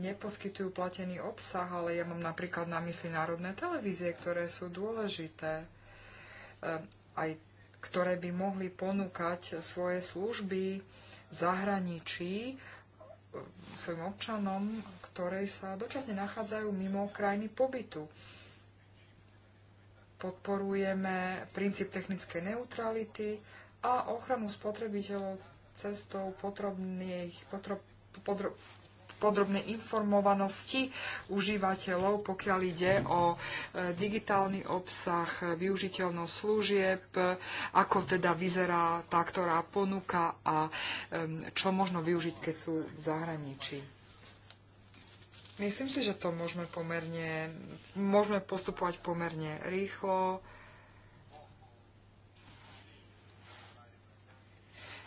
neposkytujú platený obsah, ale ja mám napríklad na mysli národné televízie, ktoré sú dôležité, eh, aj ktoré by mohli ponúkať svoje služby zahraničí e, svojim občanom, ktoré sa dočasne nachádzajú mimo krajiny pobytu. Podporujeme princíp technickej neutrality a ochranu spotrebiteľov cestou potrebných, potro, podrobnej informovanosti užívateľov, pokiaľ ide o e, digitálny obsah, využiteľnosť služieb, ako teda vyzerá tá, ktorá ponuka a čo možno využiť, keď sú v zahraničí. Myslím si, že to môžeme pomerne, môžeme postupovať pomerne rýchlo.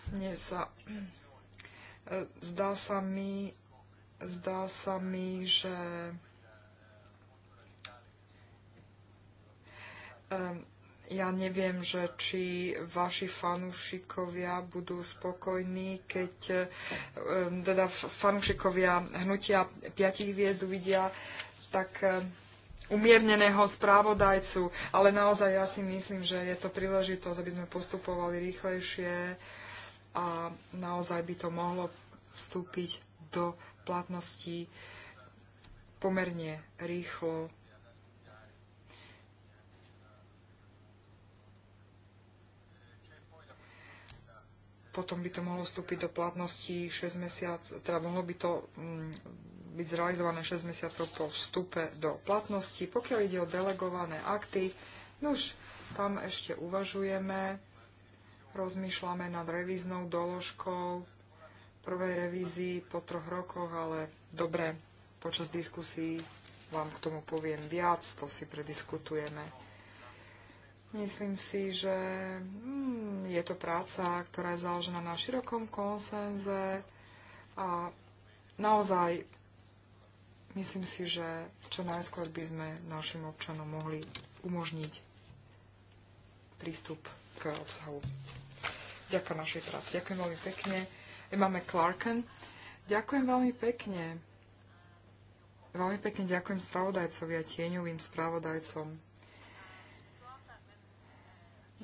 Dnes sa, e, zdá sa mi, zdá sa mi, že ja neviem, že či vaši fanúšikovia budú spokojní, keď teda fanúšikovia hnutia piatich hviezd uvidia tak umierneného správodajcu, ale naozaj ja si myslím, že je to príležitosť, aby sme postupovali rýchlejšie a naozaj by to mohlo vstúpiť do platnosti pomerne rýchlo. Potom by to mohlo vstúpiť do platnosti 6 mesiac, teda mohlo by to mm, byť zrealizované 6 mesiacov po vstupe do platnosti. Pokiaľ ide o delegované akty, nuž, tam ešte uvažujeme, rozmýšľame nad revíznou doložkou, prvej revízii po troch rokoch, ale dobre, počas diskusí vám k tomu poviem viac, to si prediskutujeme. Myslím si, že hmm, je to práca, ktorá je založená na širokom konsenze a naozaj myslím si, že čo najskôr by sme našim občanom mohli umožniť prístup k obsahu. Ďakujem našej práci. Ďakujem veľmi pekne. Emma McClarken. Ďakujem veľmi pekne. Veľmi pekne ďakujem spravodajcovi a tieňovým spravodajcom.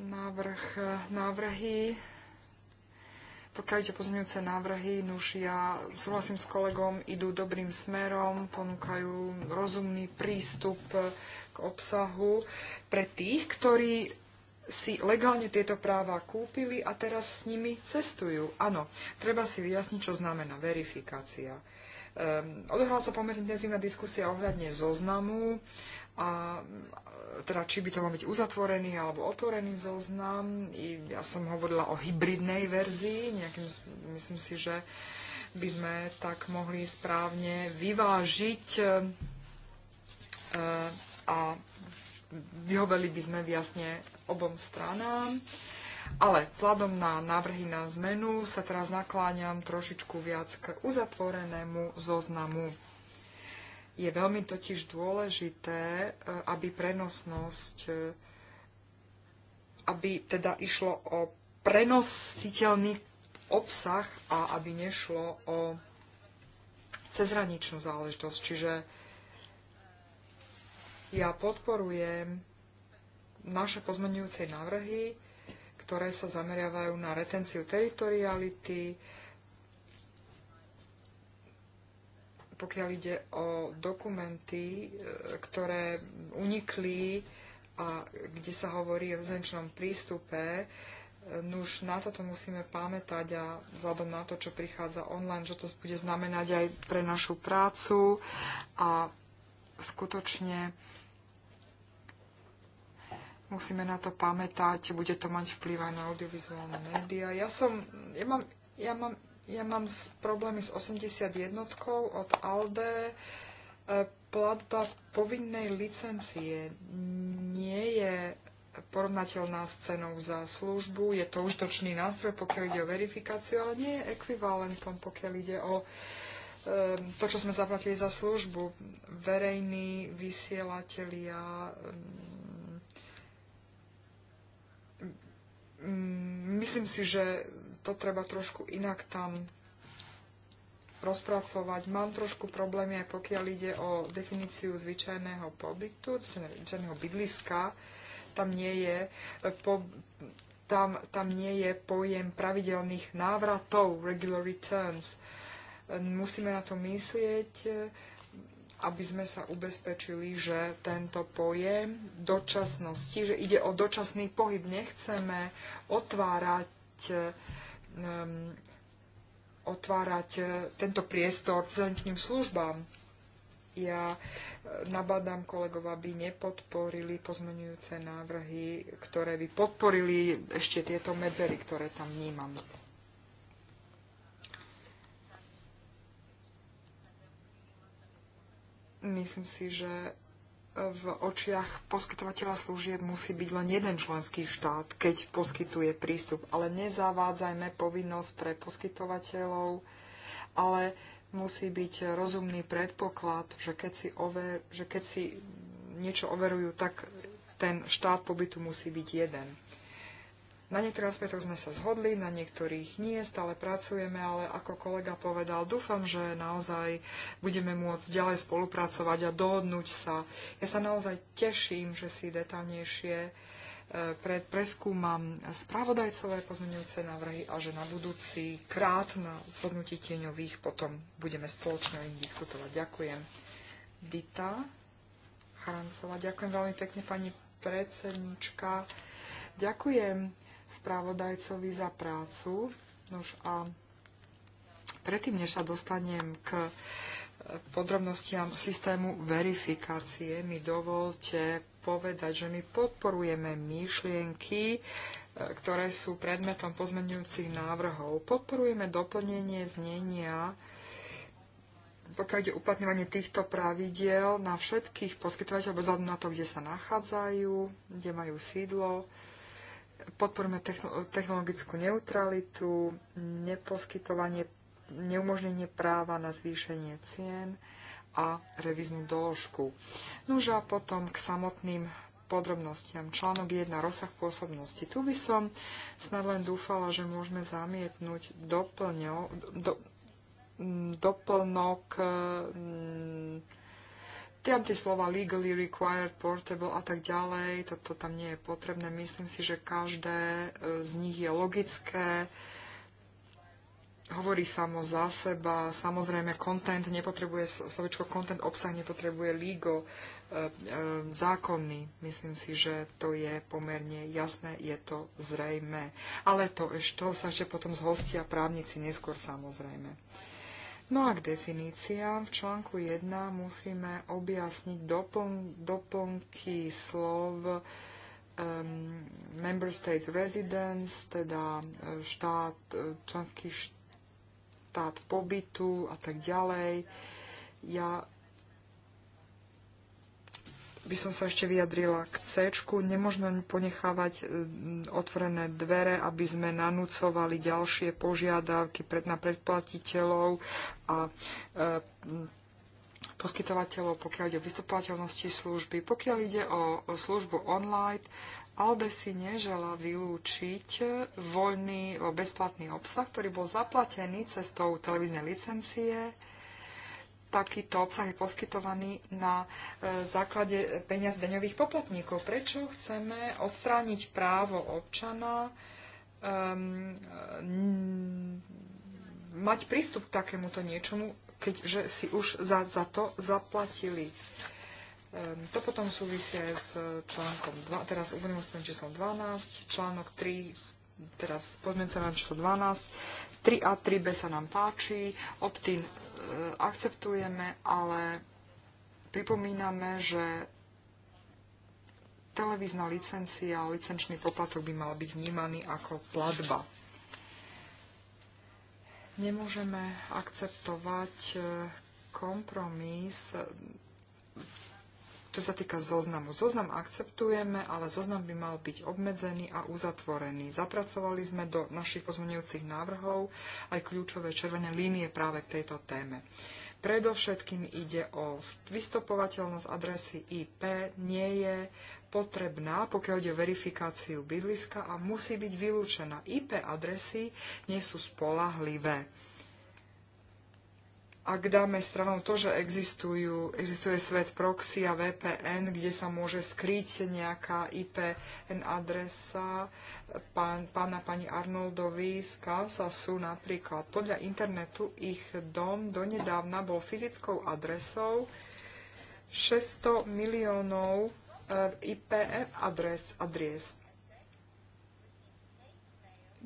Návrh, návrhy pokiaľ ide pozmeňujúce návrhy, nuž ja súhlasím s kolegom, idú dobrým smerom, ponúkajú rozumný prístup k obsahu pre tých, ktorí si legálne tieto práva kúpili a teraz s nimi cestujú. Áno, treba si vyjasniť, čo znamená verifikácia. Um, odohrala sa pomerne intenzívna diskusia ohľadne zoznamu a teda či by to mal byť uzatvorený alebo otvorený zoznam. I ja som hovorila o hybridnej verzii, nejakým, myslím si, že by sme tak mohli správne vyvážiť uh, a vyhoveli by sme jasne obom stranám. Ale vzhľadom na návrhy na zmenu sa teraz nakláňam trošičku viac k uzatvorenému zoznamu. Je veľmi totiž dôležité, e, aby prenosnosť, e, aby teda išlo o prenositeľný obsah a aby nešlo o cezhraničnú záležitosť. Čiže ja podporujem naše pozmenujúce návrhy, ktoré sa zameriavajú na retenciu teritoriality, pokiaľ ide o dokumenty, e, ktoré unikli a kde sa hovorí o zemčnom prístupe, e, Nuž na toto musíme pamätať a vzhľadom na to, čo prichádza online, že to bude znamenať aj pre našu prácu a skutočne Musíme na to pamätať, bude to mať vplyv aj na audiovizuálne médiá. Ja som, ja mám, ja mám, ja mám problémy s 81 od ALDE. E, platba povinnej licencie nie je porovnateľná s cenou za službu. Je to užitočný nástroj, pokiaľ ide o verifikáciu, ale nie je ekvivalentom, pokiaľ ide o e, to, čo sme zaplatili za službu. Verejní vysielatelia Mm, myslím si, že to treba trošku inak tam rozpracovať. Mám trošku problémy aj pokiaľ ide o definíciu zvyčajného pobytu, zvyčajného bydliska. Tam nie je, eh, po, tam, tam nie je pojem pravidelných návratov, regular returns. Eh, musíme na to myslieť eh, aby sme sa ubezpečili, že tento pojem dočasnosti, že ide o dočasný pohyb, nechceme otvárať, um, otvárať eh, tento priestor celým službám. Ja eh, nabádam kolegov, aby nepodporili pozmenujúce návrhy, ktoré by podporili ešte tieto medzery, ktoré tam vnímam. Myslím si, že v očiach poskytovateľa služieb musí byť len jeden členský štát, keď poskytuje prístup. Ale nezavádzajme povinnosť pre poskytovateľov, ale musí byť rozumný predpoklad, že keď si, over, že keď si niečo overujú, tak ten štát pobytu musí byť jeden. Na niektorých aspektoch sme sa zhodli, na niektorých nie, stále pracujeme, ale ako kolega povedal, dúfam, že naozaj budeme môcť ďalej spolupracovať a dohodnúť sa. Ja sa naozaj teším, že si detálnejšie e, pred preskúmam spravodajcové pozmeňujúce návrhy a že na budúci krát na zhodnutí tieňových potom budeme spoločne o nich diskutovať. Ďakujem. Dita Harancová, ďakujem veľmi pekne pani predsednička. Ďakujem správodajcovi za prácu. Nož a predtým, než sa dostanem k podrobnostiam systému verifikácie, mi dovolte povedať, že my podporujeme myšlienky, e, ktoré sú predmetom pozmenujúcich návrhov. Podporujeme doplnenie znenia pokiaľ ide uplatňovanie týchto pravidiel na všetkých poskytovateľov bez na to, kde sa nachádzajú, kde majú sídlo, podporme technologickú neutralitu, neposkytovanie, neumožnenie práva na zvýšenie cien a reviznú doložku. Nuž a potom k samotným podrobnostiam. Článok 1. Rozsah pôsobnosti. Tu by som snad len dúfala, že môžeme zamietnúť doplňo, do, doplnok m, mm, tam tie slova legally required, portable a tak ďalej, toto tam nie je potrebné. Myslím si, že každé e, z nich je logické. Hovorí samo za seba. Samozrejme, content nepotrebuje, slovičko content, obsah nepotrebuje legal, e, e, zákonný. Myslím si, že to je pomerne jasné, je to zrejme. Ale to, to sa ešte potom zhostia právnici neskôr samozrejme. No a k definíciám v článku 1 musíme objasniť dopln, doplnky slov um, Member States Residence, teda e, štát, e, členský štát pobytu a tak ďalej. Ja by som sa ešte vyjadrila k C. Nemožno ponechávať e, otvorené dvere, aby sme nanúcovali ďalšie požiadavky pred, na predplatiteľov a e, poskytovateľov, pokiaľ ide o vystupovateľnosti služby. Pokiaľ ide o, o službu online, Alde si nežela vylúčiť voľný bezplatný obsah, ktorý bol zaplatený cestou televíznej licencie takýto obsah je poskytovaný na e, základe peniaz daňových poplatníkov. Prečo chceme odstrániť právo občana um, mať prístup k takémuto niečomu, keďže si už za, za to zaplatili. Um, to potom súvisí aj s článkom 2, teraz uvedomujem číslom 12, článok 3, teraz poďme sa na číslo 12. 3A, 3B sa nám páči, opt-in e, akceptujeme, ale pripomíname, že televízna licencia, licenčný poplatok by mal byť vnímaný ako platba. Nemôžeme akceptovať e, kompromis čo sa týka zoznamu, zoznam akceptujeme, ale zoznam by mal byť obmedzený a uzatvorený. Zapracovali sme do našich pozmeňujúcich návrhov aj kľúčové červené línie práve k tejto téme. Predovšetkým ide o vystopovateľnosť adresy IP, nie je potrebná, pokiaľ ide o verifikáciu bydliska a musí byť vylúčená. IP adresy nie sú spolahlivé ak dáme stranou to, že existujú, existuje svet proxy a VPN, kde sa môže skryť nejaká IPN adresa pán, pána pani Arnoldovi z Kansasu napríklad. Podľa internetu ich dom donedávna bol fyzickou adresou 600 miliónov eh, IPN adres, adries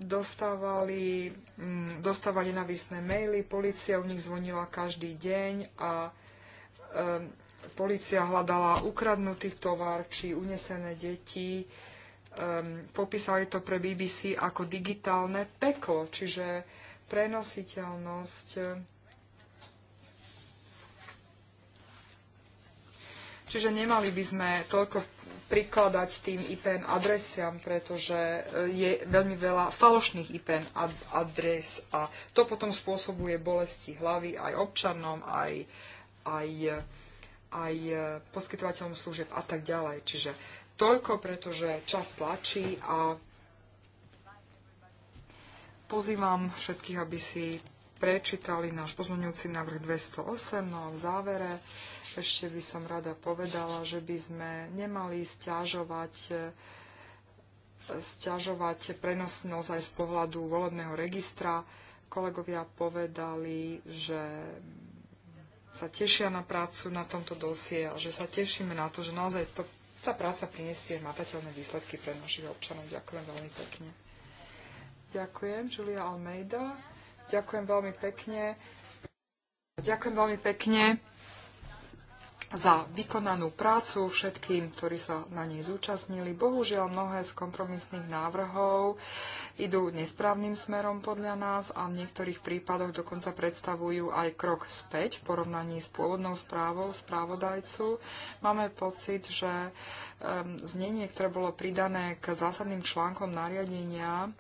dostávali, mm, dostávali nenavisné maily, policia u nich zvonila každý deň a e, policia hľadala ukradnutý tovar či unesené deti. E, popísali to pre BBC ako digitálne peklo, čiže prenositeľnosť. Čiže nemali by sme toľko prikladať tým IPN adresiam, pretože e, je veľmi veľa falošných IPN adres a to potom spôsobuje bolesti hlavy aj občanom, aj, aj, e, aj e, poskytovateľom služieb a tak ďalej. Čiže toľko, pretože čas tlačí a pozývam všetkých, aby si prečítali náš pozmeňujúci návrh 208. No a v závere ešte by som rada povedala, že by sme nemali stiažovať e, stiažovať prenosnosť aj z pohľadu volebného registra. Kolegovia povedali, že sa tešia na prácu na tomto dosie a že sa tešíme na to, že naozaj to, tá práca prinesie matateľné výsledky pre našich občanov. Ďakujem veľmi pekne. Ďakujem, Julia Almeida. Ďakujem veľmi pekne. Ďakujem veľmi pekne za vykonanú prácu všetkým, ktorí sa na nej zúčastnili. Bohužiaľ, mnohé z kompromisných návrhov idú nesprávnym smerom podľa nás a v niektorých prípadoch dokonca predstavujú aj krok späť v porovnaní s pôvodnou správou správodajcu. Máme pocit, že ehm, znenie, ktoré bolo pridané k zásadným článkom nariadenia,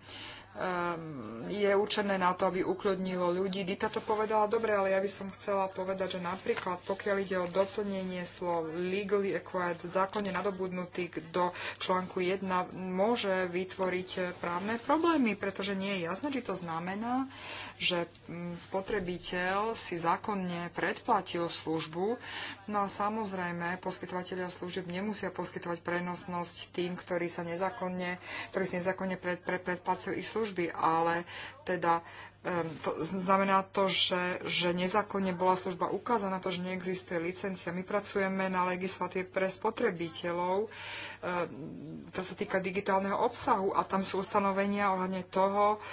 Ehm, je určené na to, aby ukludnilo ľudí. Dita to povedala dobre, ale ja by som chcela povedať, že napríklad pokiaľ ide o doplnenie slov legally acquired, zákonne nadobudnutý do článku 1, môže vytvoriť právne problémy, pretože nie je jasné, či to znamená, že mm, spotrebiteľ si zákonne predplatil službu. No a samozrejme, poskytovateľia služieb nemusia poskytovať prenosnosť tým, ktorí sa nezákonne, ktorí si nezákonne pred, pred, predplatil ich službu služby, ale teda to znamená to, že, že nezákonne bola služba ukázaná, to, že neexistuje licencia. My pracujeme na legislatíve pre spotrebiteľov, to sa týka digitálneho obsahu a tam sú ustanovenia ohľadne toho,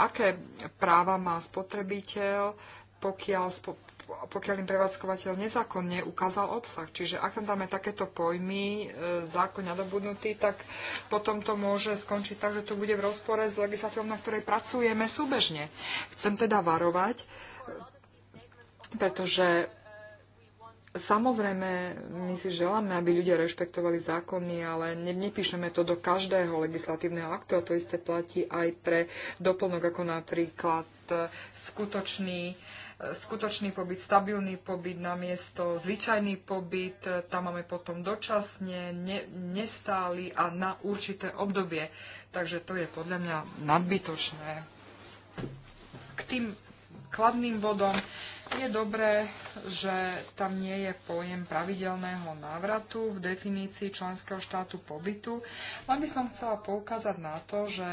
aké práva má spotrebiteľ, pokiaľ, pokiaľ im prevádzkovateľ nezákonne ukázal obsah. Čiže ak tam dáme takéto pojmy, e, zákon nadobudnutý, tak potom to môže skončiť tak, že to bude v rozpore s legislatívom, na ktorej pracujeme súbežne. Chcem teda varovať, pretože Samozrejme, my si želáme, aby ľudia rešpektovali zákony, ale ne, nepíšeme to do každého legislatívneho aktu a to isté platí aj pre doplnok, ako napríklad e, skutočný skutočný pobyt, stabilný pobyt na miesto, zvyčajný pobyt, e, tam máme potom dočasne, ne, nestály a na určité obdobie. Takže to je podľa mňa nadbytočné. K tým kladným bodom je dobré, že tam nie je pojem pravidelného návratu v definícii členského štátu pobytu. Len by som chcela poukázať na to, že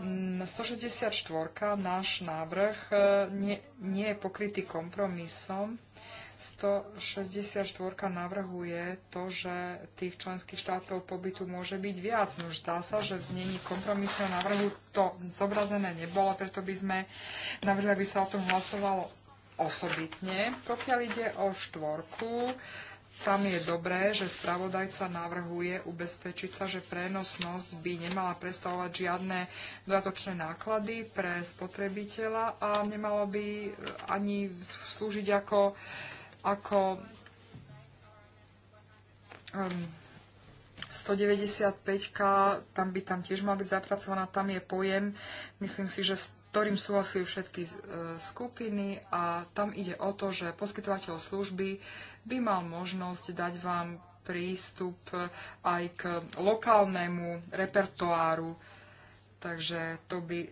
164, náš návrh, e, nie, nie je pokrytý kompromisom. 164 navrhuje to, že tých členských štátov pobytu môže byť viac. No už dá sa, že v znení kompromisného návrhu to zobrazené nebolo, preto by sme navrhli, aby sa o tom hlasovalo osobitne. Pokiaľ ide o štvorku, tam je dobré, že spravodajca navrhuje ubezpečiť sa, že prenosnosť by nemala predstavovať žiadne dodatočné náklady pre spotrebiteľa a nemalo by eh, ani slúžiť ako, ako um, ehm, 195K, tam by tam tiež mala byť zapracovaná, tam je pojem, myslím si, že ktorým súhlasili všetky eh, skupiny a tam ide o to, že poskytovateľ služby by mal možnosť dať vám prístup aj k lokálnemu repertoáru. Takže to by,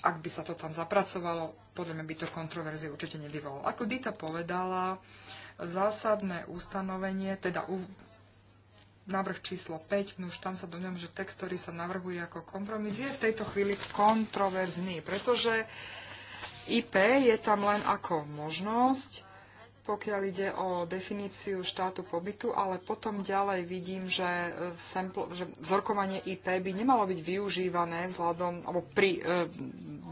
ak by sa to tam zapracovalo, podľa mňa by to kontroverzie určite nevyvolalo. Ako Dita povedala, zásadné ustanovenie, teda u, návrh číslo 5, no už tam sa domňam, že text, ktorý sa navrhuje ako kompromis, je v tejto chvíli kontroverzný, pretože IP je tam len ako možnosť pokiaľ ide o definíciu štátu pobytu, ale potom ďalej vidím, že, e, sample, že vzorkovanie IP by nemalo byť využívané vzhľadom alebo pri e,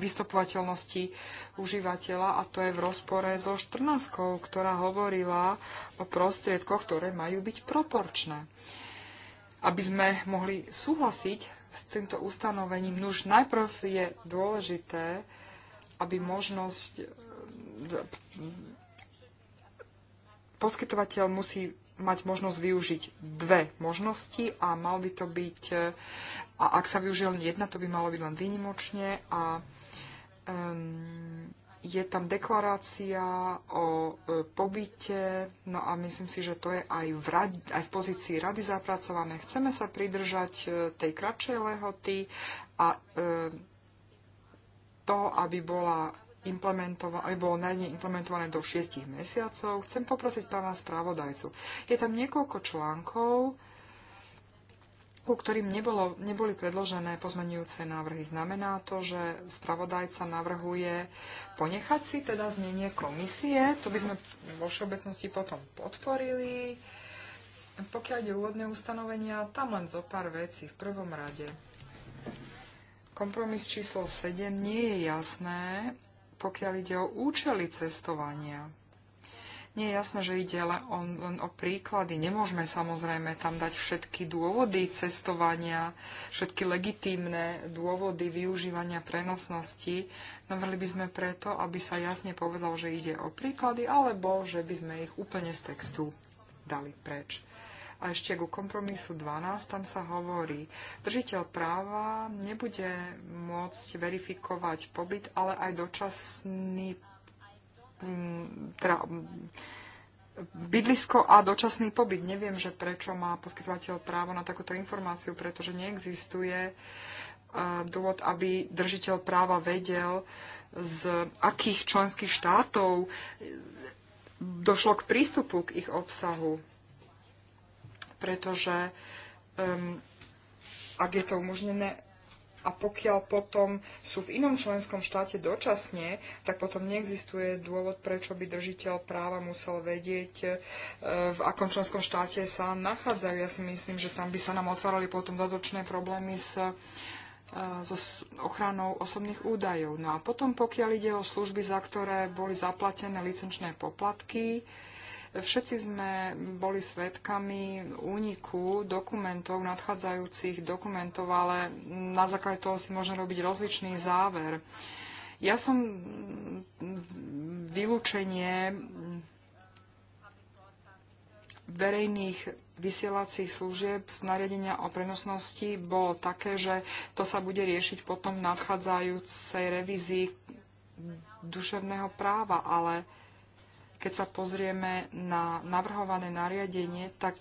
vystopovateľnosti užívateľa a to je v rozpore so 14, ktorá hovorila o prostriedkoch, ktoré majú byť proporčné. Aby sme mohli súhlasiť s týmto ustanovením, už najprv je dôležité, aby možnosť e, poskytovateľ musí mať možnosť využiť dve možnosti a mal by to byť, e, a ak sa využil jedna, to by malo byť len výnimočne a um, je tam deklarácia o e, pobyte, no a myslím si, že to je aj v, rad, aj v pozícii rady zapracované. Chceme sa pridržať e, tej kratšej lehoty a e, to, aby bola implementova- aby bolo nariadenie implementované do 6 mesiacov. Chcem poprosiť pána správodajcu. Je tam niekoľko článkov, ku ktorým nebolo, neboli predložené pozmenujúce návrhy. Znamená to, že spravodajca navrhuje ponechať si teda znenie komisie. To by sme vo všeobecnosti potom podporili. Pokiaľ ide úvodné ustanovenia, tam len zo pár vecí v prvom rade. Kompromis číslo 7 nie je jasné, pokiaľ ide o účely cestovania. Nie je jasné, že ide len o, len o príklady. Nemôžeme samozrejme tam dať všetky dôvody cestovania, všetky legitímne dôvody využívania prenosnosti. Navrli by sme preto, aby sa jasne povedalo, že ide o príklady, alebo že by sme ich úplne z textu dali preč. A ešte ku kompromisu 12, tam sa hovorí, držiteľ práva nebude môcť verifikovať pobyt, ale aj dočasný mm, teda, mm, bydlisko a dočasný pobyt. Neviem, že prečo má poskytovateľ právo na takúto informáciu, pretože neexistuje e, dôvod, aby držiteľ práva vedel, z akých členských štátov došlo k prístupu k ich obsahu pretože um, ak je to umožnené a pokiaľ potom sú v inom členskom štáte dočasne, tak potom neexistuje dôvod, prečo by držiteľ práva musel vedieť, e, v akom členskom štáte sa nachádzajú. Ja si myslím, že tam by sa nám otvárali potom dodočné problémy s e, so ochranou osobných údajov. No a potom, pokiaľ ide o služby, za ktoré boli zaplatené licenčné poplatky, Všetci sme boli svedkami úniku dokumentov, nadchádzajúcich dokumentov, ale na základe toho si môžeme robiť rozličný záver. Ja som vylúčenie verejných vysielacích služieb z nariadenia o prenosnosti bolo také, že to sa bude riešiť potom v nadchádzajúcej revízii duševného práva, ale keď sa pozrieme na navrhované nariadenie, tak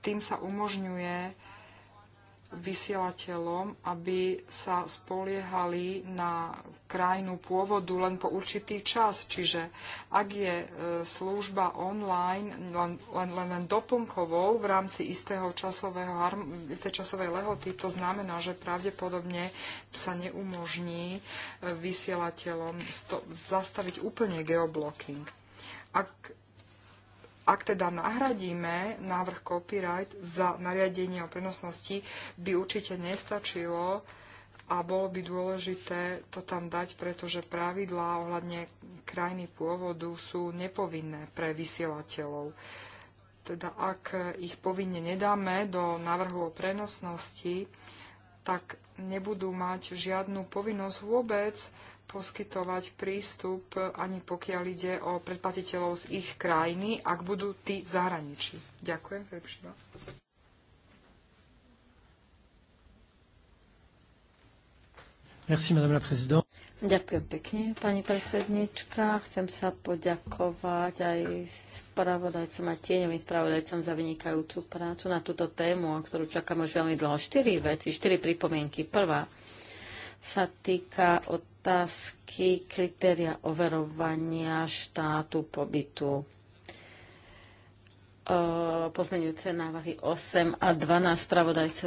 tým sa umožňuje vysielateľom, aby sa spoliehali na krajinu pôvodu len po určitý čas. Čiže ak je e, služba online len, len, len, len doplnkovou v rámci istého časového, istej časovej lehoty, to znamená, že pravdepodobne sa neumožní e, vysielateľom zastaviť úplne geoblocking. Ak, ak teda nahradíme návrh copyright za nariadenie o prenosnosti, by určite nestačilo a bolo by dôležité to tam dať, pretože pravidlá ohľadne krajiny pôvodu sú nepovinné pre vysielateľov. Teda ak ich povinne nedáme do návrhu o prenosnosti, tak nebudú mať žiadnu povinnosť vôbec poskytovať prístup ani pokiaľ ide o predplatiteľov z ich krajiny, ak budú tí zahraničí. Ďakujem, Repšiva. Merci, madame la présidente. Ďakujem pekne, pani predsednička. Chcem sa poďakovať aj spravodajcom a tieňovým spravodajcom za vynikajúcu prácu na túto tému, ktorú čakáme už veľmi dlho. Štyri veci, štyri pripomienky. Prvá, sa týka otázky kritéria overovania štátu pobytu. E, pozmeňujúce návrhy 8 a 12 spravodajce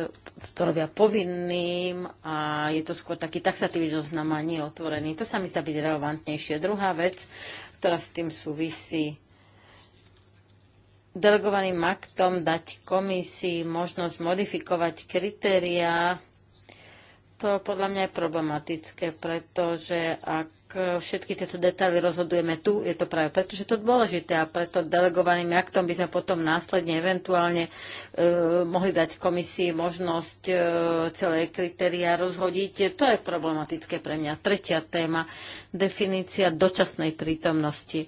to robia povinným a je to skôr taký taxatívny zoznam a nie otvorený. To sa mi zdá byť relevantnejšie. Druhá vec, ktorá s tým súvisí, delegovaným aktom dať komisii možnosť modifikovať kritériá to podľa mňa je problematické, pretože ak všetky tieto detaily rozhodujeme tu, je to práve preto, že to je dôležité a preto delegovaným aktom by sme potom následne eventuálne e, mohli dať komisii možnosť e, celé kritéria rozhodiť. To je problematické pre mňa. Tretia téma, definícia dočasnej prítomnosti. E,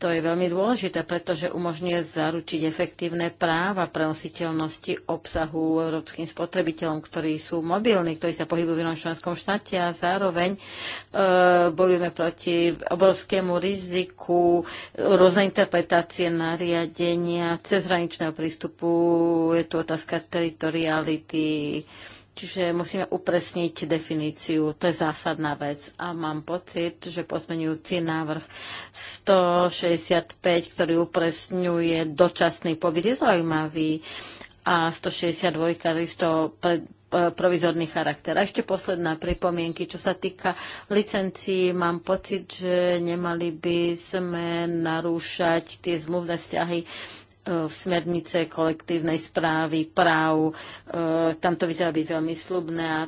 to je veľmi dôležité, pretože umožňuje zaručiť efektívne práva prenositeľnosti obsahu európskym spotrebiteľom, ktorí sú mobilní, ktorí sa pohybujú v inom členskom štáte a zároveň e, bojujeme proti obrovskému riziku rôznej interpretácie nariadenia, cezhraničného prístupu, je tu otázka teritoriality, Čiže musíme upresniť definíciu, to je zásadná vec. A mám pocit, že pozmenujúci návrh 165, ktorý upresňuje dočasný pobyt, je zaujímavý a 162 takisto pre, e, provizorný charakter. A ešte posledná pripomienky, čo sa týka licencií, mám pocit, že nemali by sme narúšať tie zmluvné vzťahy E, v smernice kolektívnej správy, práv. E, tam to vyzerá byť veľmi slubné a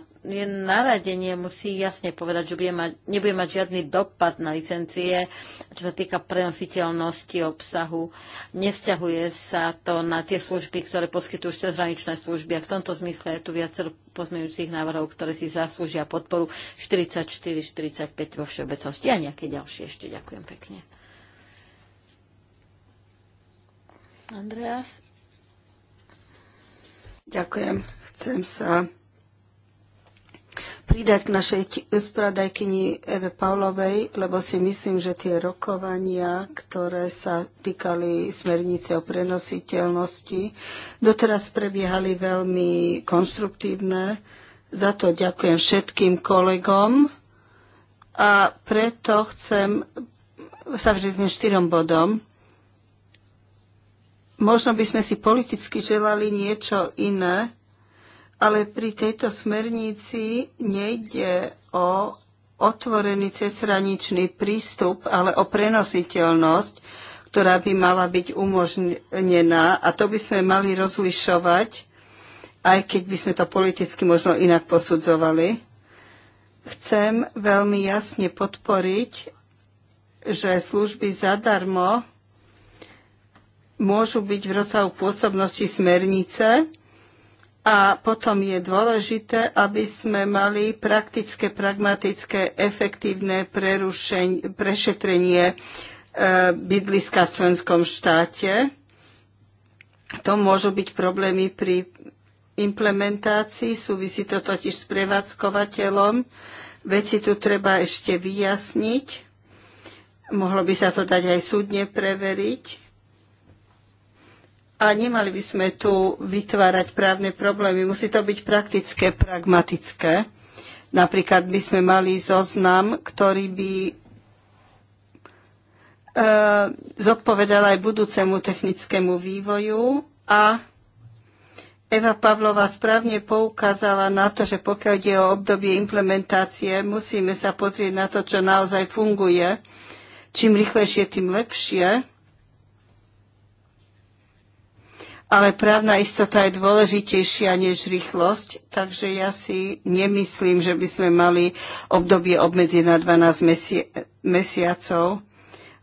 naradenie musí jasne povedať, že bude mať, nebude mať žiadny dopad na licencie, čo sa týka prenositeľnosti obsahu. Nevzťahuje sa to na tie služby, ktoré poskytujú cezhraničné služby a v tomto zmysle je tu viacero pozmeňujúcich návrhov, ktoré si zaslúžia podporu 44-45 vo všeobecnosti a nejaké ďalšie ešte. Ďakujem pekne. Andreas. Ďakujem. Chcem sa pridať k našej spravodajkyni Eve Pavlovej, lebo si myslím, že tie rokovania, ktoré sa týkali smernice o prenositeľnosti, doteraz prebiehali veľmi konstruktívne. Za to ďakujem všetkým kolegom a preto chcem sa vžiť štyrom bodom. Možno by sme si politicky želali niečo iné, ale pri tejto smernici nejde o otvorený cezhraničný prístup, ale o prenositeľnosť, ktorá by mala byť umožnená a to by sme mali rozlišovať, aj keď by sme to politicky možno inak posudzovali. Chcem veľmi jasne podporiť, že služby zadarmo môžu byť v rozsahu pôsobnosti smernice a potom je dôležité, aby sme mali praktické, pragmatické, efektívne prešetrenie e, bydliska v členskom štáte. To môžu byť problémy pri implementácii, súvisí to totiž s prevádzkovateľom. Veci tu treba ešte vyjasniť. Mohlo by sa to dať aj súdne preveriť a nemali by sme tu vytvárať právne problémy. Musí to byť praktické, pragmatické. Napríklad by sme mali zoznam, ktorý by e, zodpovedal aj budúcemu technickému vývoju a Eva Pavlova správne poukázala na to, že pokiaľ ide o obdobie implementácie, musíme sa pozrieť na to, čo naozaj funguje. Čím rýchlejšie, tým lepšie ale právna istota je dôležitejšia než rýchlosť, takže ja si nemyslím, že by sme mali obdobie obmedziť na 12 mesi- mesiacov,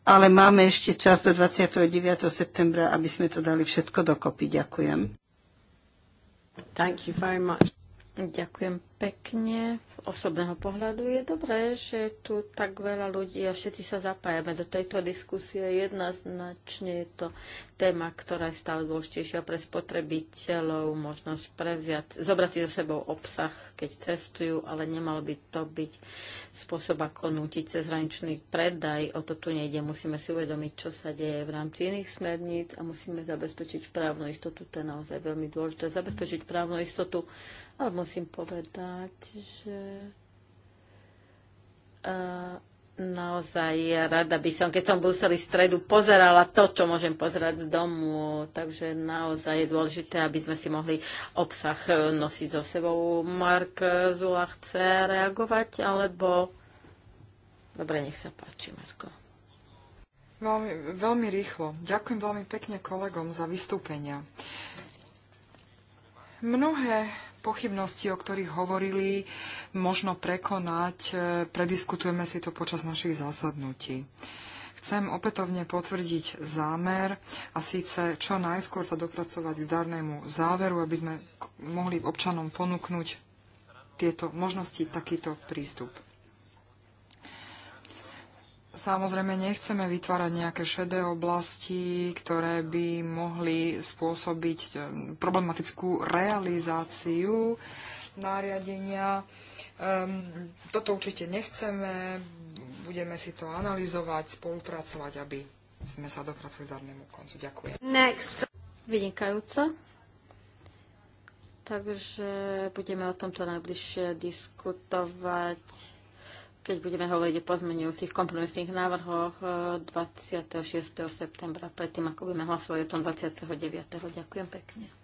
ale máme ešte čas do 29. septembra, aby sme to dali všetko dokopy. Ďakujem. Thank you very much. Ďakujem pekne. Osobného pohľadu je dobré, že tu tak veľa ľudí a všetci sa zapájame do tejto diskusie. Jednoznačne je to téma, ktorá je stále dôležitejšia pre spotrebiteľov, možnosť prevziať, zobrať si so sebou obsah, keď cestujú, ale nemal by to byť spôsob, ako nútiť cezhraničný predaj. O to tu nejde. Musíme si uvedomiť, čo sa deje v rámci iných smerníc a musíme zabezpečiť právnu istotu. To je naozaj veľmi dôležité. Zabezpečiť právnu istotu ale musím povedať, že uh, naozaj ja rada by som, keď som v Bruseli stredu, pozerala to, čo môžem pozerať z domu. Takže naozaj je dôležité, aby sme si mohli obsah e, nosiť so sebou. Mark Zula chce reagovať, alebo... Dobre, nech sa páči, Marko. Veľmi, veľmi rýchlo. Ďakujem veľmi pekne kolegom za vystúpenia. Mnohé pochybnosti, o ktorých hovorili, možno prekonať. E, prediskutujeme si to počas našich zásadnutí. Chcem opätovne potvrdiť zámer a síce čo najskôr sa dopracovať k zdarnému záveru, aby sme mohli občanom ponúknuť tieto možnosti, takýto prístup. Samozrejme, nechceme vytvárať nejaké šedé oblasti, ktoré by mohli spôsobiť eh, problematickú realizáciu nariadenia. Um, toto určite nechceme, budeme si to analyzovať, spolupracovať, aby sme sa dopracovali k zadnému koncu. Ďakujem. Next. Vynikajúco. Takže budeme o tomto najbližšie diskutovať keď budeme hovoriť o pozmenujúcich kompromisných návrhoch 26. E, septembra, predtým ako budeme hlasovať o tom 29. Ďakujem pekne.